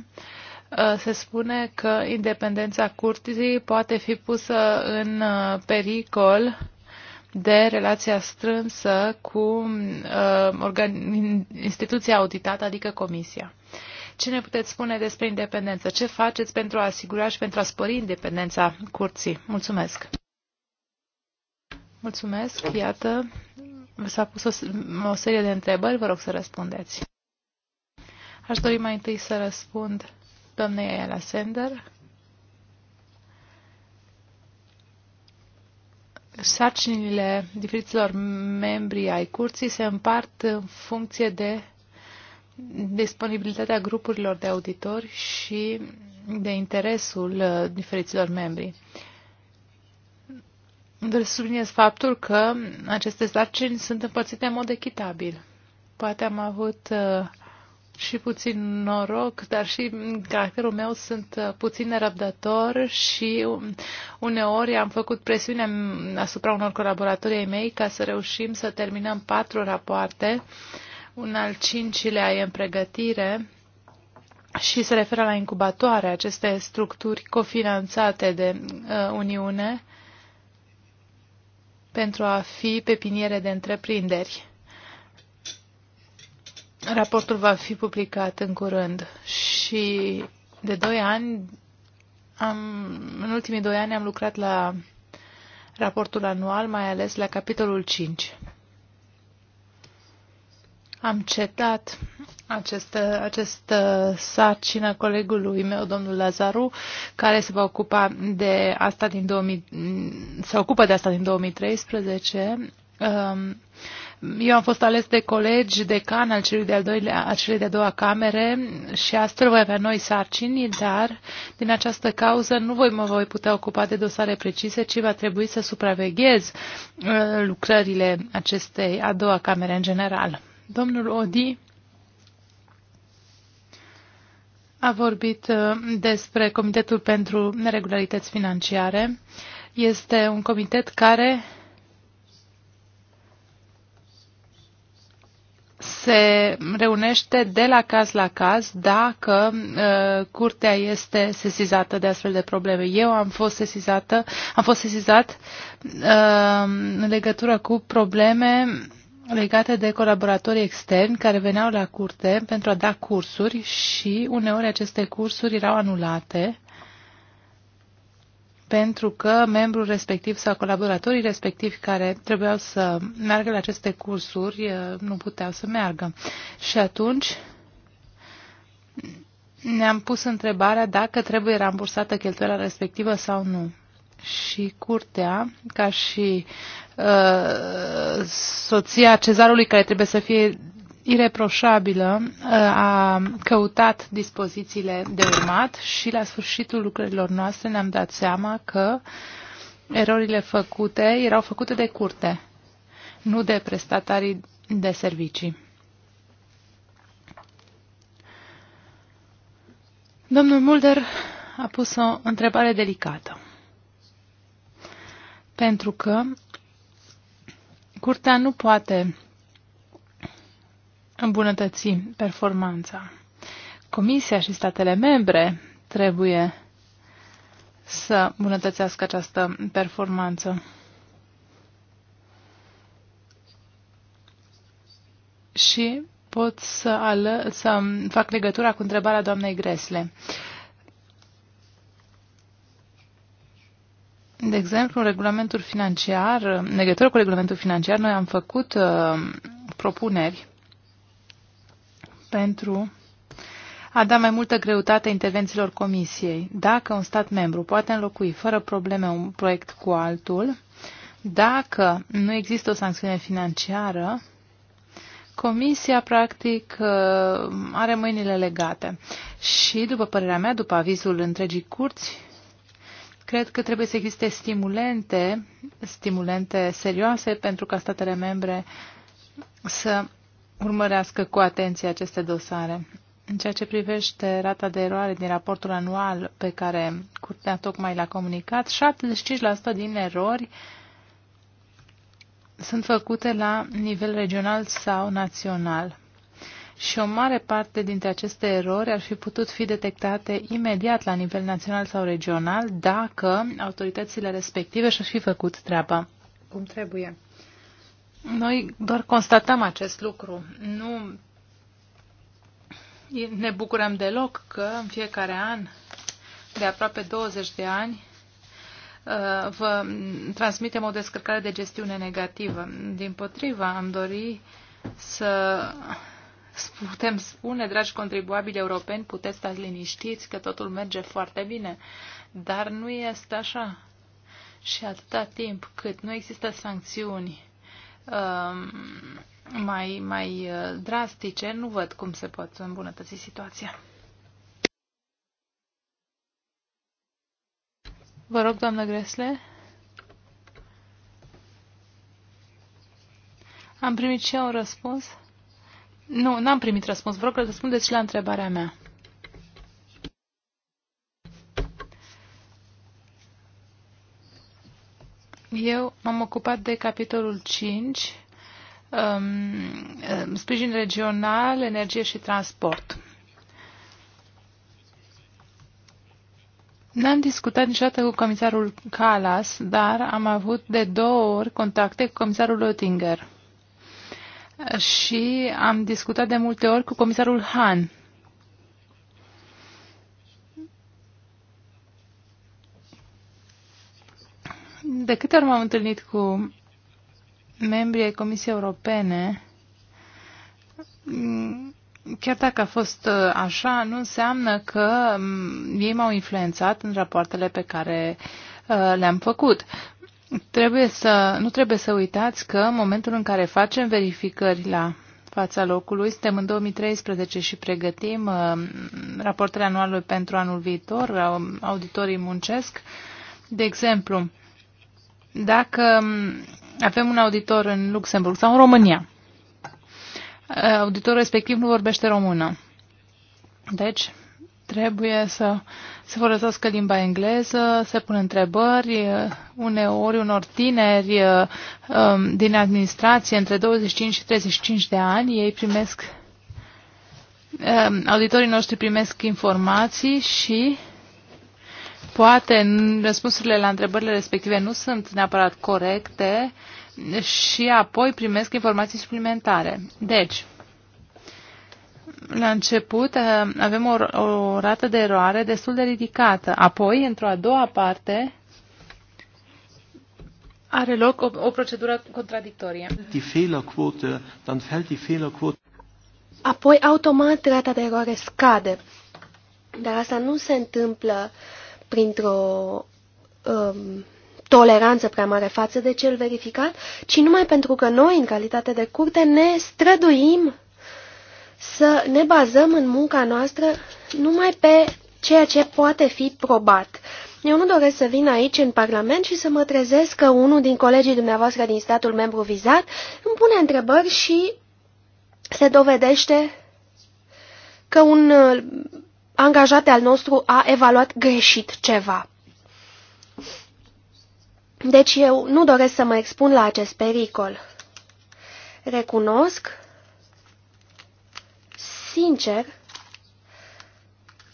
Uh, se spune că independența curții poate fi pusă în uh, pericol de relația strânsă cu instituția auditată, adică Comisia. Ce ne puteți spune despre independență? Ce faceți pentru a asigura și pentru a spori independența curții? Mulțumesc! Mulțumesc! Iată, s-a pus o, o serie de întrebări, vă rog să răspundeți. Aș dori mai întâi să răspund doamnei Ayala Sender. Sarcinile diferiților membri ai curții se împart în funcție de disponibilitatea grupurilor de auditori și de interesul uh, diferiților membri doresc să subliniez faptul că aceste sarcini sunt împărțite în mod echitabil. Poate am avut uh, și puțin noroc, dar și caracterul meu sunt uh, puțin nerăbdător și um, uneori am făcut presiune asupra unor colaboratori ai mei ca să reușim să terminăm patru rapoarte. Un al cincilea e în pregătire și se referă la incubatoare, aceste structuri cofinanțate de uh, Uniune pentru a fi pe piniere de întreprinderi. Raportul va fi publicat în curând și de doi ani, am, în ultimii doi ani am lucrat la raportul anual, mai ales la capitolul 5. Am cetat acest, acest sarcină colegului meu, domnul Lazaru, care se va ocupa de asta din 2000, se ocupă de asta din 2013. Um, eu am fost ales de colegi, decan al celui de-al doilea, al celei de-a doua camere și astfel voi avea noi sarcini, dar din această cauză nu voi mă voi putea ocupa de dosare precise, ci va trebui să supraveghez uh, lucrările acestei a doua camere în general. Domnul Odi a vorbit uh, despre Comitetul pentru Neregularități Financiare. Este un comitet care se reunește de la caz la caz dacă uh, curtea este sesizată de astfel de probleme. Eu am fost sesizată, am fost sesizat uh, în legătură cu probleme uh, legate de colaboratori externi care veneau la curte pentru a da cursuri și uneori aceste cursuri erau anulate pentru că membrul respectiv sau colaboratorii respectivi care trebuiau să meargă la aceste cursuri eh, nu puteau să meargă. Și atunci ne-am pus întrebarea dacă trebuie rambursată cheltuiala respectivă sau nu și curtea, ca și uh, soția cezarului care trebuie să fie ireproșabilă, uh, a căutat dispozițiile de urmat și la sfârșitul lucrărilor noastre ne-am dat seama că erorile făcute erau făcute de curte, nu de prestatarii de servicii. Domnul Mulder a pus o întrebare delicată. Pentru că curtea nu poate îmbunătăți performanța. Comisia și statele membre trebuie să îmbunătățească această performanță. Și pot să, ală, să fac legătura cu întrebarea doamnei Gresle. Uh, De exemplu, în regulamentul financiar, în legătură cu regulamentul financiar, noi am făcut uh, propuneri pentru a da mai multă greutate intervențiilor comisiei. Dacă un stat membru poate înlocui fără probleme un proiect cu altul, dacă nu există o sancțiune financiară, Comisia, practic, uh, are mâinile legate. Și, după părerea mea, după avizul întregii curți, Cred că trebuie să existe stimulente, stimulente serioase pentru ca statele membre să urmărească cu atenție aceste dosare. În ceea ce privește rata de eroare din raportul anual pe care Curtea tocmai l-a comunicat, 75% din erori sunt făcute la nivel regional sau național și o mare parte dintre aceste erori ar fi putut fi detectate imediat la nivel național sau regional dacă autoritățile respective și-ar fi făcut treaba cum trebuie. Noi doar constatăm acest lucru. Nu ne bucurăm deloc că în fiecare an, de aproape 20 de ani, uh, vă transmitem o descărcare de gestiune negativă. Din potriva, am dori să putem spune, dragi contribuabili europeni, puteți sta liniștiți că totul merge foarte bine. Dar nu este așa. Și atâta timp cât nu există sancțiuni uh, mai, mai uh, drastice, nu văd cum se poate îmbunătăți situația. Vă rog, doamnă Gresle. Am primit și eu un răspuns. Nu, n-am primit răspuns. Vreau că răspundeți și la întrebarea mea. Eu m-am ocupat de capitolul 5, um, um, sprijin regional, energie și transport. N-am discutat niciodată cu comisarul Calas, dar am avut de două ori contacte cu comisarul Oettinger și am discutat de multe ori cu comisarul Han. De câte ori m-am întâlnit cu membrii ai Comisiei Europene, chiar dacă a fost uh, așa, nu înseamnă că mm, ei m-au influențat în rapoartele pe care uh, le-am făcut. Trebuie să, nu trebuie să uitați că în momentul în care facem verificări la fața locului, suntem în 2013 și pregătim uh, raportele anuale pentru anul viitor, auditorii muncesc. De exemplu, dacă um, avem un auditor în Luxemburg sau în România, uh, auditorul respectiv nu vorbește română. Deci, trebuie să se folosească limba engleză, se pun întrebări, uneori unor tineri um, din administrație între 25 și 35 de ani, ei primesc, um, auditorii noștri primesc informații și poate răspunsurile la întrebările respective nu sunt neapărat corecte și apoi primesc informații suplimentare. Deci, la început eh, avem o, o rată de eroare destul de ridicată. Apoi, într-o a doua parte, are loc o, o procedură contradictorie. Apoi, automat, rata de eroare scade. Dar asta nu se întâmplă printr-o um, toleranță prea mare față de cel verificat, ci numai pentru că noi, în calitate de curte, ne străduim să ne bazăm în munca noastră numai pe ceea ce poate fi probat. Eu nu doresc să vin aici în Parlament și să mă trezesc că unul din colegii dumneavoastră din statul membru vizat îmi pune întrebări și se dovedește că un uh, angajat al nostru a evaluat greșit ceva. Deci eu nu doresc să mă expun la acest pericol. Recunosc sincer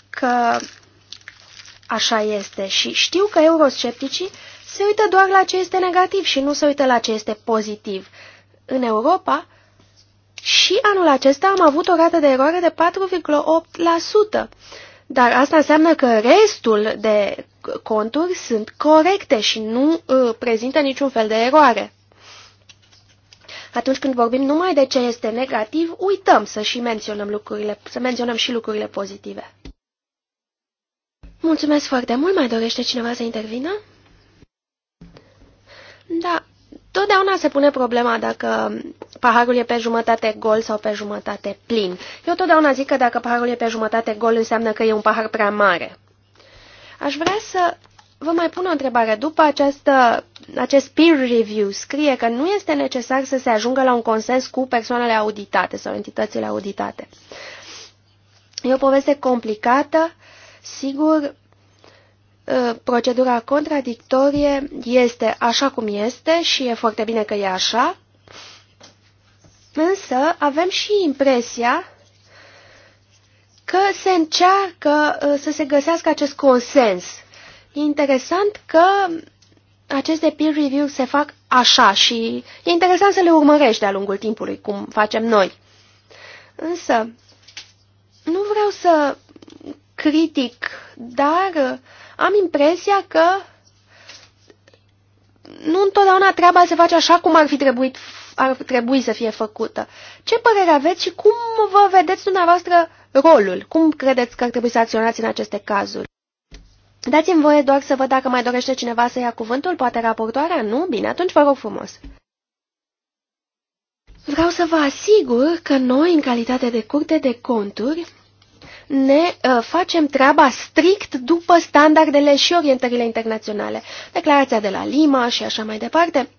că așa este și știu că euroscepticii se uită doar la ce este negativ și nu se uită la ce este pozitiv. În Europa, și anul acesta am avut o rată de eroare de 4,8%. Dar asta înseamnă că restul de conturi sunt corecte și nu uh, prezintă niciun fel de eroare. Atunci când vorbim numai de ce este negativ, uităm să și menționăm lucrurile, să menționăm și lucrurile pozitive. Mulțumesc foarte mult. Mai dorește cineva să intervină? Da, Totdeauna se pune problema dacă paharul e pe jumătate gol sau pe jumătate plin. Eu totdeauna zic că dacă paharul e pe jumătate gol, înseamnă că e un pahar prea mare. Aș vrea să vă mai pun o întrebare. După această acest peer review scrie că nu este necesar să se ajungă la un consens cu persoanele auditate sau entitățile auditate. E o poveste complicată, sigur, ă, procedura contradictorie este așa cum este și e foarte bine că e așa, însă avem și impresia că se încearcă ă, să se găsească acest consens. E interesant că aceste peer review se fac așa și e interesant să le urmărești de-a lungul timpului, cum facem noi. Însă, nu vreau să critic, dar am impresia că nu întotdeauna treaba se face așa cum ar fi trebuit ar trebui să fie făcută. Ce părere aveți și cum vă vedeți dumneavoastră rolul? Cum credeți că ar trebui să acționați în aceste cazuri? Dați-mi voie doar să văd dacă mai dorește cineva să ia cuvântul, poate raportoarea, nu? Bine, atunci vă rog frumos. Vreau să vă asigur că noi, în calitate de curte de conturi, ne uh, facem treaba strict după standardele și orientările internaționale, declarația de la Lima și așa mai departe,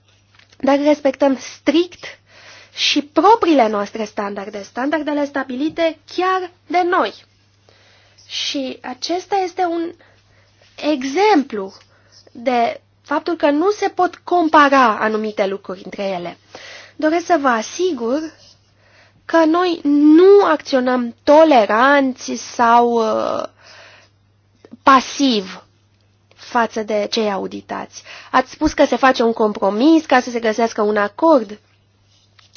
dar respectăm strict și propriile noastre standarde, standardele stabilite chiar de noi. Și acesta este un exemplu de faptul că nu se pot compara anumite lucruri între ele. Doresc să vă asigur că noi nu acționăm toleranți sau uh, pasiv față de cei auditați. Ați spus că se face un compromis ca să se găsească un acord.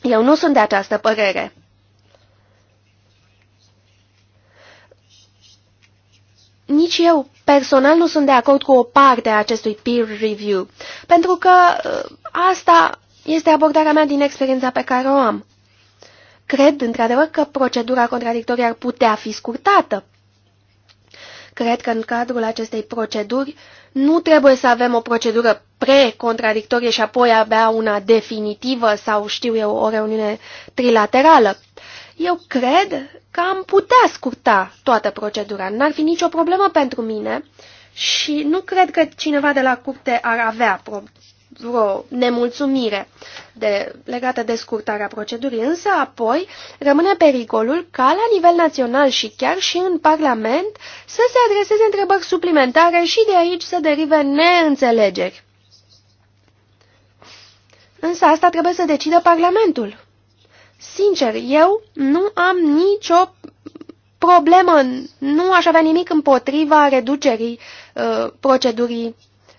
Eu nu sunt de această părere. Nici eu personal nu sunt de acord cu o parte a acestui peer review, pentru că uh, asta este abordarea mea din experiența pe care o am. Cred, într-adevăr, că procedura contradictorie ar putea fi scurtată. Cred că în cadrul acestei proceduri nu trebuie să avem o procedură pre-contradictorie și apoi abia una definitivă sau, știu eu, o reuniune trilaterală. Eu cred că am putea scurta toată procedura. N-ar fi nicio problemă pentru mine și nu cred că cineva de la curte ar avea vreo nemulțumire de, legată de scurtarea procedurii, însă apoi rămâne pericolul ca la nivel național și chiar și în Parlament să se adreseze întrebări suplimentare și de aici să derive neînțelegeri. Însă asta trebuie să decidă Parlamentul. Sincer, eu nu am nicio problemă, nu aș avea nimic împotriva reducerii uh, procedurii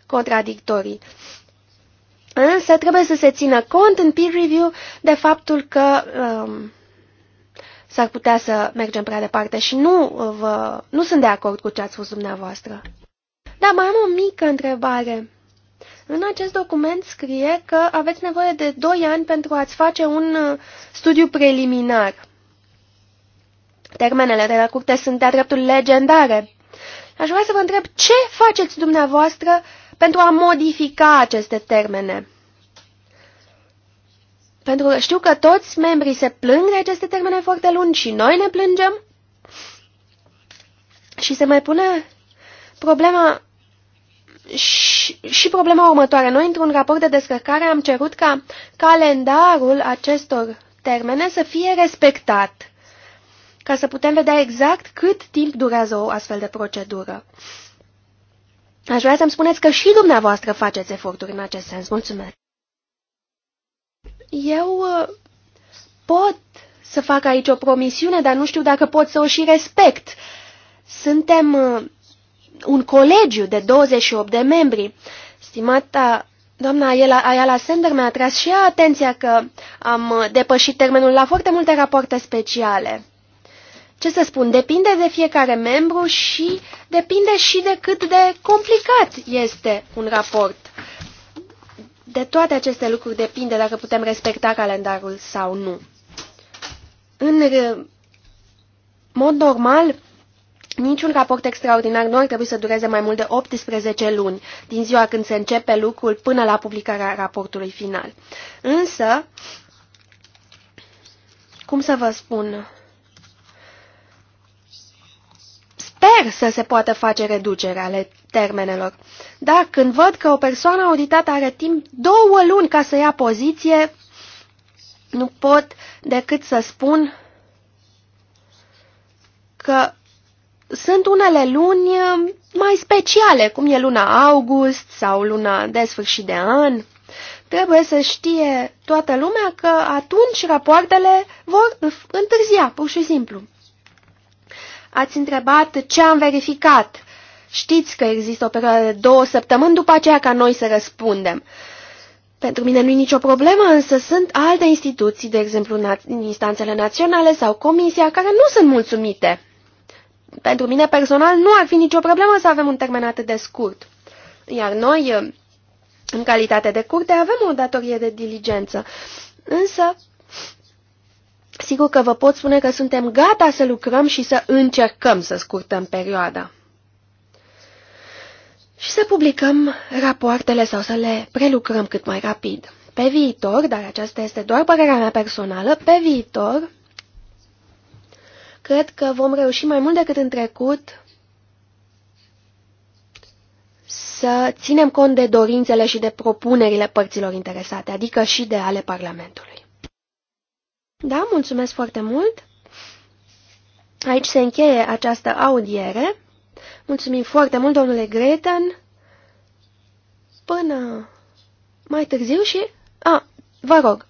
contradictorii. Însă trebuie să se țină cont în peer review de faptul că um, s-ar putea să mergem prea departe și nu, uh, vă, nu sunt de acord cu ce ați spus dumneavoastră. Da, mai am o mică întrebare. În acest document scrie că aveți nevoie de 2 ani pentru a-ți face un uh, studiu preliminar. Termenele de la curte sunt de-a dreptul legendare. Aș vrea să vă întreb ce faceți dumneavoastră pentru a modifica aceste termene. Pentru că știu că toți membrii se plâng de aceste termene foarte lungi și noi ne plângem. Și se mai pune problema și, și problema următoare. Noi, într-un raport de descărcare, am cerut ca calendarul acestor termene să fie respectat, ca să putem vedea exact cât timp durează o astfel de procedură. Aș vrea să-mi spuneți că și dumneavoastră faceți eforturi în acest sens. Mulțumesc! Eu uh, pot să fac aici o promisiune, dar nu știu dacă pot să o și respect. Suntem uh, un colegiu de 28 de membri. Stimata doamna Ayala, Ayala Sender mi-a atras și ea atenția că am depășit termenul la foarte multe rapoarte speciale. Ce să spun, depinde de fiecare membru și depinde și de cât de complicat este un raport. De toate aceste lucruri depinde dacă putem respecta calendarul sau nu. În mod normal, Niciun raport extraordinar nu ar trebui să dureze mai mult de 18 luni, din ziua când se începe lucrul până la publicarea raportului final. Însă, cum să vă spun, sper să se poată face reducere ale termenelor. Dar când văd că o persoană auditată are timp două luni ca să ia poziție, nu pot decât să spun că sunt unele luni eh, mai speciale, cum e luna august sau luna de sfârșit de an. Trebuie să știe toată lumea că atunci rapoartele vor întârzia, pur și simplu. Ați întrebat ce am verificat. Știți că există o perioadă de două săptămâni după aceea ca noi să răspundem. Pentru mine nu e nicio problemă, însă sunt alte instituții, de exemplu instanțele naționale sau comisia, care nu sunt mulțumite pentru mine personal nu ar fi nicio problemă să avem un termen atât de scurt. Iar noi, eh, în calitate de curte, avem o datorie de diligență. Însă, sigur că vă pot spune că suntem gata să lucrăm și să încercăm să scurtăm perioada. Și să publicăm rapoartele sau să le prelucrăm cât mai rapid. Pe viitor, dar aceasta este doar părerea mea personală, pe viitor Cred că vom reuși mai mult decât în trecut să ținem cont de dorințele și de propunerile părților interesate, adică și de ale Parlamentului. Da, mulțumesc foarte mult! Aici se încheie această audiere. Mulțumim foarte mult, domnule Greten. Până mai târziu și... A, vă rog,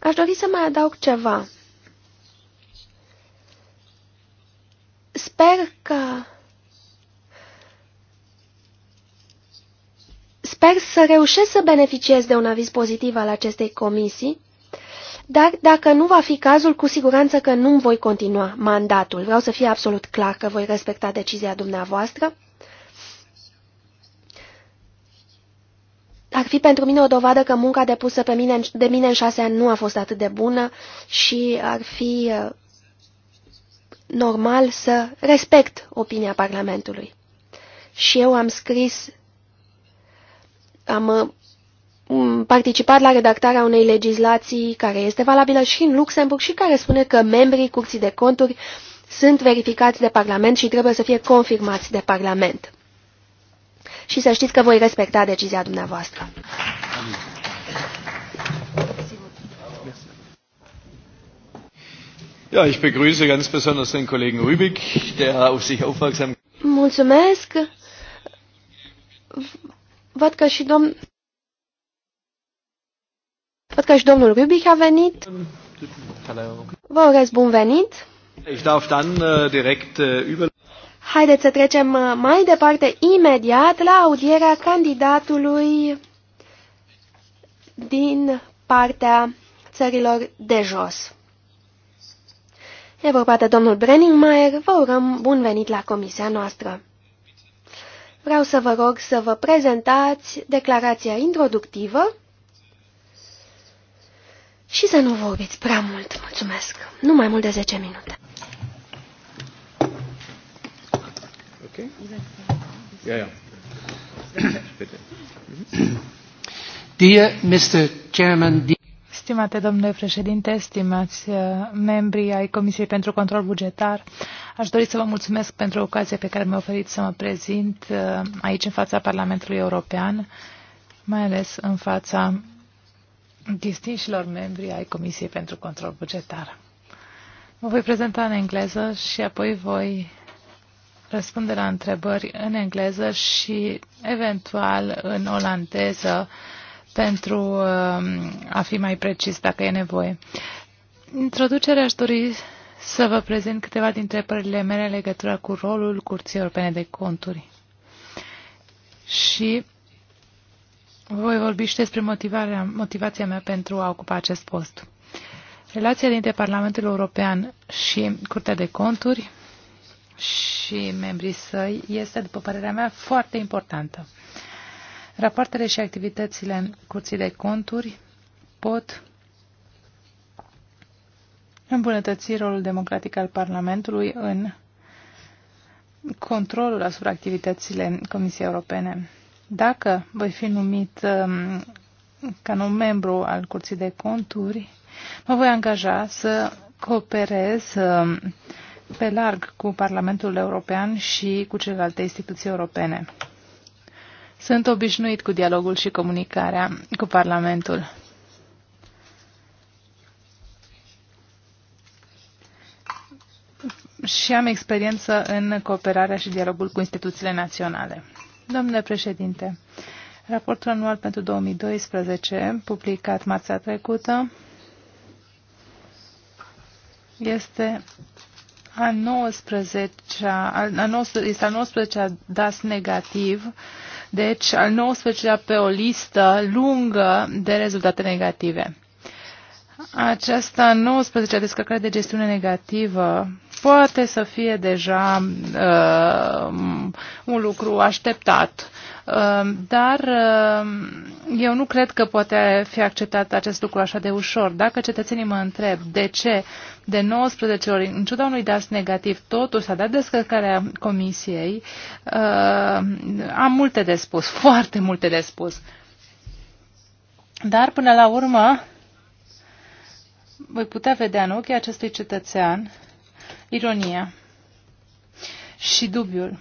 aș dori să mai adaug ceva. Sper că Sper să reușesc să beneficiez de un aviz pozitiv al acestei comisii, dar dacă nu va fi cazul, cu siguranță că nu voi continua mandatul. Vreau să fie absolut clar că voi respecta decizia dumneavoastră. Ar fi pentru mine o dovadă că munca depusă pe mine, de mine în șase ani nu a fost atât de bună și ar fi uh, normal să respect opinia Parlamentului. Și eu am scris, am um, participat la redactarea unei legislații care este valabilă și în Luxemburg și care spune că membrii Curții de Conturi sunt verificați de Parlament și trebuie să fie confirmați de Parlament. Și să știți că voi respecta decizia dumneavoastră. Amin. ich begrüße ganz besonders den Kollegen Rübig, der auf sich aufmerksam. Mulțumesc. Văd că și domn Văd că și domnul Rubic a venit. Vă urez bun venit. Ich darf dann äh, direkt äh, über Haideți să trecem uh, mai departe imediat la audierea candidatului din partea țărilor de jos. E vorba de domnul Brenningmeier, vă urăm bun venit la comisia noastră. Vreau să vă rog să vă prezentați declarația introductivă și să nu vorbiți prea mult. Mulțumesc. Nu mai mult de 10 minute. Okay. Yeah, yeah. Dear Mr. Chairman, dear Stimate domnule președinte, stimați uh, membrii ai Comisiei pentru Control Bugetar, aș dori să vă mulțumesc pentru ocazia pe care mi-a oferit să mă prezint uh, aici în fața Parlamentului European, mai ales în fața distinșilor membrii ai Comisiei pentru Control Bugetar. Mă voi prezenta în engleză și apoi voi răspunde la întrebări în engleză și eventual în olandeză pentru um, a fi mai precis dacă e nevoie. Introducere aș dori să vă prezint câteva dintre părerile mele în legătură cu rolul Curții Europene de Conturi. Și voi vorbi și despre motivarea, motivația mea pentru a ocupa acest post. Relația dintre Parlamentul European și Curtea de Conturi și membrii săi este, după părerea mea, foarte importantă. Uh, Rapoartele și activitățile Curții de Conturi pot îmbunătăți rolul democratic al Parlamentului în controlul asupra activitățile Comisiei Europene. Dacă voi fi numit um, ca un membru al Curții de Conturi, mă voi angaja să cooperez um, pe larg cu Parlamentul European și cu celelalte instituții europene. Sunt obișnuit cu dialogul și comunicarea cu Parlamentul. Și am experiență în cooperarea și dialogul cu instituțiile naționale. Domnule președinte, raportul anual pentru 2012, publicat marțea trecută, este a 19-a, a 19, 19-a DAS negativ deci al 19-lea pe o listă lungă de rezultate negative. Aceasta 19 descărcare de gestiune negativă poate să fie deja uh, un lucru așteptat Um, dar um, eu nu cred că poate fi acceptat acest lucru așa de ușor. Dacă cetățenii mă întreb de ce de 19 ori, în ciuda unui das negativ, totuși s-a dat descărcarea comisiei, um, am multe de spus, foarte multe de spus. Dar până la urmă, voi putea vedea în ochii acestui cetățean ironia și dubiul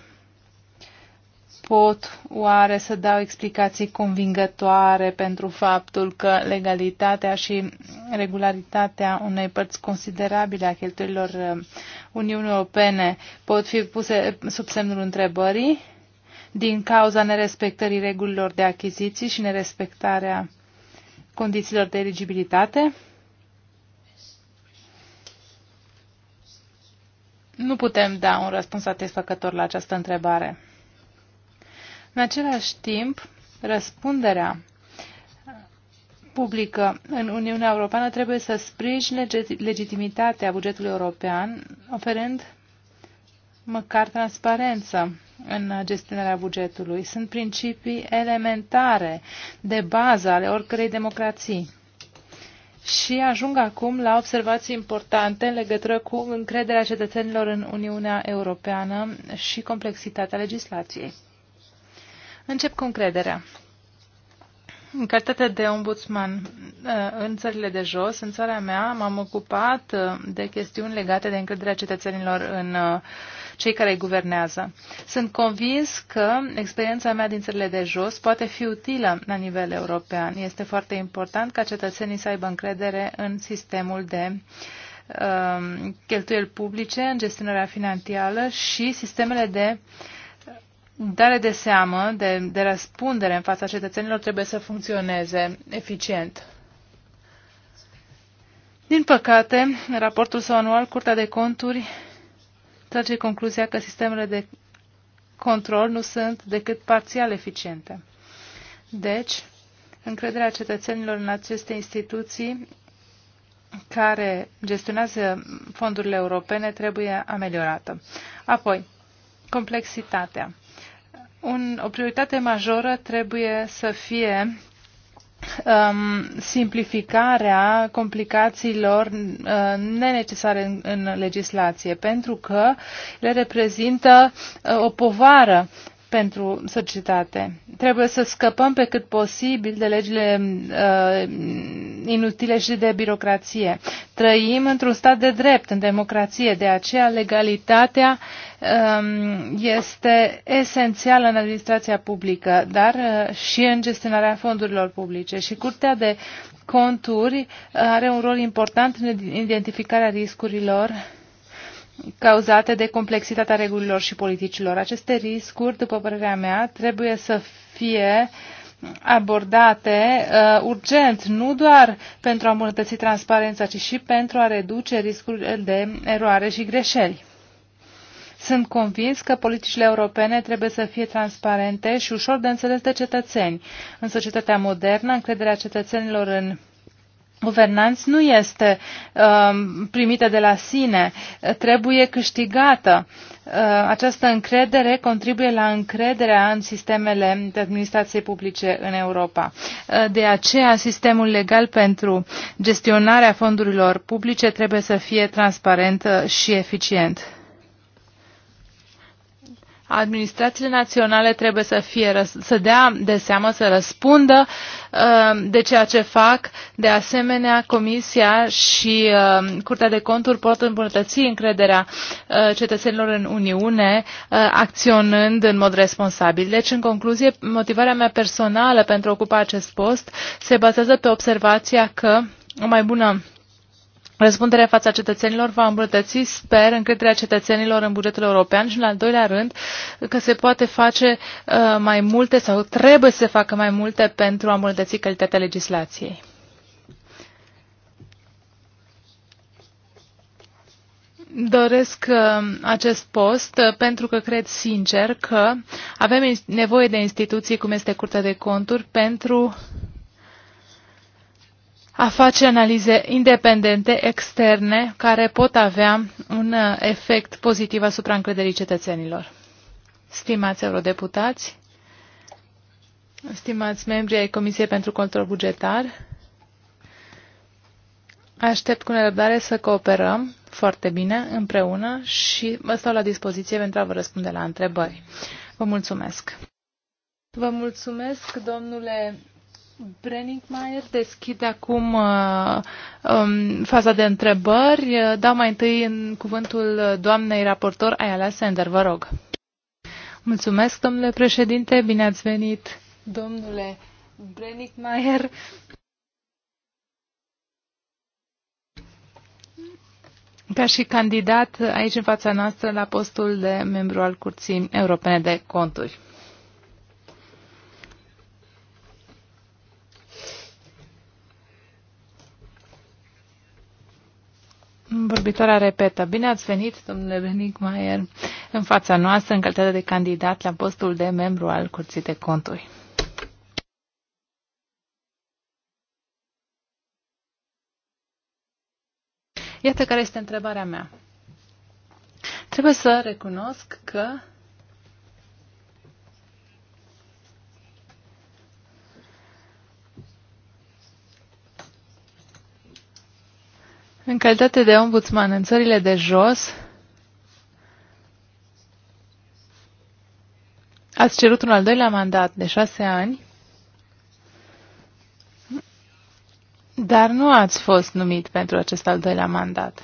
pot oare să dau explicații convingătoare pentru faptul că legalitatea și regularitatea unei părți considerabile a cheltuielor uh, Uniunii Europene pot fi puse sub semnul întrebării din cauza nerespectării regulilor de achiziții și nerespectarea condițiilor de eligibilitate? Nu putem da un răspuns satisfăcător la această întrebare. În același timp, răspunderea publică în Uniunea Europeană trebuie să sprijine legitimitatea bugetului european, oferând măcar transparență în gestionarea bugetului. Sunt principii elementare de bază ale oricărei democrații. Și ajung acum la observații importante în legătură cu încrederea cetățenilor în Uniunea Europeană și complexitatea legislației. Încep cu încrederea. În calitate de ombudsman uh, în țările de jos, în țara mea, m-am ocupat uh, de chestiuni legate de încrederea cetățenilor în uh, cei care îi guvernează. Sunt convins că experiența mea din țările de jos poate fi utilă la nivel european. Este foarte important ca cetățenii să aibă încredere în sistemul de cheltuieli publice, în gestionarea financiară și sistemele de uh, dare de seamă, de, de răspundere în fața cetățenilor trebuie să funcționeze eficient. Din păcate, în raportul său anual, Curtea de Conturi trage concluzia că sistemele de control nu sunt decât parțial eficiente. Deci, încrederea cetățenilor în aceste instituții care gestionează fondurile europene trebuie ameliorată. Apoi, complexitatea un, o prioritate majoră trebuie să fie um, simplificarea complicațiilor uh, nenecesare în, în legislație, pentru că le reprezintă uh, o povară pentru societate. Trebuie să scăpăm pe cât posibil de legile uh, inutile și de birocrație. Trăim într-un stat de drept, în democrație, de aceea legalitatea um, este esențială în administrația publică, dar uh, și în gestionarea fondurilor publice. Și Curtea de Conturi are un rol important în identificarea riscurilor cauzate de complexitatea regulilor și politicilor. Aceste riscuri, după părerea mea, trebuie să fie abordate uh, urgent, nu doar pentru a îmbunătăți transparența, ci și pentru a reduce riscul de eroare și greșeli. Sunt convins că politicile europene trebuie să fie transparente și ușor de înțeles de cetățeni. În societatea modernă, încrederea cetățenilor în guvernanți nu este um, primită de la sine, trebuie câștigată. Uh, această încredere contribuie la încrederea în sistemele de administrație publice în Europa. Uh, de aceea, sistemul legal pentru gestionarea fondurilor publice trebuie să fie transparent uh, și eficient. Administrațiile naționale trebuie să, fie, să dea de seamă, să răspundă uh, de ceea ce fac. De asemenea, Comisia și uh, Curtea de Conturi pot îmbunătăți încrederea uh, cetățenilor în Uniune, acționând în mod responsabil. Deci, în concluzie, motivarea mea personală pentru a ocupa acest post se bazează pe observația că o mai bună Răspunderea față cetățenilor va îmbunătăți, sper, încrederea cetățenilor în bugetul european și, în al doilea rând, că se poate face uh, mai multe sau trebuie să se facă mai multe pentru a îmbunătăți calitatea legislației. Doresc uh, acest post uh, pentru că cred sincer că avem nevoie de instituții cum este Curtea de Conturi pentru a face analize independente, externe, care pot avea un uh, efect pozitiv asupra încrederii cetățenilor. Stimați eurodeputați, stimați membri ai Comisiei pentru Control Bugetar, aștept cu nerăbdare să cooperăm foarte bine împreună și vă stau la dispoziție pentru a vă răspunde la întrebări. Vă mulțumesc! Vă mulțumesc, domnule Brenningmeier deschid acum uh, um, faza de întrebări. Dau mai întâi în cuvântul doamnei raportor Ayala Sender, vă rog. Mulțumesc, domnule președinte, bine ați venit, domnule Brenningmeier. Ca și candidat aici în fața noastră la postul de membru al Curții Europene de Conturi. Vorbitoarea repetă. Bine ați venit, domnule Benigmaier, în fața noastră, în calitate de candidat la postul de membru al Curții de Conturi. Iată care este întrebarea mea. Trebuie să recunosc că În calitate de ombudsman în țările de jos, ați cerut un al doilea mandat de șase ani, dar nu ați fost numit pentru acest al doilea mandat.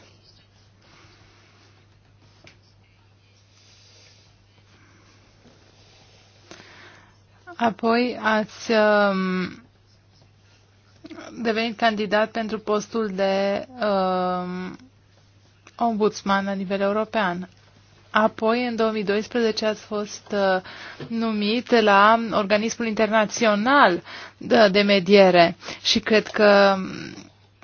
Apoi ați um, devenit candidat pentru postul de uh, ombudsman la nivel european. Apoi, în 2012, ați fost uh, numit la organismul internațional de, de mediere și cred că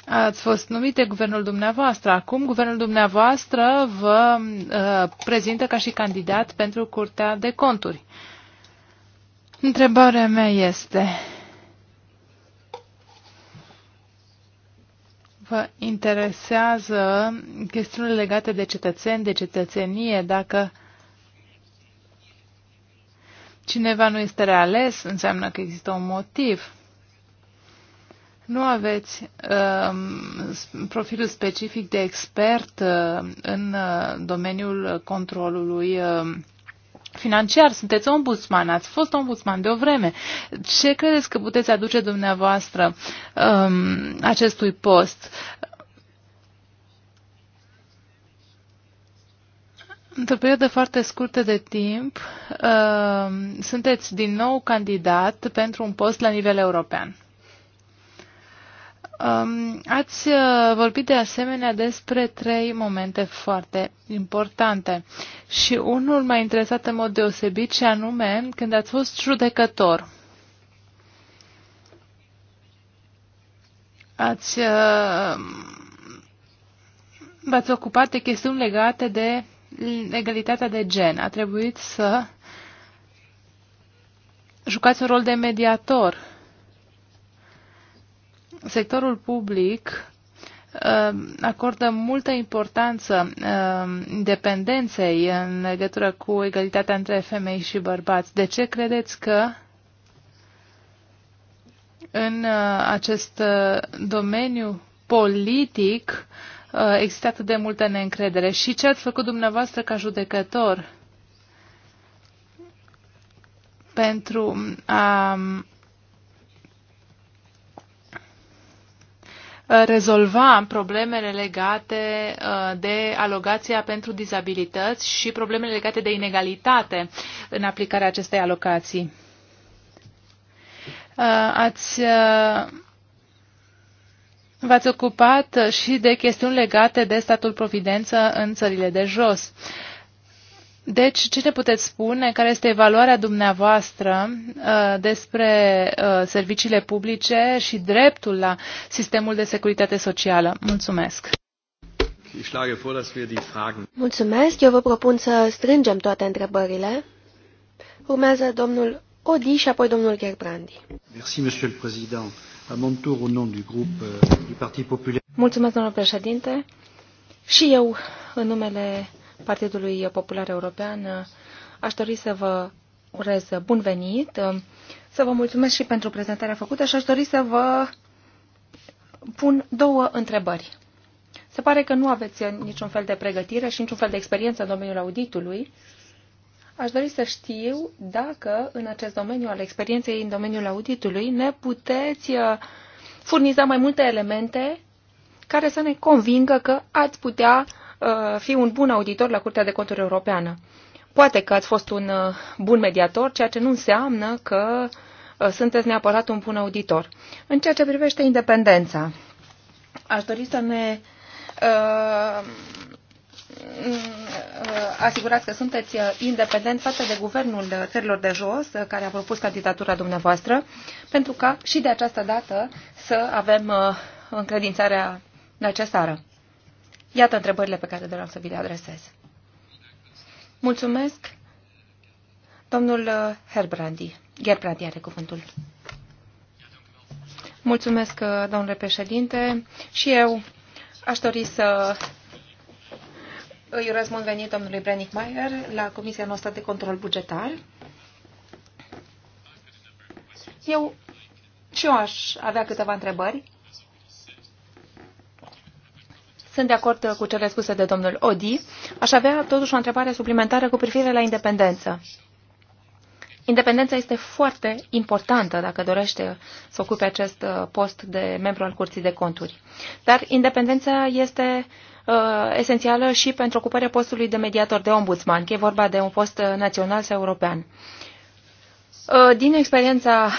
ați fost numit de guvernul dumneavoastră. Acum, guvernul dumneavoastră vă uh, prezintă ca și candidat pentru Curtea de Conturi. Întrebarea mea este, vă interesează chestiunile legate de cetățeni, de cetățenie, dacă cineva nu este reales, înseamnă că există un motiv. Nu aveți uh, profilul specific de expert uh, în uh, domeniul controlului uh, financiar, sunteți ombudsman, ați fost ombudsman de o vreme. Ce credeți că puteți aduce dumneavoastră um, acestui post? Într-o perioadă foarte scurtă de timp, uh, sunteți din nou candidat pentru un post la nivel european. Um, ați uh, vorbit de asemenea despre trei momente foarte importante și unul m-a interesat în mod deosebit și anume când ați fost judecător. Ați, uh, v-ați ocupat de chestiuni legate de egalitatea de gen. A trebuit să jucați un rol de mediator sectorul public uh, acordă multă importanță independenței uh, în legătură cu egalitatea între femei și bărbați. De ce credeți că în uh, acest domeniu politic există atât de multă neîncredere? Și ce ați făcut dumneavoastră ca judecător pentru a Uh, rezolva problemele legate uh, de alocația pentru dizabilități și problemele legate de inegalitate în aplicarea acestei alocații. Uh, ați V-ați ocupat și de chestiuni legate de statul providență în țările de jos. Uh, deci, ce ne puteți spune? Care este evaluarea dumneavoastră uh, despre uh, serviciile publice și dreptul la sistemul de securitate socială? Mulțumesc! Mulțumesc! Eu vă propun să strângem toate întrebările. Urmează domnul Odi și apoi domnul Gerbrandi. Merci, monsieur le président. À mon tour, au nom du groupe euh, du Parti populaire. Mulțumesc, domnule președinte. Și eu, în numele Partidului Popular European, aș dori să vă urez bun venit, să vă mulțumesc și pentru prezentarea făcută și aș dori să vă pun două întrebări. Se pare că nu aveți niciun fel de pregătire și niciun fel de experiență în domeniul auditului. Aș dori să știu dacă în acest domeniu al experienței în domeniul auditului ne puteți uh, furniza mai multe elemente care să ne convingă că ați putea Uh, fi un bun auditor la Curtea de Conturi Europeană. Poate că ați fost un uh, bun mediator, ceea ce nu înseamnă că uh, sunteți neapărat un bun auditor. În ceea ce privește independența, aș dori să ne asigurați că sunteți independent față de guvernul țărilor de jos care a propus candidatura dumneavoastră, pentru ca și de această dată să avem încredințarea în această ară. Iată întrebările pe care doream să vi le adresez. Mulțumesc. Domnul uh, Herbrandi. Gerbrandi are cuvântul. Mulțumesc, uh, domnule președinte. Și eu aș dori să îi mult venit domnului Brenic Mayer la Comisia noastră de control bugetar. Eu și eu aș avea câteva întrebări sunt de acord cu cele spuse de domnul Odi. Aș avea totuși o întrebare suplimentară cu privire la independență. Independența este foarte importantă dacă dorește să ocupe acest uh, post de membru al Curții de Conturi. Dar independența este uh, esențială și pentru ocuparea postului de mediator de ombudsman, că e vorba de un post uh, național sau european. Uh, din experiența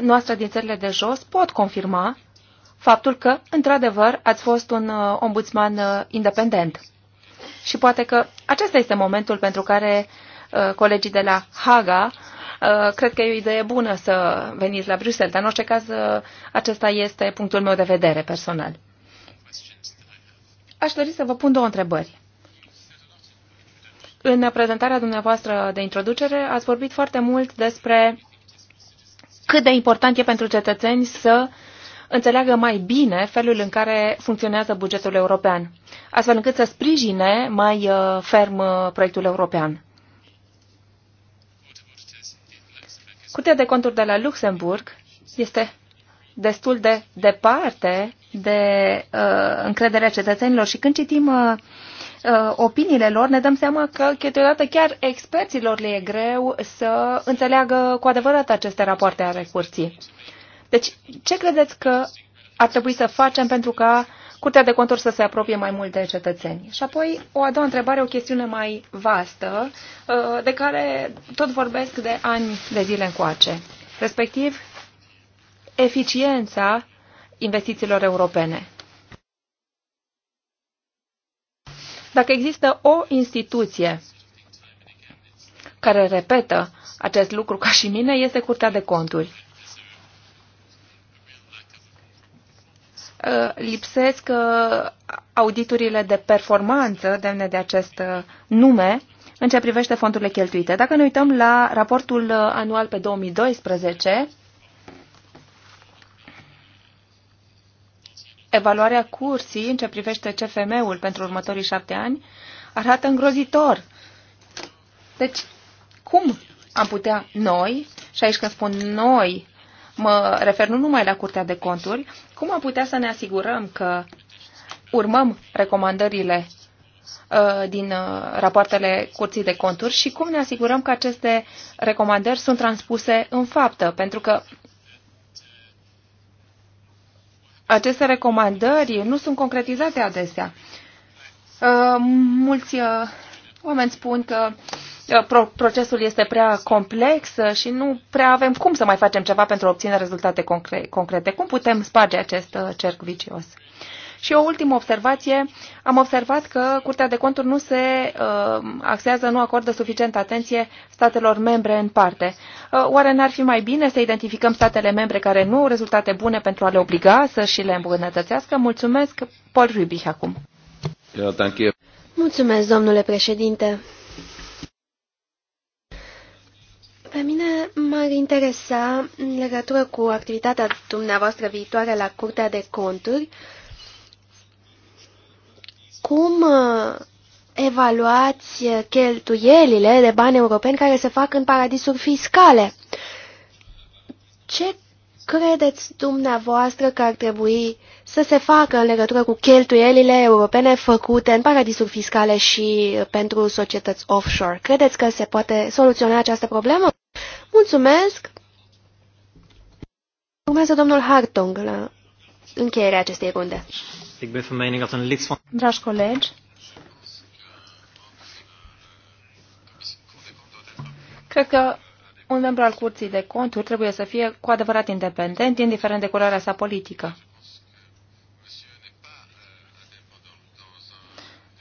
noastră din țările de jos pot confirma faptul că, într-adevăr, ați fost un uh, ombudsman uh, independent. Și poate că acesta este momentul pentru care uh, colegii de la Haga cred că e o idee bună să veniți la Bruxelles, dar în orice caz acesta este punctul meu de vedere personal. Aș dori să vă pun două întrebări. În prezentarea dumneavoastră de introducere ați vorbit foarte mult despre cât de important e pentru cetățeni să uh, înțeleagă mai bine felul în care funcționează bugetul european, astfel încât să sprijine mai uh, ferm uh, proiectul european. Curtea de conturi de la Luxemburg este destul de departe de uh, încrederea cetățenilor și când citim uh, uh, opiniile lor, ne dăm seama că câteodată chiar experților le e greu să înțeleagă cu adevărat aceste rapoarte ale curții. Deci, ce credeți că ar trebui să facem pentru ca Curtea de Conturi să se apropie mai mult de cetățeni? Și apoi, o a doua întrebare, o chestiune mai vastă, uh, de care tot vorbesc de ani de zile încoace, respectiv eficiența investițiilor europene. Dacă există o instituție care repetă acest lucru ca și mine, este Curtea de Conturi. Uh, lipsesc uh, auditurile de performanță demne de acest uh, nume în ce privește fondurile cheltuite. Dacă ne uităm la raportul anual pe 2012, evaluarea cursii în ce privește CFM-ul pentru următorii șapte ani arată îngrozitor. Deci, cum am putea noi, și aici când spun noi, mă refer nu numai la Curtea de Conturi, cum am putea să ne asigurăm că urmăm recomandările uh, din uh, rapoartele Curții de Conturi și cum ne asigurăm că aceste recomandări sunt transpuse în faptă, pentru că aceste recomandări nu sunt concretizate adesea. Uh, mulți oameni spun că Uh, procesul este prea complex uh, și nu prea avem cum să mai facem ceva pentru a obține rezultate concrete. Cum putem sparge acest uh, cerc vicios? Și o ultimă observație, am observat că Curtea de Conturi nu se uh, axează, nu acordă suficientă atenție statelor membre în parte. Uh, oare n-ar fi mai bine să identificăm statele membre care nu au rezultate bune pentru a le obliga să și le îmbunătățească? Mulțumesc, Paul Rubich acum. Mulțumesc, domnule președinte. Pe mine m-ar interesa, în legătură cu activitatea dumneavoastră viitoare la Curtea de Conturi, cum uh, evaluați cheltuielile de bani europeni care se fac în paradisuri fiscale? Ce credeți dumneavoastră că ar trebui să se facă în legătură cu cheltuielile europene făcute în paradisuri fiscale și pentru societăți offshore? Credeți că se poate soluționa această problemă? Mulțumesc! Urmează domnul Hartung la încheierea acestei runde. Dragi colegi, cred că un membru al Curții de Conturi trebuie să fie cu adevărat independent, indiferent de culoarea sa politică.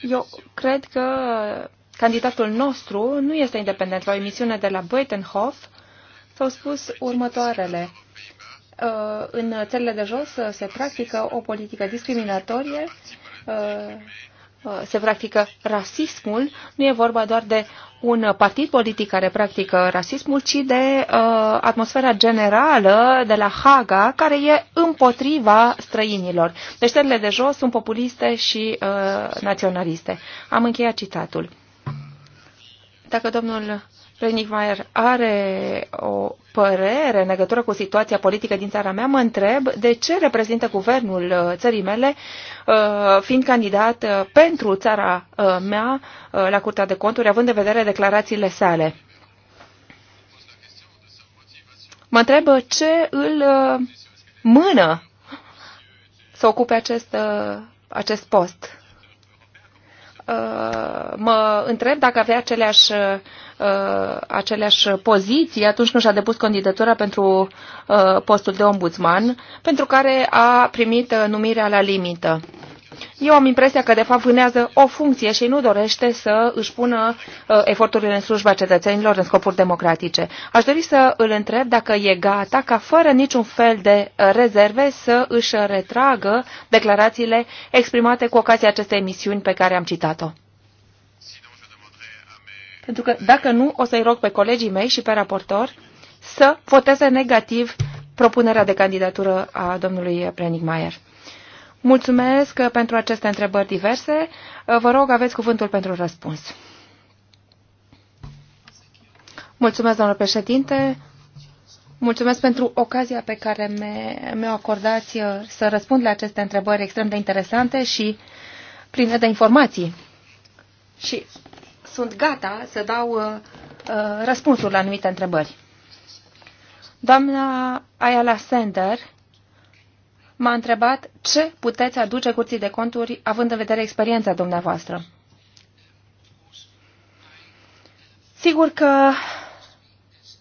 Eu cred că candidatul nostru nu este independent. La o emisiune de la Buitenhof s-au spus următoarele. Uh, în țările de jos se practică o politică discriminatorie uh, Uh, se practică rasismul, nu e vorba doar de un partid politic care practică rasismul, ci de uh, atmosfera generală de la Haga, care e împotriva străinilor. Deci țările de jos sunt populiste și uh, naționaliste. Am încheiat citatul. Dacă domnul Renigmaier are o părere în legătură cu situația politică din țara mea, mă întreb de ce reprezintă guvernul uh, țării mele, uh, fiind candidat uh, pentru țara mea la Curtea de Conturi, având în vedere declarațiile sale. Mă întreb ce îl mână să ocupe acest, acest post mă întreb dacă avea aceleași, uh, aceleași poziții atunci când și-a depus candidatura pentru uh, postul de ombudsman, pentru care a primit uh, numirea la limită eu am impresia că de fapt vânează o funcție și nu dorește să își pună uh, eforturile în slujba cetățenilor în scopuri democratice. Aș dori să îl întreb dacă e gata ca fără niciun fel de rezerve să își retragă declarațiile exprimate cu ocazia acestei emisiuni pe care am citat-o. Pentru că dacă nu, o să-i rog pe colegii mei și pe raportor să voteze negativ propunerea de candidatură a domnului Prenic Maier. Mulțumesc pentru aceste întrebări diverse. Vă rog, aveți cuvântul pentru răspuns. Mulțumesc, domnule președinte. Mulțumesc pentru ocazia pe care mi-o acordați uh, să răspund la aceste întrebări extrem de interesante și pline de informații. Și sunt gata să dau uh, uh, răspunsuri la anumite întrebări. Doamna Ayala Sender m-a întrebat ce puteți aduce curții de conturi având în vedere experiența dumneavoastră. Sigur că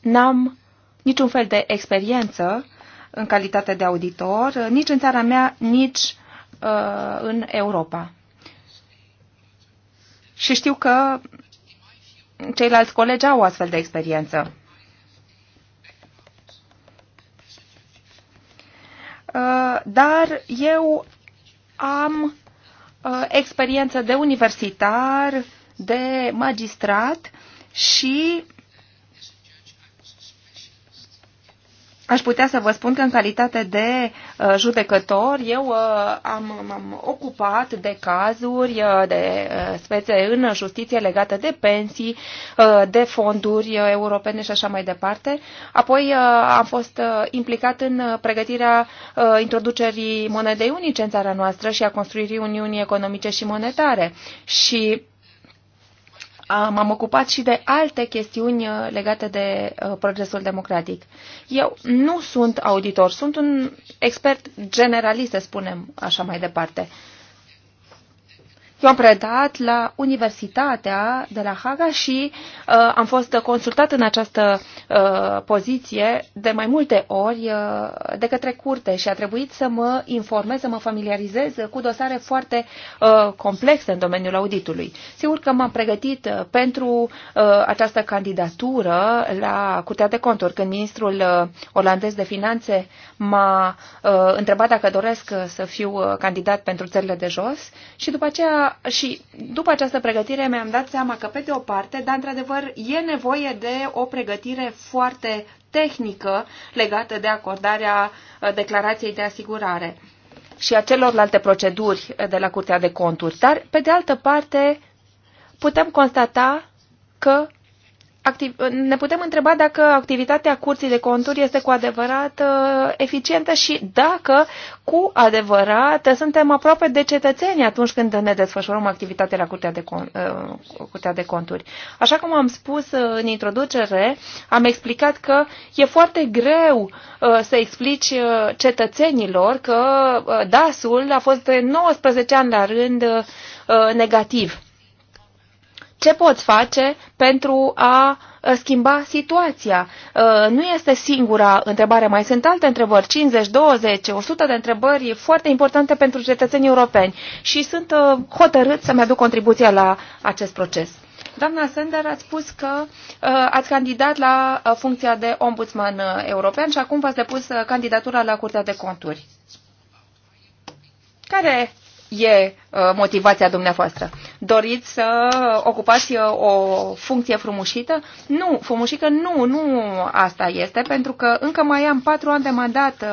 n-am niciun fel de experiență în calitate de auditor, nici în țara mea, nici uh, în Europa. Și știu că ceilalți colegi au astfel de experiență. Uh, dar eu am uh, experiență de universitar, de magistrat și aș putea să vă spun că în calitate de uh, judecător eu uh, am, am ocupat de cazuri, uh, de spețe în justiție legate de pensii, de fonduri europene și așa mai departe. Apoi am fost implicat în pregătirea introducerii monedei unice în țara noastră și a construirii Uniunii Economice și Monetare. Și m-am ocupat și de alte chestiuni uh, legate de uh, procesul democratic. Eu nu sunt auditor, sunt un expert generalist, să spunem așa mai departe. Uh, eu am predat la Universitatea de la Haga și uh, am fost consultat în această uh, poziție de mai multe ori uh, de către curte și a trebuit să mă informez, să mă familiarizez cu dosare foarte uh, complexe în domeniul auditului. Sigur că m-am pregătit uh, pentru uh, această candidatură la Curtea de Conturi. Când ministrul uh, olandez de finanțe m-a uh, întrebat dacă doresc să fiu uh, candidat pentru țările de jos și după aceea și după această pregătire mi-am dat seama că, pe de o parte, dar într-adevăr e nevoie de o pregătire foarte tehnică legată de acordarea uh, declarației de asigurare și a celorlalte proceduri uh, de la Curtea de Conturi. Dar, pe de altă parte, putem constata că ne putem întreba dacă activitatea curții de conturi este cu adevărat uh, eficientă și dacă cu adevărat suntem aproape de cetățeni atunci când ne desfășurăm activitatea la curtea de, con, uh, curtea de conturi. Așa cum am spus uh, în introducere, am explicat că e foarte greu să explici cetățenilor că DAS-ul a fost 19 ani la rând negativ ce poți face pentru a schimba situația. Uh, nu este singura întrebare, mai sunt alte întrebări, 50, 20, 100 de întrebări foarte importante pentru cetățenii europeni și sunt uh, hotărât să-mi aduc contribuția la acest proces. Doamna Sender, ați spus că uh, ați candidat la uh, funcția de ombudsman uh, european și acum v-ați depus uh, candidatura la Curtea de Conturi. Care e uh, motivația dumneavoastră? Doriți să ocupați uh, o funcție frumușită? Nu, frumușică nu, nu asta este, pentru că încă mai am patru ani de mandat uh,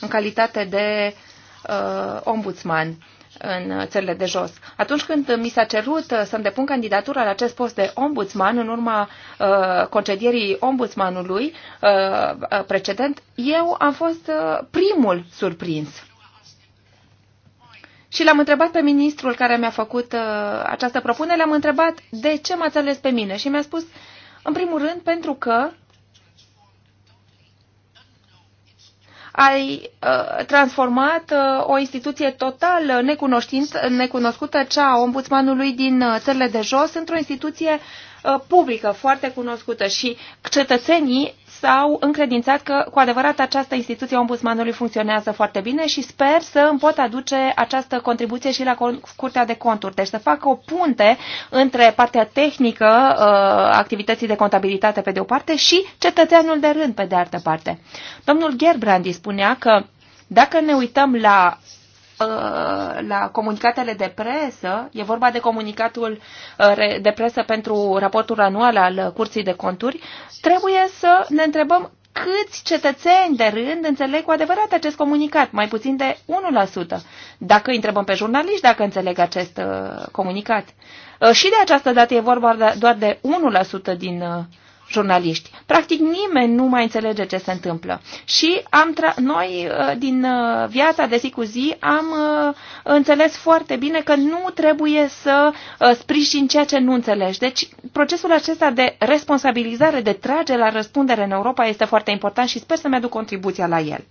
în calitate de uh, ombudsman în țările de jos. Atunci când mi s-a cerut să-mi depun candidatura la acest post de ombudsman, în urma uh, concedierii ombudsmanului uh, precedent, eu am fost uh, primul surprins. Și l-am întrebat pe ministrul care mi-a făcut uh, această propunere, l-am întrebat de ce m-ați ales pe mine și mi-a spus, în primul rând, pentru că ai uh, transformat uh, o instituție total necunoscută, cea a ombudsmanului din uh, țările de jos, într-o instituție Uh, publică foarte cunoscută și cetățenii s-au încredințat că cu adevărat această instituție a ombudsmanului funcționează foarte bine și sper să îmi pot aduce această contribuție și la Curtea de Conturi. Deci să facă o punte între partea tehnică uh, activității de contabilitate pe de o parte și cetățeanul de rând pe de altă parte. Domnul Gerbrandi spunea că dacă ne uităm la Uh, la comunicatele de presă, e vorba de comunicatul uh, de presă pentru raportul anual al Curții de Conturi, trebuie să ne întrebăm câți cetățeni de rând înțeleg cu adevărat acest comunicat, mai puțin de 1%, dacă îi întrebăm pe jurnaliști dacă înțeleg acest uh, comunicat. Și de această dată e vorba doar de 1% din jurnaliști. Practic nimeni nu mai înțelege ce se întâmplă. Și am noi uh, din uh, viața de zi cu zi am uh, înțeles foarte bine că nu trebuie să sprijin ceea ce nu înțelegi. Deci procesul acesta de responsabilizare, de trage la răspundere în Europa este foarte important și sper să-mi aduc contribuția la el.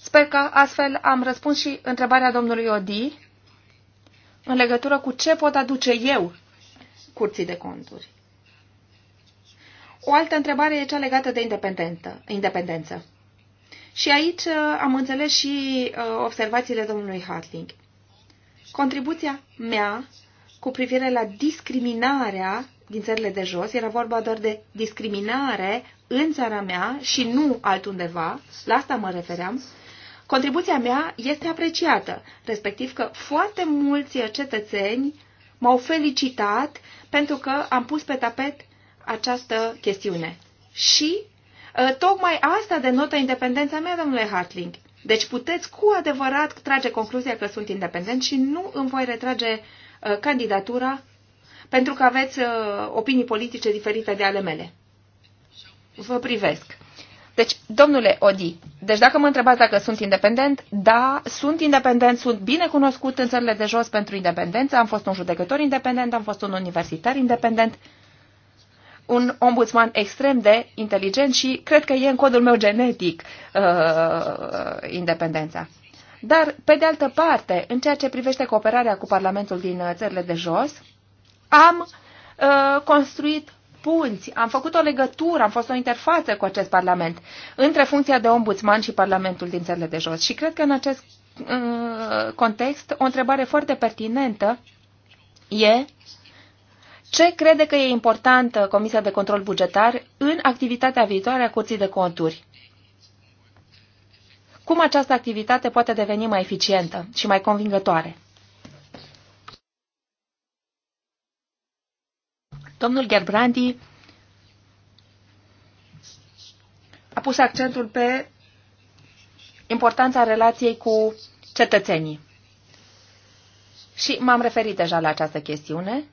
Sper că astfel am răspuns și întrebarea domnului Odi în legătură cu ce pot aduce eu curții de conturi. O altă întrebare e cea legată de independență. Și aici uh, am înțeles și uh, observațiile domnului Hartling. Contribuția mea cu privire la discriminarea din țările de jos, era vorba doar de discriminare în țara mea și nu altundeva, la asta mă refeream, Contribuția mea este apreciată, respectiv că foarte mulți cetățeni m-au felicitat pentru că am pus pe tapet această chestiune. Și uh, tocmai asta denotă independența mea, domnule Hartling. Deci puteți cu adevărat trage concluzia că sunt independent și nu îmi voi retrage uh, candidatura pentru că aveți uh, opinii politice diferite de ale mele. Vă privesc. Deci, domnule Odi, deci dacă mă întrebați dacă sunt independent, da, sunt independent, sunt bine cunoscut în țările de jos pentru independență, am fost un judecător independent, am fost un universitar independent, un ombudsman extrem de inteligent și cred că e în codul meu genetic uh, independența. Dar, pe de altă parte, în ceea ce privește cooperarea cu Parlamentul din uh, țările de jos, am uh, construit punți, am făcut o legătură, am fost o interfață cu acest Parlament între funcția de ombudsman și Parlamentul din țările de jos. Și cred că în acest uh, context o întrebare foarte pertinentă e ce crede că e importantă Comisia de Control Bugetar în activitatea viitoare a Curții de Conturi? Cum această activitate poate deveni mai eficientă și mai convingătoare? Domnul Gerbrandi a pus accentul pe importanța relației cu cetățenii. Și m-am referit deja la această chestiune.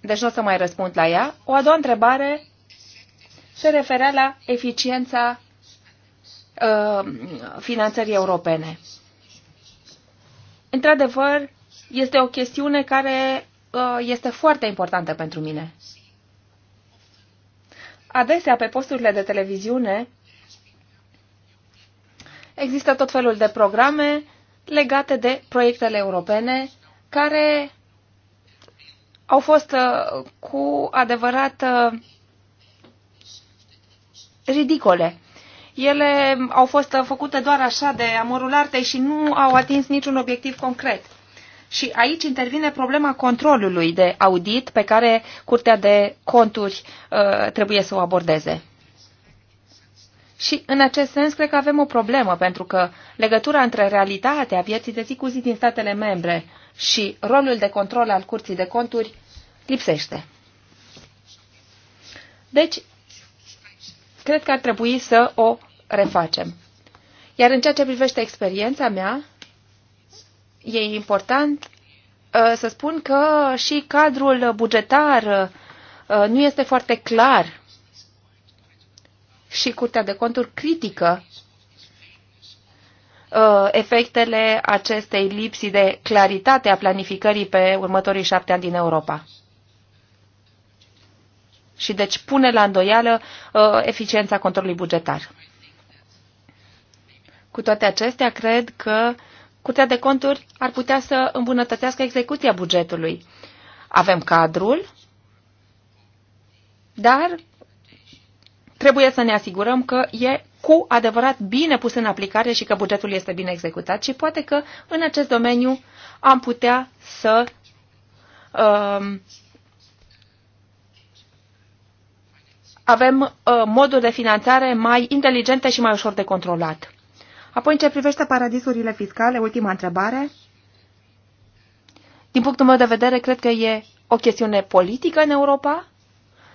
Deci nu o să mai răspund la ea. O a doua întrebare se referea la eficiența uh, finanțării europene. Într-adevăr, este o chestiune care uh, este foarte importantă pentru mine. Adesea, pe posturile de televiziune, există tot felul de programe legate de proiectele europene care au fost uh, cu adevărat uh, ridicole. Ele au fost făcute doar așa de amorul artei și nu au atins niciun obiectiv concret. Și aici intervine problema controlului de audit pe care Curtea de Conturi uh, trebuie să o abordeze. Și în acest sens cred că avem o problemă, pentru că legătura între realitatea vieții de zi cu zi din statele membre și rolul de control al Curții de Conturi lipsește. Deci, cred că ar trebui să o refacem. Iar în ceea ce privește experiența mea, e important uh, să spun că și cadrul bugetar uh, nu este foarte clar și Curtea de Conturi critică uh, efectele acestei lipsi de claritate a planificării pe următorii șapte ani din Europa. Și deci pune la îndoială eficiența controlului bugetar. Cu toate acestea, cred că uh, Curtea de conturi ar putea să îmbunătățească execuția bugetului. Avem cadrul, dar trebuie să ne asigurăm că e cu adevărat bine pus în aplicare și că bugetul este bine executat și poate că în acest domeniu am putea să um, avem uh, moduri de finanțare mai inteligente și mai ușor de controlat. Apoi, în ce privește paradisurile fiscale, ultima întrebare. Din punctul meu de vedere, cred că e o chestiune politică în Europa.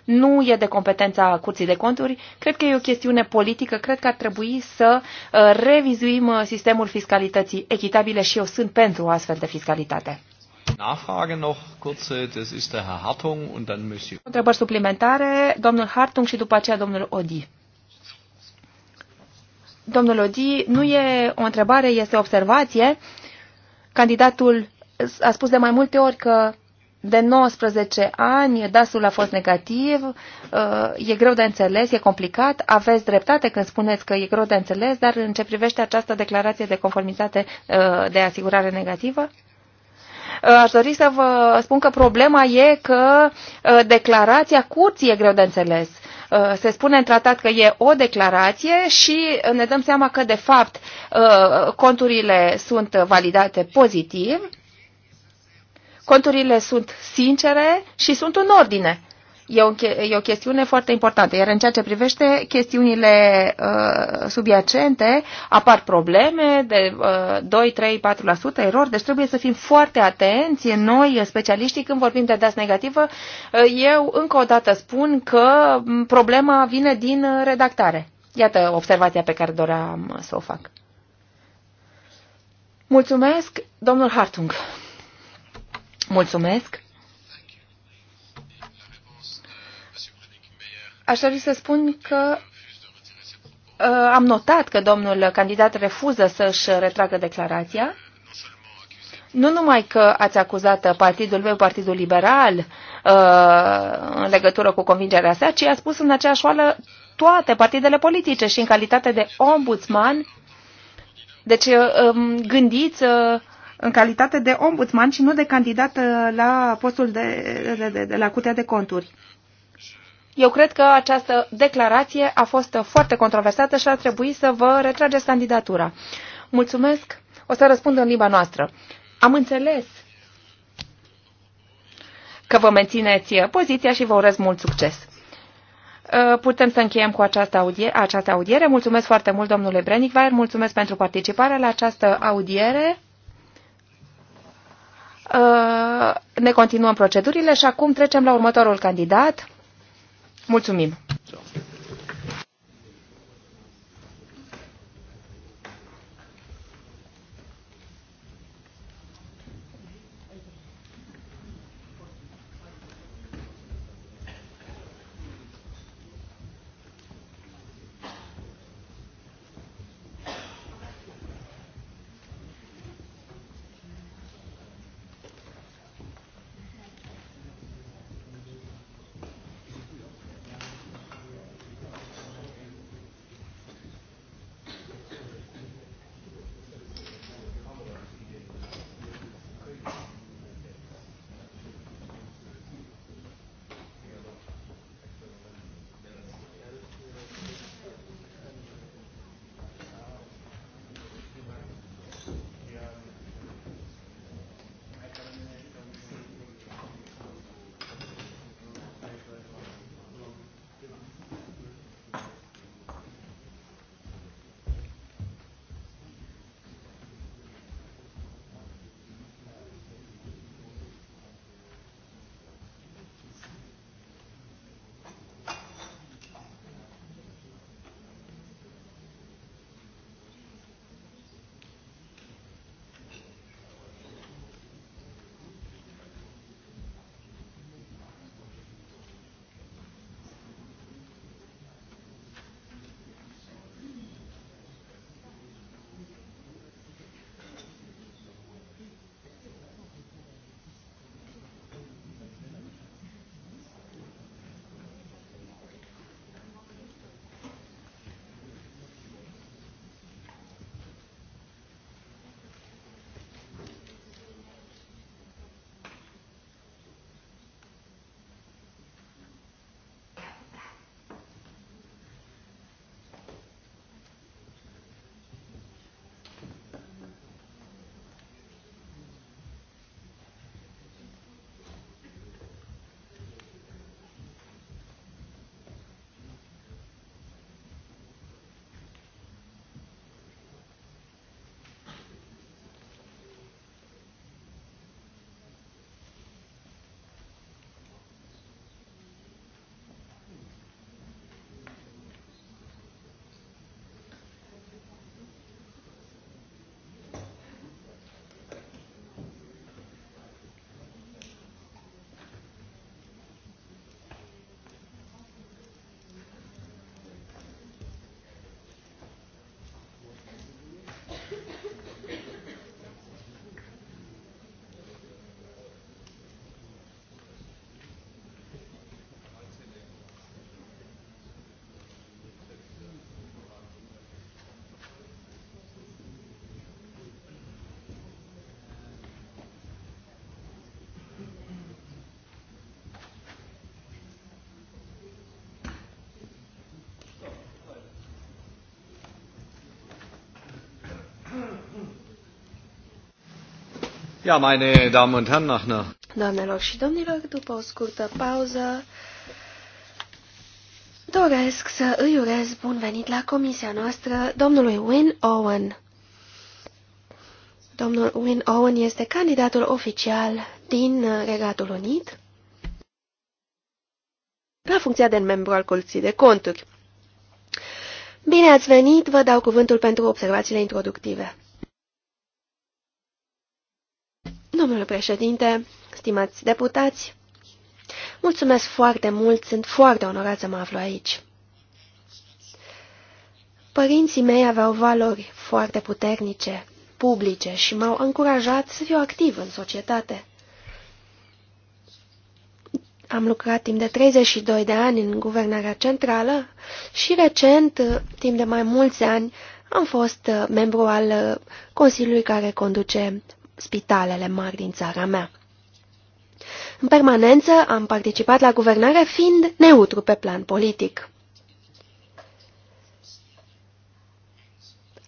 Nu e de competența Curții de Conturi. Cred că e o chestiune politică. Cred că ar trebui să uh, revizuim uh, sistemul fiscalității echitabile și eu sunt pentru o astfel de fiscalitate. Nachfrage noch kurze, das ist der Herr Hartung und dann Monsieur. Întrebări suplimentare, domnul Hartung și după aceea domnul Odi domnul Odi, nu e o întrebare, este o observație. Candidatul a spus de mai multe ori că de 19 ani dasul a fost negativ, uh, e greu de înțeles, e complicat, aveți dreptate când spuneți că e greu de înțeles, dar în ce privește această declarație de conformitate uh, de asigurare negativă? Uh, aș dori să vă spun că problema e că declarația curții e greu de înțeles Uh, se spune în tratat că e o declarație și ne dăm seama că, de fapt, uh, conturile sunt validate pozitiv, conturile sunt sincere și sunt în ordine. E o, e o chestiune foarte importantă. Iar în ceea ce privește chestiunile uh, subiacente, apar probleme de uh, 2, 3, 4% erori, deci trebuie să fim foarte atenți. Noi, specialiștii, când vorbim de DAS negativă, uh, eu încă o dată spun că problema vine din redactare. Iată observația pe care doream să o fac. Mulțumesc, domnul Hartung. Mulțumesc. Aș dori să spun că uh, am notat că domnul candidat refuză să-și retragă declarația. Nu numai că ați acuzat partidul meu, Partidul Liberal, uh, în legătură cu convingerea sa, ci a spus în aceeași oală toate partidele politice și în calitate de ombudsman. Deci uh, um, gândiți în calitate de ombudsman și nu de candidat la postul de, de, de, de la Curtea de Conturi. Eu cred că această declarație a fost foarte controversată și ar trebui să vă retrageți candidatura. Mulțumesc. O să răspund în limba noastră. Am înțeles că vă mențineți poziția și vă urez mult succes. Ă, putem să încheiem cu această audiere. Această audiere. Mulțumesc foarte mult, domnule Brenicvaier, mulțumesc pentru participarea la această audiere. Ă, ne continuăm procedurile și acum trecem la următorul candidat. Mulțumim! Ja, meine Damen und Herren, nach einer... Doamnelor și domnilor, după o scurtă pauză, doresc să îi urez bun venit la comisia noastră domnului Win Owen. Domnul Win Owen este candidatul oficial din Regatul Unit la funcția de membru al colții de Conturi. Bine ați venit, vă dau cuvântul pentru observațiile introductive. Domnule președinte, stimați deputați, mulțumesc foarte mult, sunt foarte onorat să mă aflu aici. Părinții mei aveau valori foarte puternice, publice și m-au încurajat să fiu activ în societate. Am lucrat timp de 32 de ani în guvernarea centrală și recent, timp de mai mulți ani, am fost membru al Consiliului care conduce spitalele mari din țara mea. În permanență am participat la guvernare fiind neutru pe plan politic.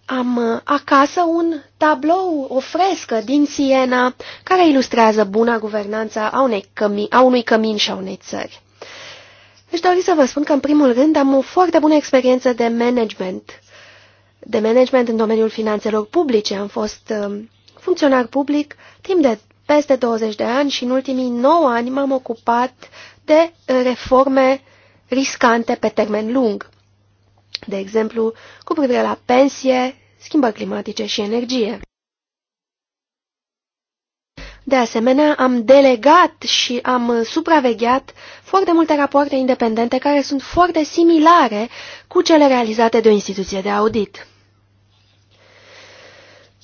Am uh, acasă un tablou, o frescă din Siena, care ilustrează buna guvernanță a, unei cămin, a unui cămin și a unei țări. Își deci dori să vă spun că, în primul rând, am o foarte bună experiență de management. De management în domeniul finanțelor publice. Am fost uh, funcționar public, timp de peste 20 de ani și în ultimii 9 ani m-am ocupat de uh, reforme riscante pe termen lung. De exemplu, cu privire la pensie, schimbări climatice și energie. De asemenea, am delegat și am supravegheat foarte multe rapoarte independente care sunt foarte similare cu cele realizate de o instituție de audit.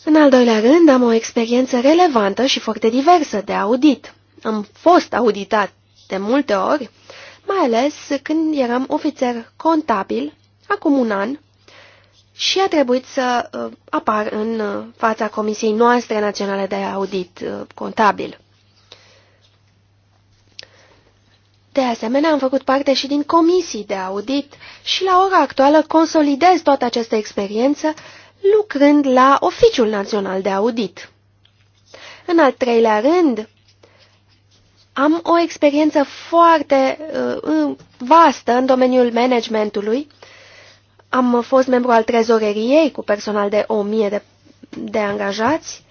În al doilea rând, am o experiență relevantă și foarte diversă de audit. Am fost auditat de multe ori, mai ales când eram ofițer contabil, acum un an, și a trebuit să uh, apar în uh, fața Comisiei noastre naționale de audit uh, contabil. De asemenea, am făcut parte și din comisii de audit și la ora actuală consolidez toată această experiență lucrând la Oficiul Național de Audit. În al treilea rând, am o experiență foarte uh, vastă în domeniul managementului. Am fost membru al trezoreriei cu personal de 1000 de, de angajați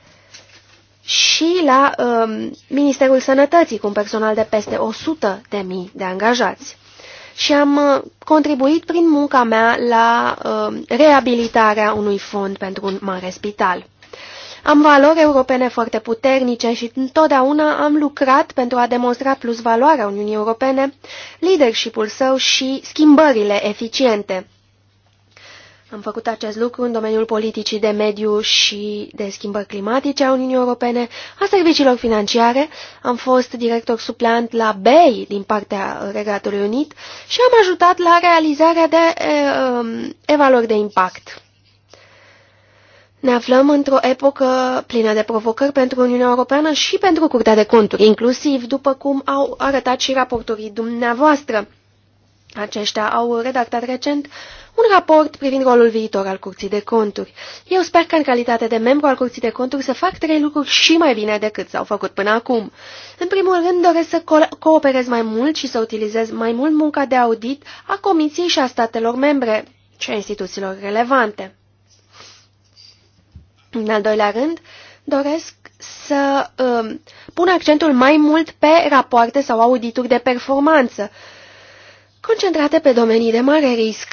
și la uh, Ministerul Sănătății cu un personal de peste 100.000 de mii de angajați și am uh, contribuit prin munca mea la uh, reabilitarea unui fond pentru un mare spital. Am valori europene foarte puternice și întotdeauna am lucrat pentru a demonstra plus valoarea Uniunii Europene, leadership-ul său și schimbările eficiente. Am făcut acest lucru în domeniul politicii de mediu și de schimbări climatice a Uniunii Europene, a serviciilor financiare, am fost director suplant la BEI din partea Regatului Unit și am ajutat la realizarea de um, evaluări de impact. Ne aflăm într-o epocă plină de provocări pentru Uniunea Europeană și pentru Curtea de Conturi, inclusiv după cum au arătat și raporturii dumneavoastră. Aceștia au redactat recent un raport privind rolul viitor al Curții de Conturi. Eu sper că în calitate de membru al Curții de Conturi să fac trei lucruri și mai bine decât s-au făcut până acum. În primul rând doresc să co cooperez mai mult și să utilizez mai mult munca de audit a Comisiei și a statelor membre și a instituțiilor relevante. În al doilea rând, doresc să um, pun accentul mai mult pe rapoarte sau audituri de performanță, concentrate pe domenii de mare risc.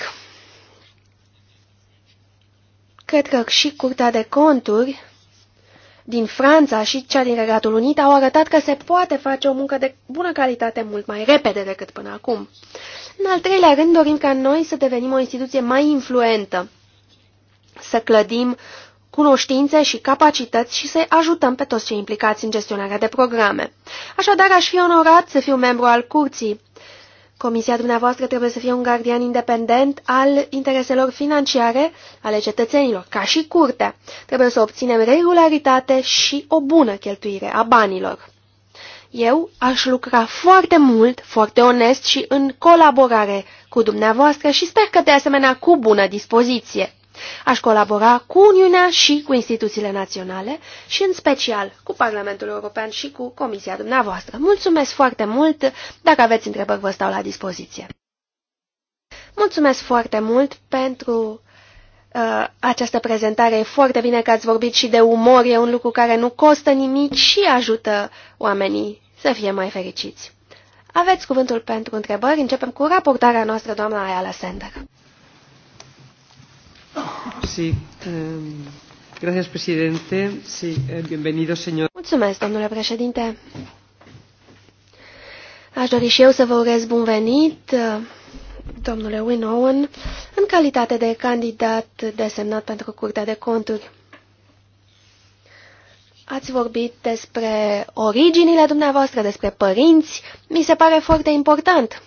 Cred că și Curtea de Conturi din Franța și cea din Regatul Unit au arătat că se poate face o muncă de bună calitate mult mai repede decât până acum. În al treilea rând, dorim ca noi să devenim o instituție mai influentă, să clădim cunoștințe și capacități și să ajutăm pe toți cei implicați în gestionarea de programe. Așadar, aș fi onorat să fiu membru al curții Comisia dumneavoastră trebuie să fie un gardian independent al intereselor financiare ale cetățenilor, ca și curtea. Trebuie să obținem regularitate și o bună cheltuire a banilor. Eu aș lucra foarte mult, foarte onest și în colaborare cu dumneavoastră și sper că de asemenea cu bună dispoziție. Aș colabora cu Uniunea și cu instituțiile naționale și în special cu Parlamentul European și cu Comisia dumneavoastră. Mulțumesc foarte mult. Dacă aveți întrebări, vă stau la dispoziție. Mulțumesc foarte mult pentru uh, această prezentare. E foarte bine că ați vorbit și de umor. E un lucru care nu costă nimic și ajută oamenii să fie mai fericiți. Aveți cuvântul pentru întrebări. Începem cu raportarea noastră, doamna Ayala Sender. Sí, um, gracias, presidente. Sí, eh, bienvenido, señor. Mulțumesc, domnule președinte. Aș dori și eu să vă urez bun venit, eh, domnule Win Owen, în calitate de candidat desemnat pentru Curtea de Conturi. Ați vorbit despre originile dumneavoastră, despre părinți. Mi se pare foarte important.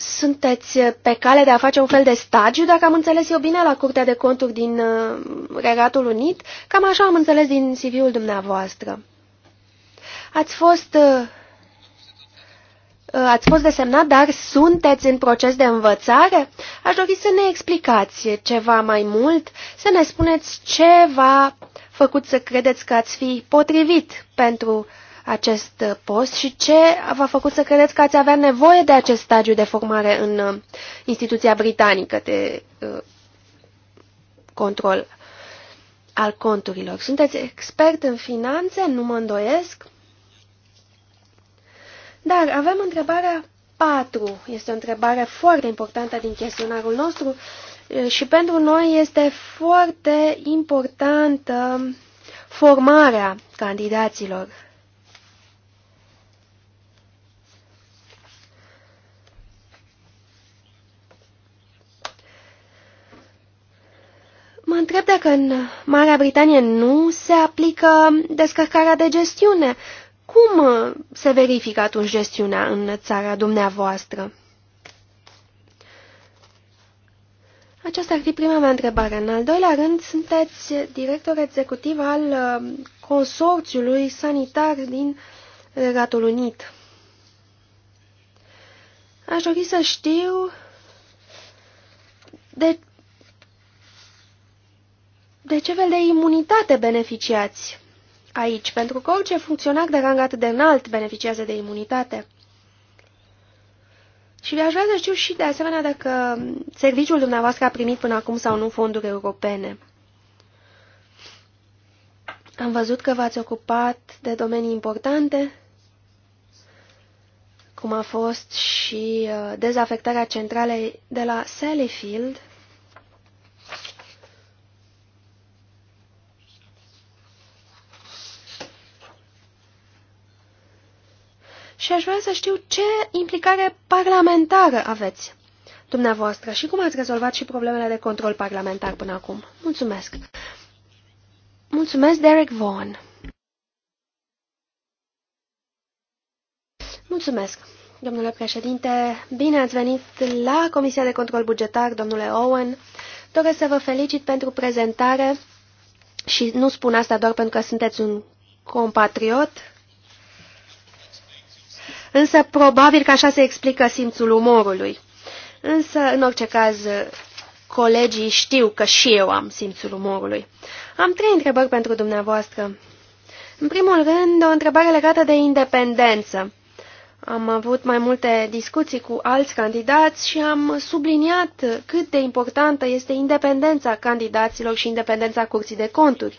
sunteți pe cale de a face un fel de stagiu, dacă am înțeles eu bine, la Curtea de Conturi din uh, Regatul Unit. Cam așa am înțeles din CV-ul dumneavoastră. Ați fost, uh, uh, ați fost desemnat, dar sunteți în proces de învățare? Aș dori să ne explicați ceva mai mult, să ne spuneți ce v-a făcut să credeți că ați fi potrivit pentru uh, acest uh, post și ce v-a făcut să credeți că ați avea nevoie de acest stagiu de formare în uh, instituția britanică de uh, control al conturilor. Sunteți expert în finanțe, nu mă îndoiesc. Dar avem întrebarea 4. Este o întrebare foarte importantă din chestionarul nostru și pentru noi este foarte importantă formarea candidaților Mă întreb dacă în Marea Britanie nu se aplică descărcarea de gestiune. Cum se verifică atunci gestiunea în țara dumneavoastră? Aceasta ar fi prima mea întrebare. În al doilea rând, sunteți director executiv al uh, consorțiului sanitar din Regatul Unit. Aș dori să știu de de ce fel de imunitate beneficiați aici? Pentru că orice funcționar de rang atât de înalt beneficiază de imunitate. Și aș vrea să știu și de asemenea dacă serviciul dumneavoastră a primit până acum sau nu fonduri europene. Am văzut că v-ați ocupat de domenii importante, cum a fost și uh, dezafectarea centralei de la Sallyfield, și aș vrea să știu ce implicare parlamentară aveți dumneavoastră și cum ați rezolvat și problemele de control parlamentar până acum. Mulțumesc! Mulțumesc, Derek Vaughan! Mulțumesc, domnule președinte! Bine ați venit la Comisia de Control Bugetar, domnule Owen. Doresc să vă felicit pentru prezentare și nu spun asta doar pentru că sunteți un compatriot, însă probabil că așa se explică simțul umorului. Însă, în orice caz, colegii știu că și eu am simțul umorului. Am trei întrebări pentru dumneavoastră. În primul rând, o întrebare legată de independență. Am avut mai multe discuții cu alți candidați și am subliniat cât de importantă este independența candidaților și independența curții de conturi.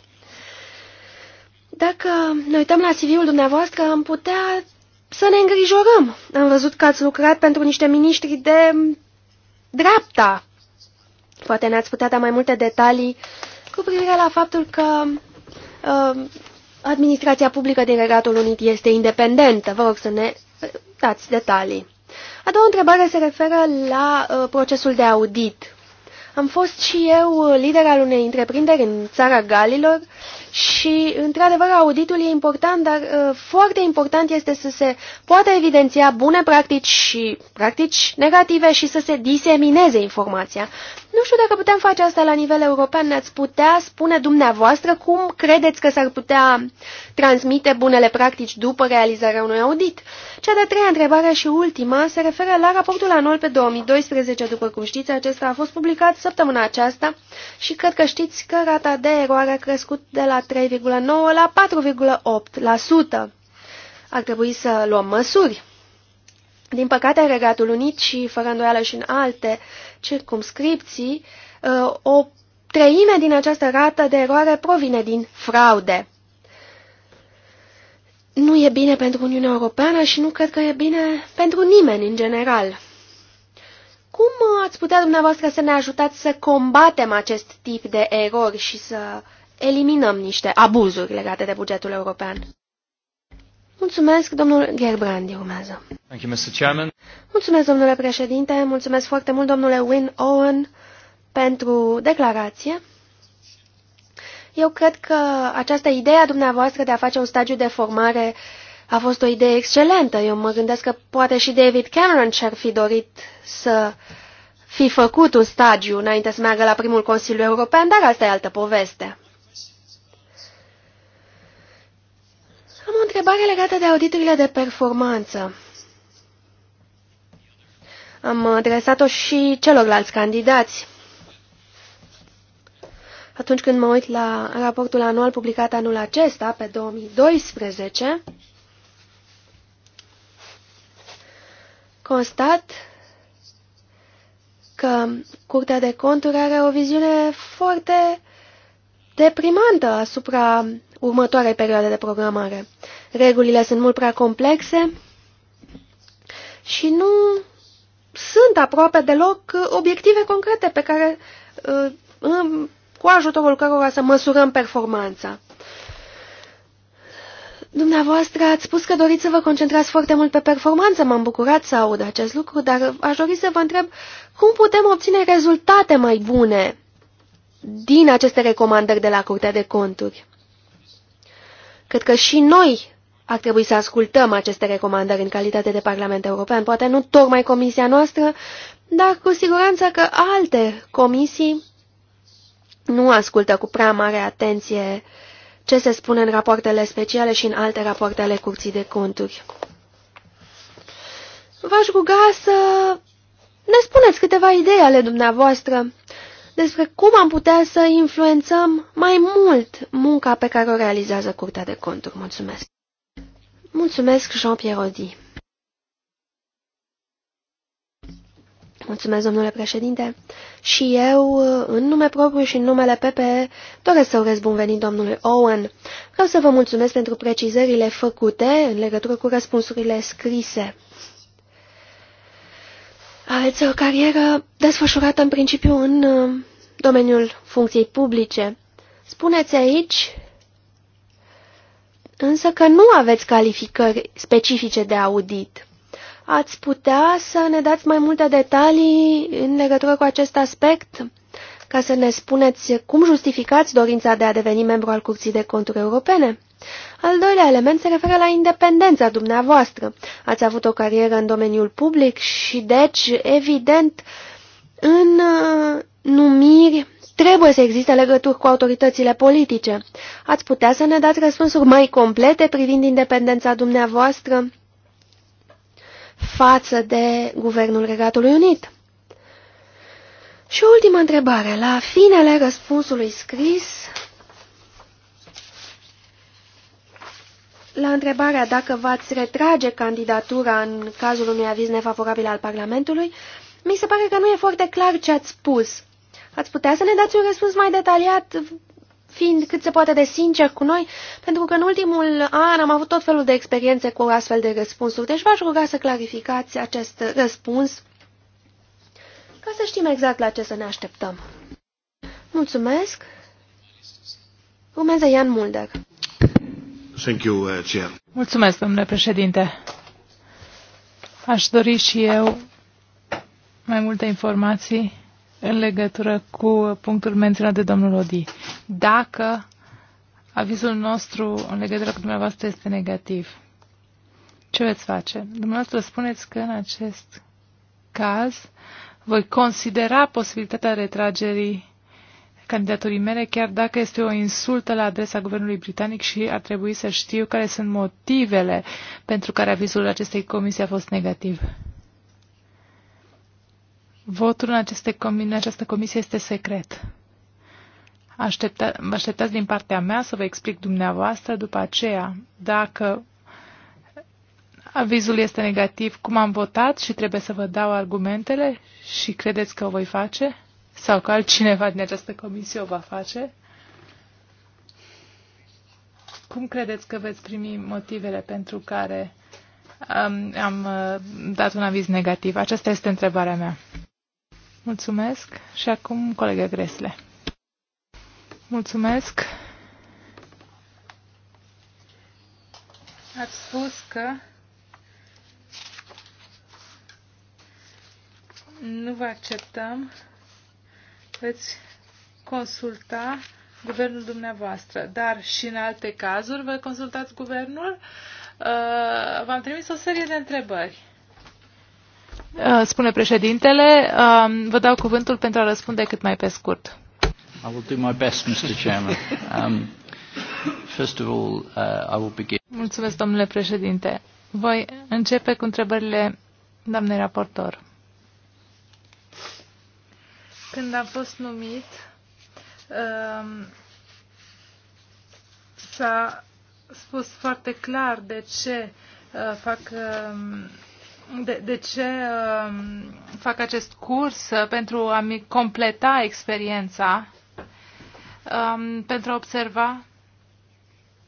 Dacă ne uităm la CV-ul dumneavoastră, am putea să ne îngrijorăm. Am văzut că ați lucrat pentru niște miniștri de dreapta. Poate ne-ați putea da mai multe detalii cu privire la faptul că uh, administrația publică din Regatul Unit este independentă. Vă rog să ne uh, dați detalii. A doua întrebare se referă la uh, procesul de audit. Am fost și eu uh, lider al unei întreprinderi în țara Galilor și, într-adevăr, auditul e important, dar uh, foarte important este să se poată evidenția bune practici și practici negative și să se disemineze informația. Nu știu dacă putem face asta la nivel european, ne-ați putea spune dumneavoastră cum credeți că s-ar putea transmite bunele practici după realizarea unui audit. Cea de-a treia întrebare și ultima se referă la raportul anual pe 2012. După cum știți, acesta a fost publicat săptămâna aceasta și cred că știți că rata de eroare a crescut de la la 3,9 la 4,8%. Ar trebui să luăm măsuri. Din păcate, în Regatul Unit și, fără îndoială și în alte circumscripții, uh, o treime din această rată de eroare provine din fraude. Nu e bine pentru Uniunea Europeană și nu cred că e bine pentru nimeni în general. Cum ați putea dumneavoastră să ne ajutați să combatem acest tip de erori și să eliminăm niște abuzuri legate de bugetul european. Mulțumesc, domnul Gerbrandi urmează. Thank you, Mr. Chairman. Mulțumesc, domnule președinte, mulțumesc foarte mult, domnule Win Owen, pentru declarație. Eu cred că această idee a dumneavoastră de a face un stagiu de formare a fost o idee excelentă. Eu mă gândesc că poate și David Cameron și-ar fi dorit să fi făcut un stagiu înainte să meargă la primul Consiliu European, dar asta e altă poveste. o întrebare legată de auditurile de performanță. Am adresat-o și celorlalți candidați. Atunci când mă uit la raportul anual publicat anul acesta, pe 2012, constat că Curtea de Conturi are o viziune foarte deprimantă asupra următoarei perioade de programare. Regulile sunt mult prea complexe și nu sunt aproape deloc uh, obiective concrete pe care, uh, cu ajutorul cărora să măsurăm performanța. Dumneavoastră ați spus că doriți să vă concentrați foarte mult pe performanță, m-am bucurat să aud acest lucru, dar aș dori să vă întreb cum putem obține rezultate mai bune din aceste recomandări de la Curtea de Conturi. Cred că și noi ar trebui să ascultăm aceste recomandări în calitate de Parlament European, poate nu tocmai comisia noastră, dar cu siguranță că alte comisii nu ascultă cu prea mare atenție ce se spune în rapoartele speciale și în alte rapoarte ale Curții de Conturi. V-aș ruga să ne spuneți câteva idei ale dumneavoastră despre cum am putea să influențăm mai mult munca pe care o realizează Curtea de Conturi. Mulțumesc! Mulțumesc, Jean-Pierre Odi! Mulțumesc, domnule președinte. Și eu, în nume propriu și în numele PPE, doresc să urez bun venit domnului Owen. Vreau să vă mulțumesc pentru precizările făcute în legătură cu răspunsurile scrise. Aveți o carieră desfășurată în principiu în domeniul funcției publice. Spuneți aici însă că nu aveți calificări specifice de audit. Ați putea să ne dați mai multe detalii în legătură cu acest aspect? Ca să ne spuneți cum justificați dorința de a deveni membru al Curții de Conturi Europene? Al doilea element se referă la independența dumneavoastră. Ați avut o carieră în domeniul public și deci, evident, în numiri trebuie să existe legături cu autoritățile politice. Ați putea să ne dați răspunsuri mai complete privind independența dumneavoastră față de Guvernul Regatului Unit? Și o ultimă întrebare. La finele răspunsului scris, la întrebarea dacă v-ați retrage candidatura în cazul unui aviz nefavorabil al Parlamentului, mi se pare că nu e foarte clar ce ați spus. Ați putea să ne dați un răspuns mai detaliat, fiind cât se poate de sincer cu noi? Pentru că în ultimul an am avut tot felul de experiențe cu astfel de răspunsuri, deci v-aș ruga să clarificați acest răspuns ca să știm exact la ce să ne așteptăm. Mulțumesc! Urmează Ian Mulder. Thank you, uh, Chair. Mulțumesc, domnule președinte. Aș dori și eu mai multe informații în legătură cu punctul menționat de domnul Odi. Dacă avizul nostru în legătură cu dumneavoastră este negativ, ce veți face? Dumneavoastră spuneți că în acest caz voi considera posibilitatea retragerii candidaturii mele, chiar dacă este o insultă la adresa guvernului britanic și ar trebui să știu care sunt motivele pentru care avizul acestei comisii a fost negativ. Votul în, aceste, în această comisie este secret. Aștepta, vă așteptați din partea mea să vă explic dumneavoastră după aceea dacă avizul este negativ, cum am votat și trebuie să vă dau argumentele și credeți că o voi face? Sau că altcineva din această comisie o va face? Cum credeți că veți primi motivele pentru care um, am uh, dat un aviz negativ? Aceasta este întrebarea mea. Mulțumesc. Și acum, colegă Gresle. Mulțumesc. Ați spus că nu vă acceptăm. Veți consulta guvernul dumneavoastră, dar și în alte cazuri vă consultați guvernul. Uh, v-am trimis o serie de întrebări. Uh, spune președintele. Um, vă dau cuvântul pentru a răspunde cât mai pe scurt. Um, uh, Mulțumesc, domnule președinte. Voi începe cu întrebările doamnei raportor. Când am fost numit, um, s-a spus foarte clar de ce uh, fac um, de, de ce um, fac acest curs? Uh, pentru a-mi completa experiența, um, pentru a observa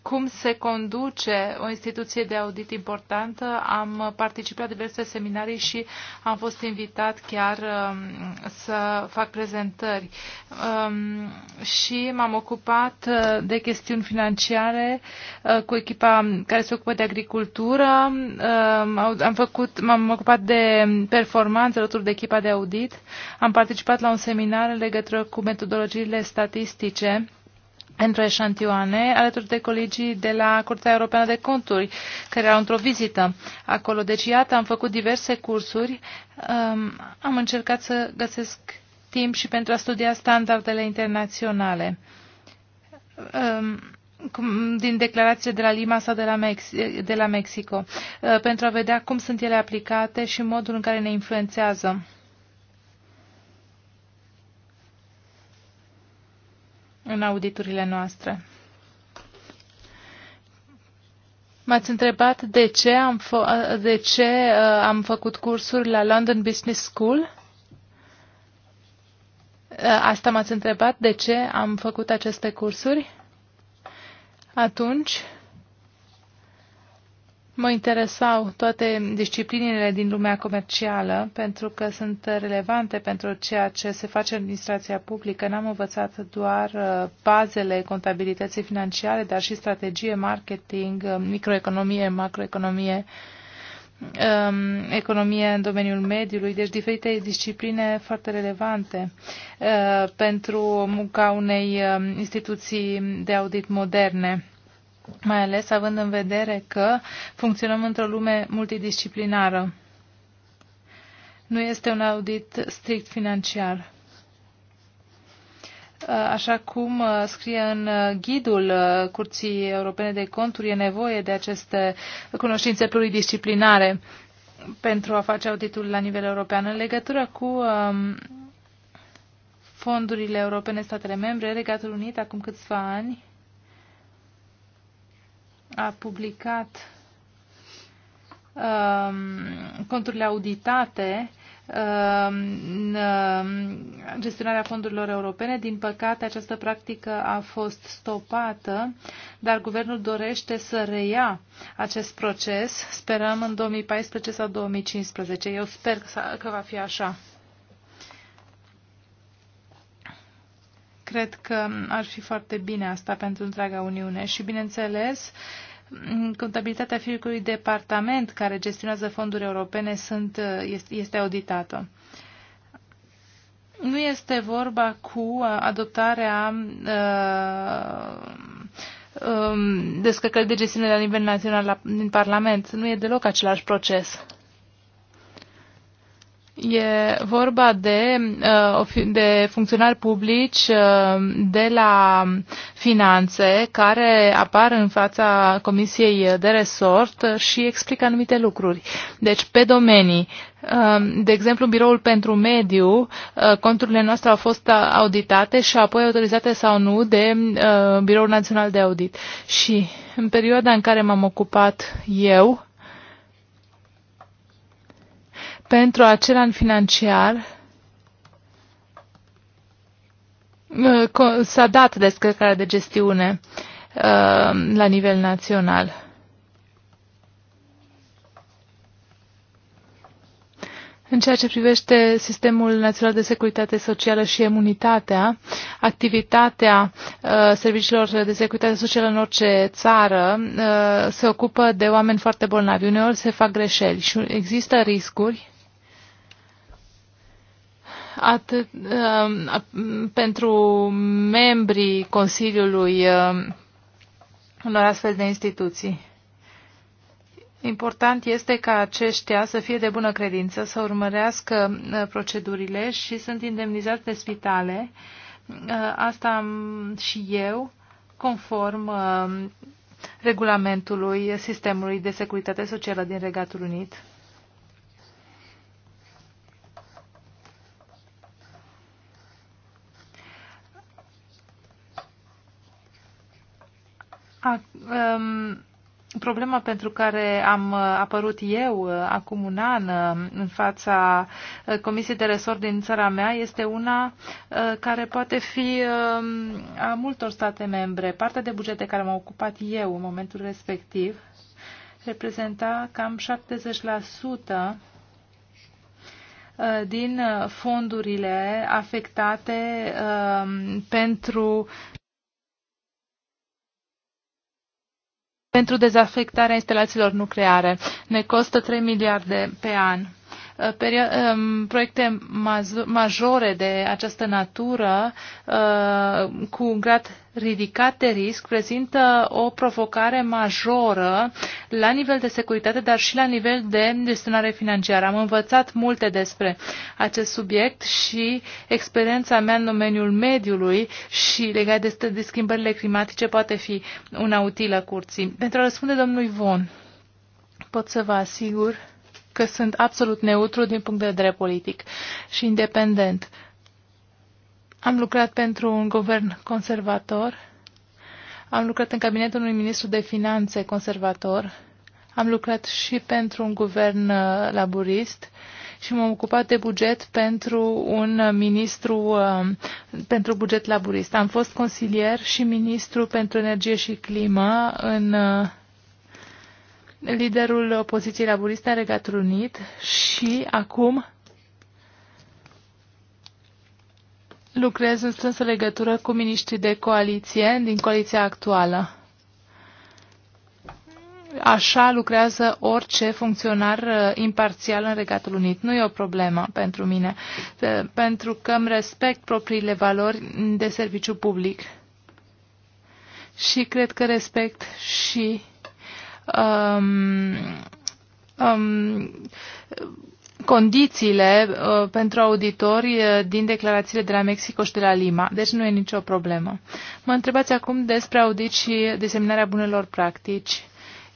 cum se conduce o instituție de audit importantă. Am participat diverse seminarii și am fost invitat chiar um, să fac prezentări. Um, și m-am ocupat uh, de chestiuni financiare uh, cu echipa care se ocupă de agricultură. Um, am făcut, m-am ocupat de performanță alături de echipa de audit. Am participat la un seminar în legătură cu metodologiile statistice pentru eșantioane, alături de colegii de la Curtea Europeană de Conturi, care erau într-o vizită acolo. Deci, iată, am făcut diverse cursuri, um, am încercat să găsesc timp și pentru a studia standardele internaționale. Um, din declarație de la Lima sau de la, Mex- de la Mexico, uh, pentru a vedea cum sunt ele aplicate și modul în care ne influențează. în auditurile noastre. M-ați întrebat de ce, am de ce uh, am făcut cursuri la London Business School? Uh, asta m-ați întrebat, de ce am făcut aceste cursuri? Atunci, Mă interesau toate disciplinele din lumea comercială pentru că sunt relevante pentru ceea ce se face în administrația publică. N-am învățat doar uh, bazele contabilității financiare, dar și strategie, marketing, uh, microeconomie, macroeconomie, um, economie în domeniul mediului, deci diferite discipline foarte relevante uh, pentru munca unei instituții de audit moderne mai ales având în vedere că funcționăm într-o lume multidisciplinară. Nu este un audit strict financiar. Uh, așa cum uh, scrie în uh, ghidul Curții Europene de Conturi, e nevoie de aceste cunoștințe pluridisciplinare pentru a face auditul la nivel european. În legătură cu um, fondurile europene, statele membre, Regatul Unit, acum câțiva ani, a publicat um, conturile auditate um, în um, gestionarea fondurilor europene. Din păcate, această practică a fost stopată, dar guvernul dorește să reia acest proces. Sperăm în 2014 sau 2015. Eu sper că va fi așa. Cred că ar fi foarte bine asta pentru întreaga Uniune și, bineînțeles, contabilitatea fiecărui departament care gestionează fonduri europene sunt, este auditată. Nu este vorba cu adoptarea uh, um, de gestiune la nivel național la, din Parlament. Nu e deloc același proces. E vorba de, uh, de funcționari publici uh, de la finanțe care apar în fața Comisiei de Resort și explică anumite lucruri. Deci, pe domenii, uh, de exemplu, biroul pentru mediu, conturile noastre au fost auditate și apoi autorizate sau nu de Biroul Național de Audit. Și în perioada în care m-am ocupat eu, pentru acel an financiar uh, s-a dat descărcarea de gestiune uh, la nivel național. În ceea ce privește Sistemul Național de Securitate Socială și Imunitatea, activitatea uh, serviciilor de securitate socială în orice țară uh, se ocupă de oameni foarte bolnavi. Uneori se fac greșeli și există riscuri atât, uh, pentru membrii Consiliului uh, unor astfel de instituții. Important este ca aceștia să fie de bună credință, să urmărească uh, procedurile și sunt indemnizați de spitale. Uh, asta am și eu, conform uh, regulamentului sistemului de securitate socială din Regatul Unit. A, um, problema pentru care am uh, apărut eu uh, acum un an uh, în fața Comisiei de Resort din țara mea este una care poate fi um, a multor state membre. Partea de bugete care m-a ocupat eu în momentul respectiv reprezenta cam 70% din fondurile afectate um, pentru pentru dezafectarea instalațiilor nucleare. Ne costă 3 miliarde pe an. Um, proiecte majore de această natură uh, cu un grad ridicat de risc prezintă o provocare majoră la nivel de securitate, dar și la nivel de gestionare financiară. Am învățat multe despre acest subiect și experiența mea în domeniul mediului și legat de schimbările climatice poate fi una utilă curții. Pentru a răspunde domnului Von, pot să vă asigur că sunt absolut neutru din punct de vedere politic și independent. Am lucrat pentru un guvern conservator, am lucrat în cabinetul unui ministru de finanțe conservator, am lucrat și pentru un guvern uh, laburist și m-am ocupat de buget pentru un ministru uh, pentru buget laburist. Am fost consilier și ministru pentru energie și climă în uh, liderul opoziției laburiste a Regatul Unit și acum lucrez în strânsă legătură cu miniștrii de coaliție din coaliția actuală. Așa lucrează orice funcționar uh, imparțial în Regatul Unit. Nu e o problemă pentru mine, uh, pentru că îmi respect propriile valori de serviciu public. Și cred că respect și um, um, condițiile uh, pentru auditori uh, din declarațiile de la Mexico și de la Lima. Deci nu e nicio problemă. Mă întrebați acum despre audit și diseminarea bunelor practici.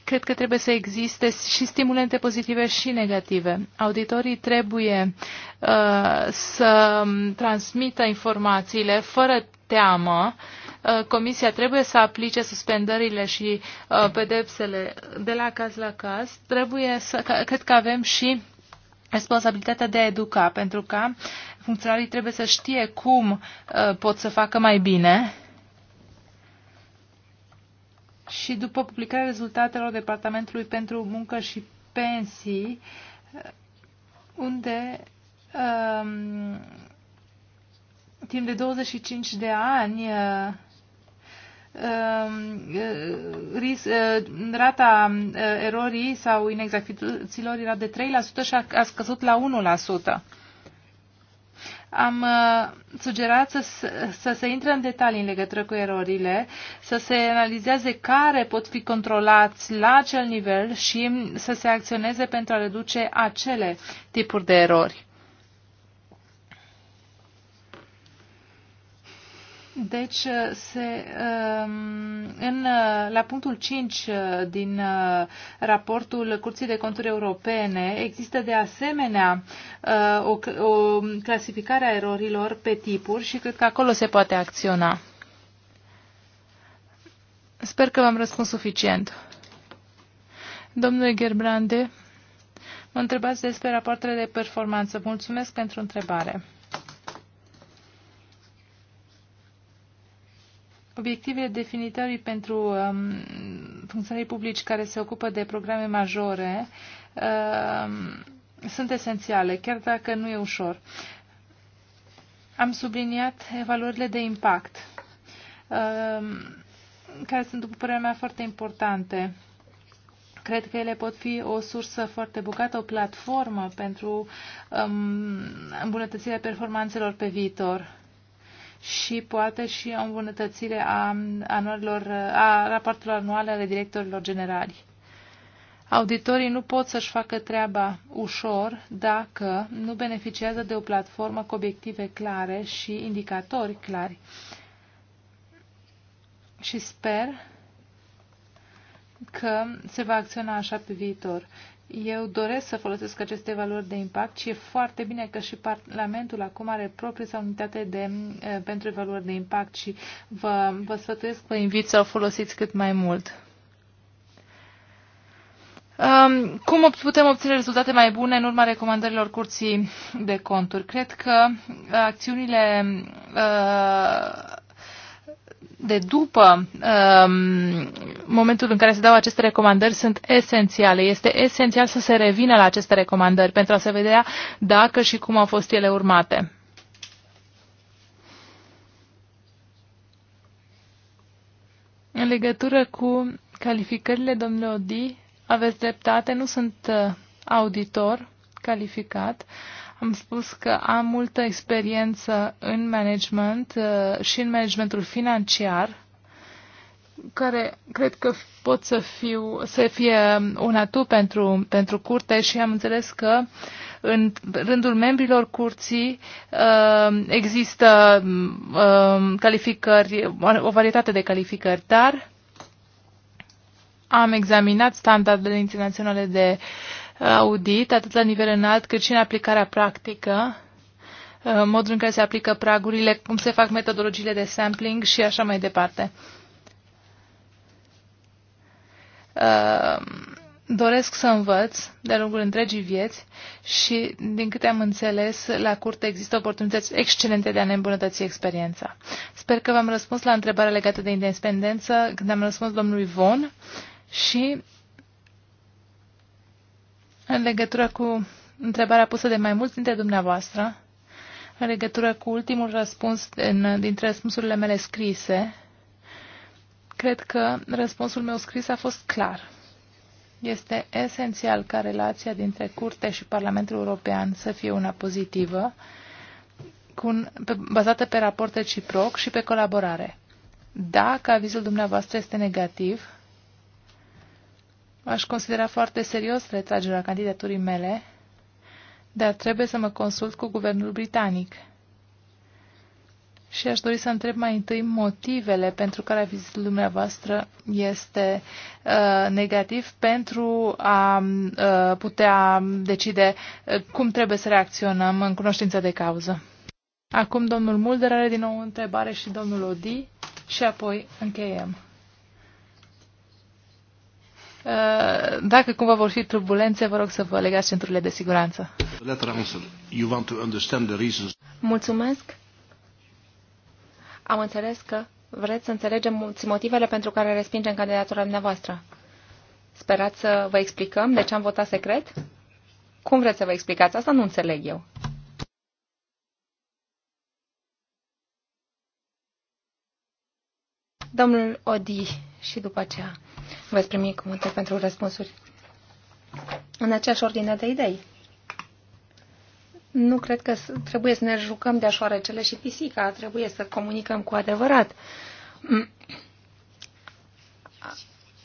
Cred că trebuie să existe și stimulente pozitive și negative. Auditorii trebuie uh, să transmită informațiile fără teamă uh, Uh, Comisia trebuie să aplice suspendările și uh, pedepsele de la caz la caz. Trebuie să, cred că avem și responsabilitatea de a educa, pentru că funcționarii trebuie să știe cum uh, pot să facă mai bine și după publicarea rezultatelor Departamentului pentru Muncă și Pensii, unde um, timp de 25 de ani uh, Ehm, ris, eh, rata eh, erorii sau inexactitudinilor era de 3% și a scăzut la 1%. Am eh, sugerat să, să se intre în detalii în legătură cu erorile, să se analizeze care pot fi controlați la acel nivel și să se acționeze pentru a reduce acele tipuri de erori. Deci, uh, se, um, în, uh, la punctul 5 uh, din raportul Curții de Conturi Europene există de asemenea o, o clasificare a erorilor pe tipuri și cred că acolo se poate acționa. Sper că v-am răspuns suficient. Domnule Gerbrande, mă întrebați despre rapoartele de performanță. Mulțumesc pentru întrebare. Obiectivele definitorii pentru um, funcționarii publici care se ocupă de programe majore um, sunt esențiale, chiar dacă nu e ușor. Am subliniat evaluările de impact, um, care sunt, după părerea mea, foarte importante. Cred că ele pot fi o sursă foarte bogată, o platformă pentru um, îmbunătățirea performanțelor pe viitor și poate și o îmbunătățire a, anualilor, a raportelor anuale ale directorilor generali. Auditorii nu pot să-și facă treaba ușor dacă nu beneficiază de o platformă cu obiective clare și indicatori clari. Și sper că se va acționa așa pe viitor. Eu doresc să folosesc aceste valori de impact și e foarte bine că și Parlamentul acum are propria sa unitate de, eh, pentru valori de impact și vă, vă sfătuiesc, vă invit să o folosiți cât mai mult. Um, cum putem obține rezultate mai bune în urma recomandărilor curții de conturi? Cred că acțiunile uh, de după um, momentul în care se dau aceste recomandări sunt esențiale. Este esențial să se revină la aceste recomandări pentru a se vedea dacă și cum au fost ele urmate. În legătură cu calificările, domnule Odi, aveți dreptate, nu sunt uh, auditor calificat. Uh, am spus că am multă experiență în management uh, și în managementul financiar, care cred că pot să, fiu, să fie un atu pentru, pentru curte și am înțeles că în rândul membrilor curții uh, există uh, calificări, o varietate de calificări, dar am examinat standardele internaționale de audit, atât la nivel înalt, cât și în aplicarea practică, uh, modul în care se aplică pragurile, cum se fac metodologiile de sampling și așa mai departe. Uh, doresc să învăț de-a lungul întregii vieți și, din câte am înțeles, la curte există oportunități excelente de a ne îmbunătăți experiența. Sper că v-am răspuns la întrebarea legată de independență când am răspuns domnului Von și în legătură cu întrebarea pusă de mai mulți dintre dumneavoastră, în legătură cu ultimul răspuns în, dintre răspunsurile mele scrise, cred că răspunsul meu scris a fost clar. Este esențial ca relația dintre Curte și Parlamentul European să fie una pozitivă, cu un, pe, bazată pe raport reciproc și pe colaborare. Dacă avizul dumneavoastră este negativ, aș considera foarte serios retragerea candidaturii mele, dar trebuie să mă consult cu guvernul britanic. Și aș dori să întreb mai întâi motivele pentru care vizitul dumneavoastră este uh, negativ pentru a uh, putea decide uh, cum trebuie să reacționăm în cunoștință de cauză. Acum domnul Mulder are din nou o întrebare și domnul Odi și apoi încheiem. Uh, dacă cumva vor fi turbulențe, vă rog să vă legați centrurile de siguranță. Mulțumesc. Am înțeles că vreți să înțelegem motivele pentru care respingem candidatura dumneavoastră. Sperați să vă explicăm de ce am votat secret? Cum vreți să vă explicați? Asta nu înțeleg eu. Domnul Odi și după aceea veți primi cuvântul pentru răspunsuri. În aceeași ordine de idei. Nu cred că trebuie să ne jucăm de cele și pisica, trebuie să comunicăm cu adevărat.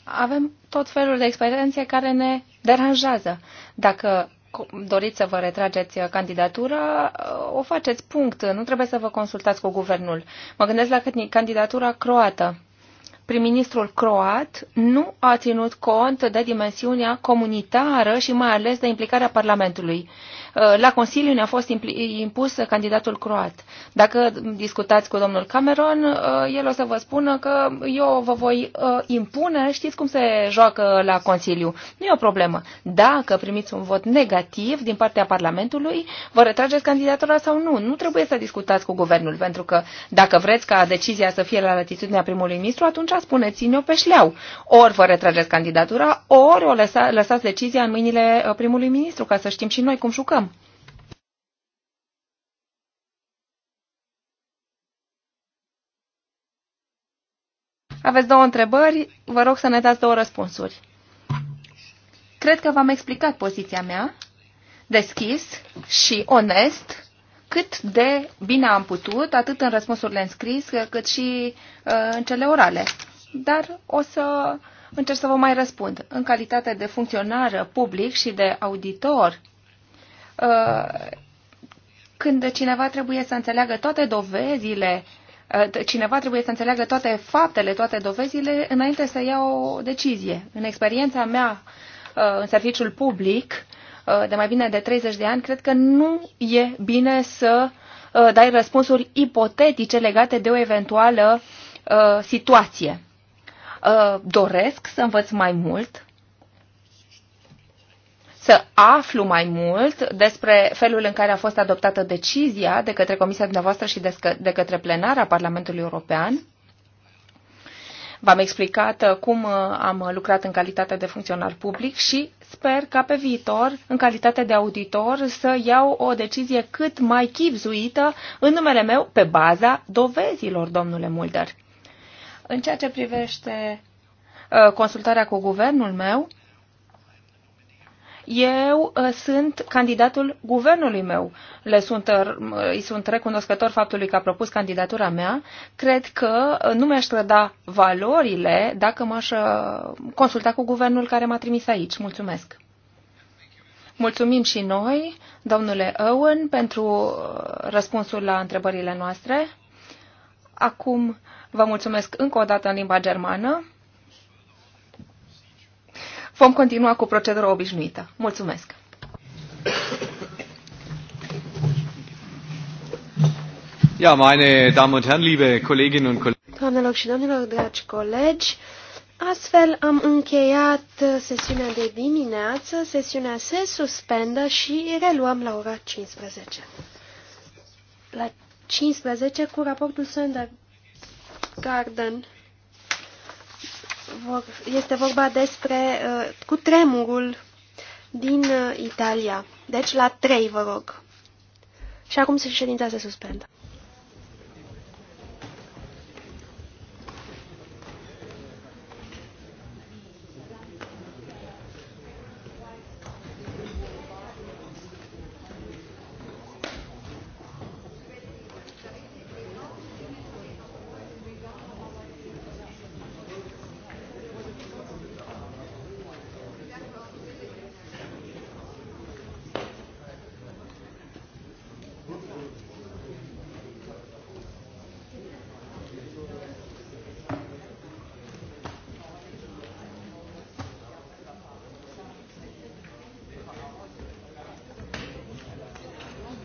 Avem tot felul de experiențe care ne deranjează. Dacă doriți să vă retrageți candidatura, o faceți punct. Nu trebuie să vă consultați cu guvernul. Mă gândesc la candidatura croată prim-ministrul croat nu a ținut cont de dimensiunea comunitară și mai ales de implicarea Parlamentului. Uh, la Consiliu ne-a fost impus candidatul croat. Dacă discutați cu domnul Cameron, uh, el o să vă spună că eu vă voi uh, impune, știți cum se joacă la Consiliu. Nu e o problemă. Dacă primiți un vot negativ din partea Parlamentului, vă retrageți candidatura sau nu. Nu trebuie să discutați cu guvernul, pentru că dacă vreți ca decizia să fie la latitudinea primului ministru, atunci spuneți-ne-o pe șleau. Ori vă retrageți candidatura, ori o lăsa, lăsați decizia în mâinile primului ministru, ca să știm și noi cum jucăm. Aveți două întrebări, vă rog să ne dați două răspunsuri. Cred că v-am explicat poziția mea, deschis și onest, cât de bine am putut, atât în răspunsurile înscris, cât și uh, în cele orale. Dar o să încerc să vă mai răspund. În calitate de funcționar public și de auditor, uh, când cineva trebuie să înțeleagă toate dovezile Ă, cineva trebuie să înțeleagă toate faptele, toate dovezile înainte să ia o decizie. În experiența mea ă, în serviciul public, ă, de mai bine de 30 de ani, cred că nu e bine să dai răspunsuri ipotetice legate de o eventuală situație. Doresc să învăț mai mult, să aflu mai mult despre felul în care a fost adoptată decizia de către Comisia dumneavoastră și de către plenara Parlamentului European. V-am explicat uh, cum uh, am lucrat în calitate de funcționar public și sper ca pe viitor, în calitate de auditor, să iau o decizie cât mai chipzuită în numele meu pe baza dovezilor, domnule Mulder. În ceea ce privește uh, consultarea cu guvernul meu, eu uh, sunt candidatul guvernului meu. Le sunt, uh, îi sunt recunoscător faptului că a propus candidatura mea. Cred că uh, nu mi-aș trăda valorile dacă m-aș consulta cu guvernul care m-a trimis aici. Mulțumesc! Mulțumim și noi, domnule Owen, pentru răspunsul la întrebările noastre. Acum vă mulțumesc încă o dată în limba germană. Vom continua cu procedura obișnuită. Mulțumesc! Ja, meine Damen und Herren, liebe Kolleginnen und Kollegen. Doamnelor și domnilor, dragi colegi, astfel am încheiat sesiunea de dimineață, sesiunea se suspendă și reluăm la ora 15. La 15 cu raportul Sönder Garden vor, este vorba despre uh, cutremurul din uh, Italia. Deci la 3, vă rog. Și acum ședința se suspendă.